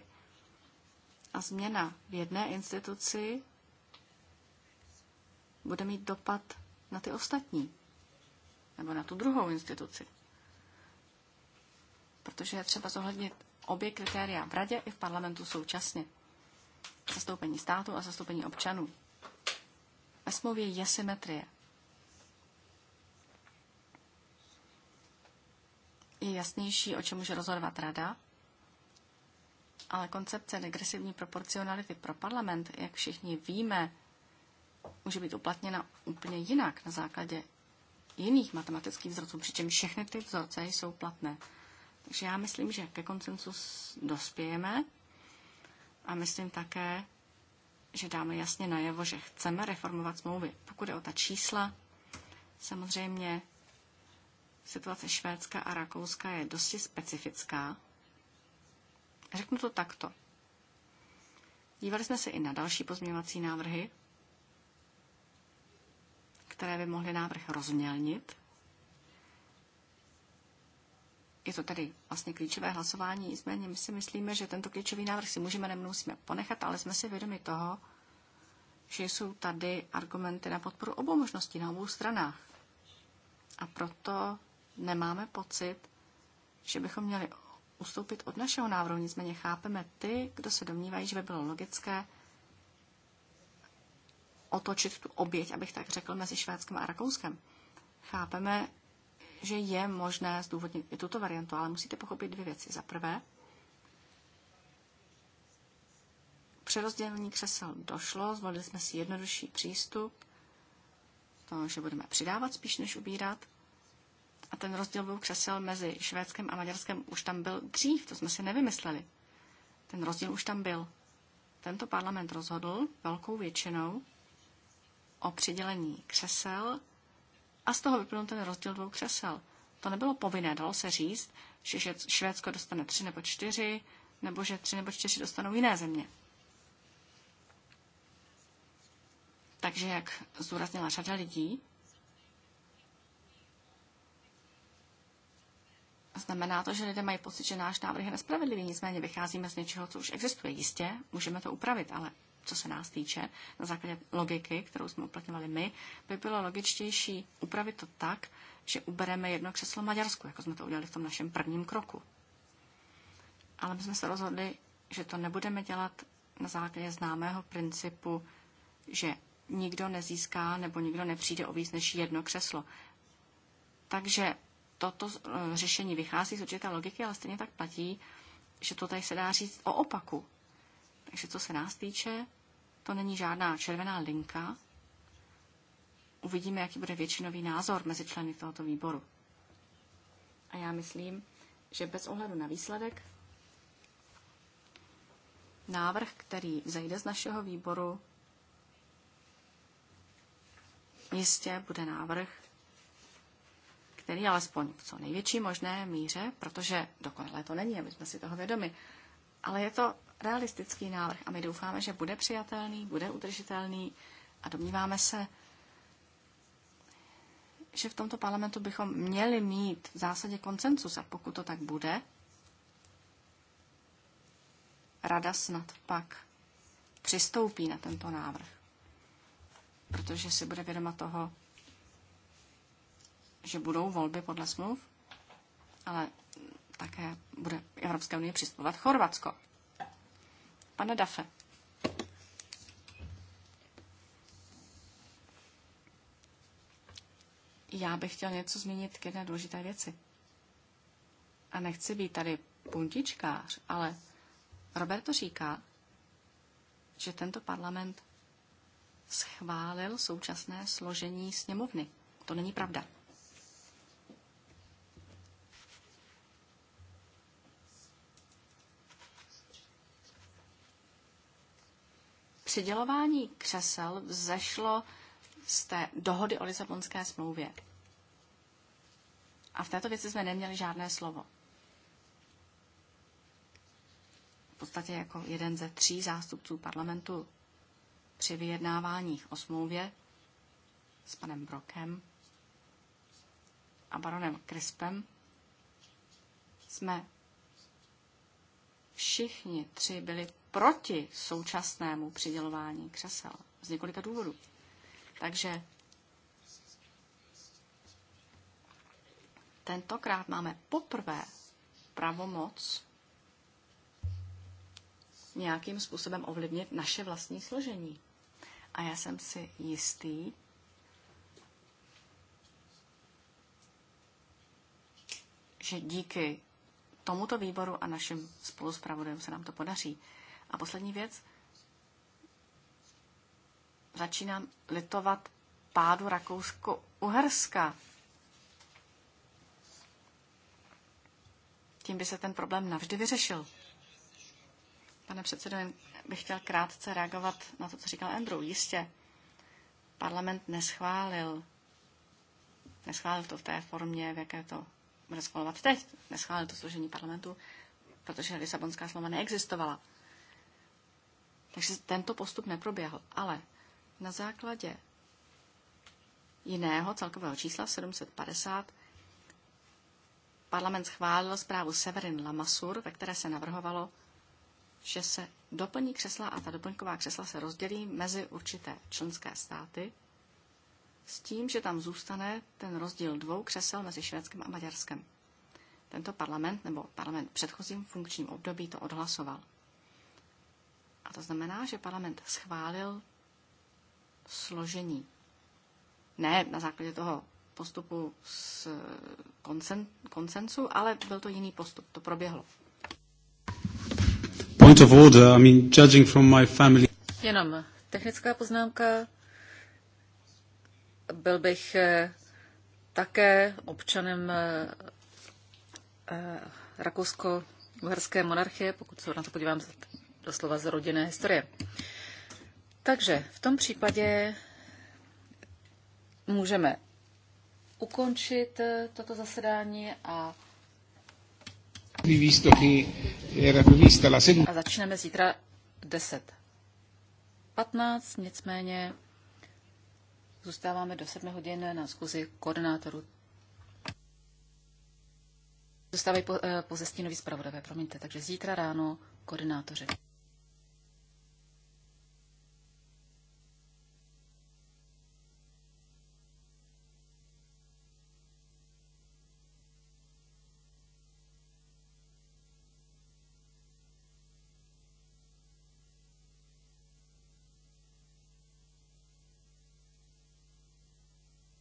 a změna v jedné instituci bude mít dopad na ty ostatní nebo na tu druhou instituci. Protože je třeba zohlednit obě kritéria v radě i v parlamentu současně. Zastoupení státu a zastoupení občanů. Ve smlouvě je symetrie. Je jasnější, o čem může rozhodovat rada ale koncepce degresivní proporcionality pro parlament, jak všichni víme, může být uplatněna úplně jinak na základě jiných matematických vzorců, přičem všechny ty vzorce jsou platné. Takže já myslím, že ke koncensu dospějeme a myslím také, že dáme jasně najevo, že chceme reformovat smlouvy. Pokud je o ta čísla, samozřejmě situace Švédska a Rakouska je dosti specifická. Řeknu to takto. Dívali jsme se i na další pozměňovací návrhy, které by mohly návrh rozmělnit. Je to tedy vlastně klíčové hlasování, nicméně my si myslíme, že tento klíčový návrh si můžeme nemusíme ponechat, ale jsme si vědomi toho, že jsou tady argumenty na podporu obou možností na obou stranách. A proto nemáme pocit, že bychom měli ustoupit od našeho návrhu, nicméně chápeme ty, kdo se domnívají, že by bylo logické otočit tu oběť, abych tak řekl, mezi Švédskem a Rakouskem. Chápeme, že je možné zdůvodnit i tuto variantu, ale musíte pochopit dvě věci. Za prvé, přerozdělení křesel došlo, zvolili jsme si jednodušší přístup, to, že budeme přidávat spíš než ubírat. A ten rozdíl dvou křesel mezi švédským a maďarským už tam byl dřív, to jsme si nevymysleli. Ten rozdíl už tam byl. Tento parlament rozhodl velkou většinou o přidělení křesel a z toho vyplnul ten rozdíl dvou křesel. To nebylo povinné, dalo se říct, že Švédsko dostane tři nebo čtyři, nebo že tři nebo čtyři dostanou jiné země. Takže, jak zdůraznila řada lidí, Znamená to, že lidé mají pocit, že náš návrh je nespravedlivý, nicméně vycházíme z něčeho, co už existuje. Jistě, můžeme to upravit, ale co se nás týče, na základě logiky, kterou jsme uplatňovali my, by bylo logičtější upravit to tak, že ubereme jedno křeslo Maďarsku, jako jsme to udělali v tom našem prvním kroku. Ale my jsme se rozhodli, že to nebudeme dělat na základě známého principu, že nikdo nezíská nebo nikdo nepřijde o víc než jedno křeslo. Takže toto eh, řešení vychází z určité logiky, ale stejně tak platí, že to tady se dá říct o opaku. Takže co se nás týče, to není žádná červená linka. Uvidíme, jaký bude většinový názor mezi členy tohoto výboru. A já myslím, že bez ohledu na výsledek, návrh, který zajde z našeho výboru, jistě bude návrh, který alespoň v co největší možné míře, protože dokonale to není, aby jsme si toho vědomi, ale je to realistický návrh a my doufáme, že bude přijatelný, bude udržitelný a domníváme se, že v tomto parlamentu bychom měli mít v zásadě koncensus a pokud to tak bude, rada snad pak přistoupí na tento návrh, protože si bude vědoma toho, že budou volby podle smluv, ale také bude Evropské unie přistupovat Chorvatsko. Pane Dafe. Já bych chtěl něco zmínit k jedné důležité věci. A nechci být tady puntičkář, ale Roberto říká, že tento parlament schválil současné složení sněmovny. To není pravda. Přidělování křesel vzešlo z té dohody o Lisabonské smlouvě. A v této věci jsme neměli žádné slovo. V podstatě jako jeden ze tří zástupců parlamentu při vyjednáváních o smlouvě s panem Brokem a baronem Krispem jsme Všichni tři byli proti současnému přidělování křesel z několika důvodů. Takže tentokrát máme poprvé pravomoc nějakým způsobem ovlivnit naše vlastní složení. A já jsem si jistý, že díky tomuto výboru a našim spoluspravodajům se nám to podaří. A poslední věc. Začínám litovat pádu Rakousko-Uherska. Tím by se ten problém navždy vyřešil. Pane předsedo, bych chtěl krátce reagovat na to, co říkal Andrew. Jistě, parlament neschválil, neschválil to v té formě, v jaké to budeme schvalovat teď. Neschválili to složení parlamentu, protože Lisabonská slova neexistovala. Takže tento postup neproběhl, ale na základě jiného celkového čísla 750 parlament schválil zprávu Severin Lamasur, ve které se navrhovalo, že se doplní křesla a ta doplňková křesla se rozdělí mezi určité členské státy s tím, že tam zůstane ten rozdíl dvou křesel mezi Švédskem a Maďarskem. Tento parlament nebo parlament v předchozím funkčním období to odhlasoval. A to znamená, že parlament schválil složení. Ne na základě toho postupu s konsen, konsensu, ale byl to jiný postup. To proběhlo. Point of order, I mean, judging from my family. Jenom technická poznámka. Byl bych eh, také občanem eh, eh, Rakousko-Uherské monarchie, pokud se na to podívám doslova z rodinné historie. Takže v tom případě můžeme ukončit toto zasedání a a začneme zítra 10.15, nicméně Zůstáváme do 7 hodin na zkuzi koordinátorů. Zůstávají po, eh, po zestínový zpravodavé, promiňte, takže zítra ráno koordinátoři.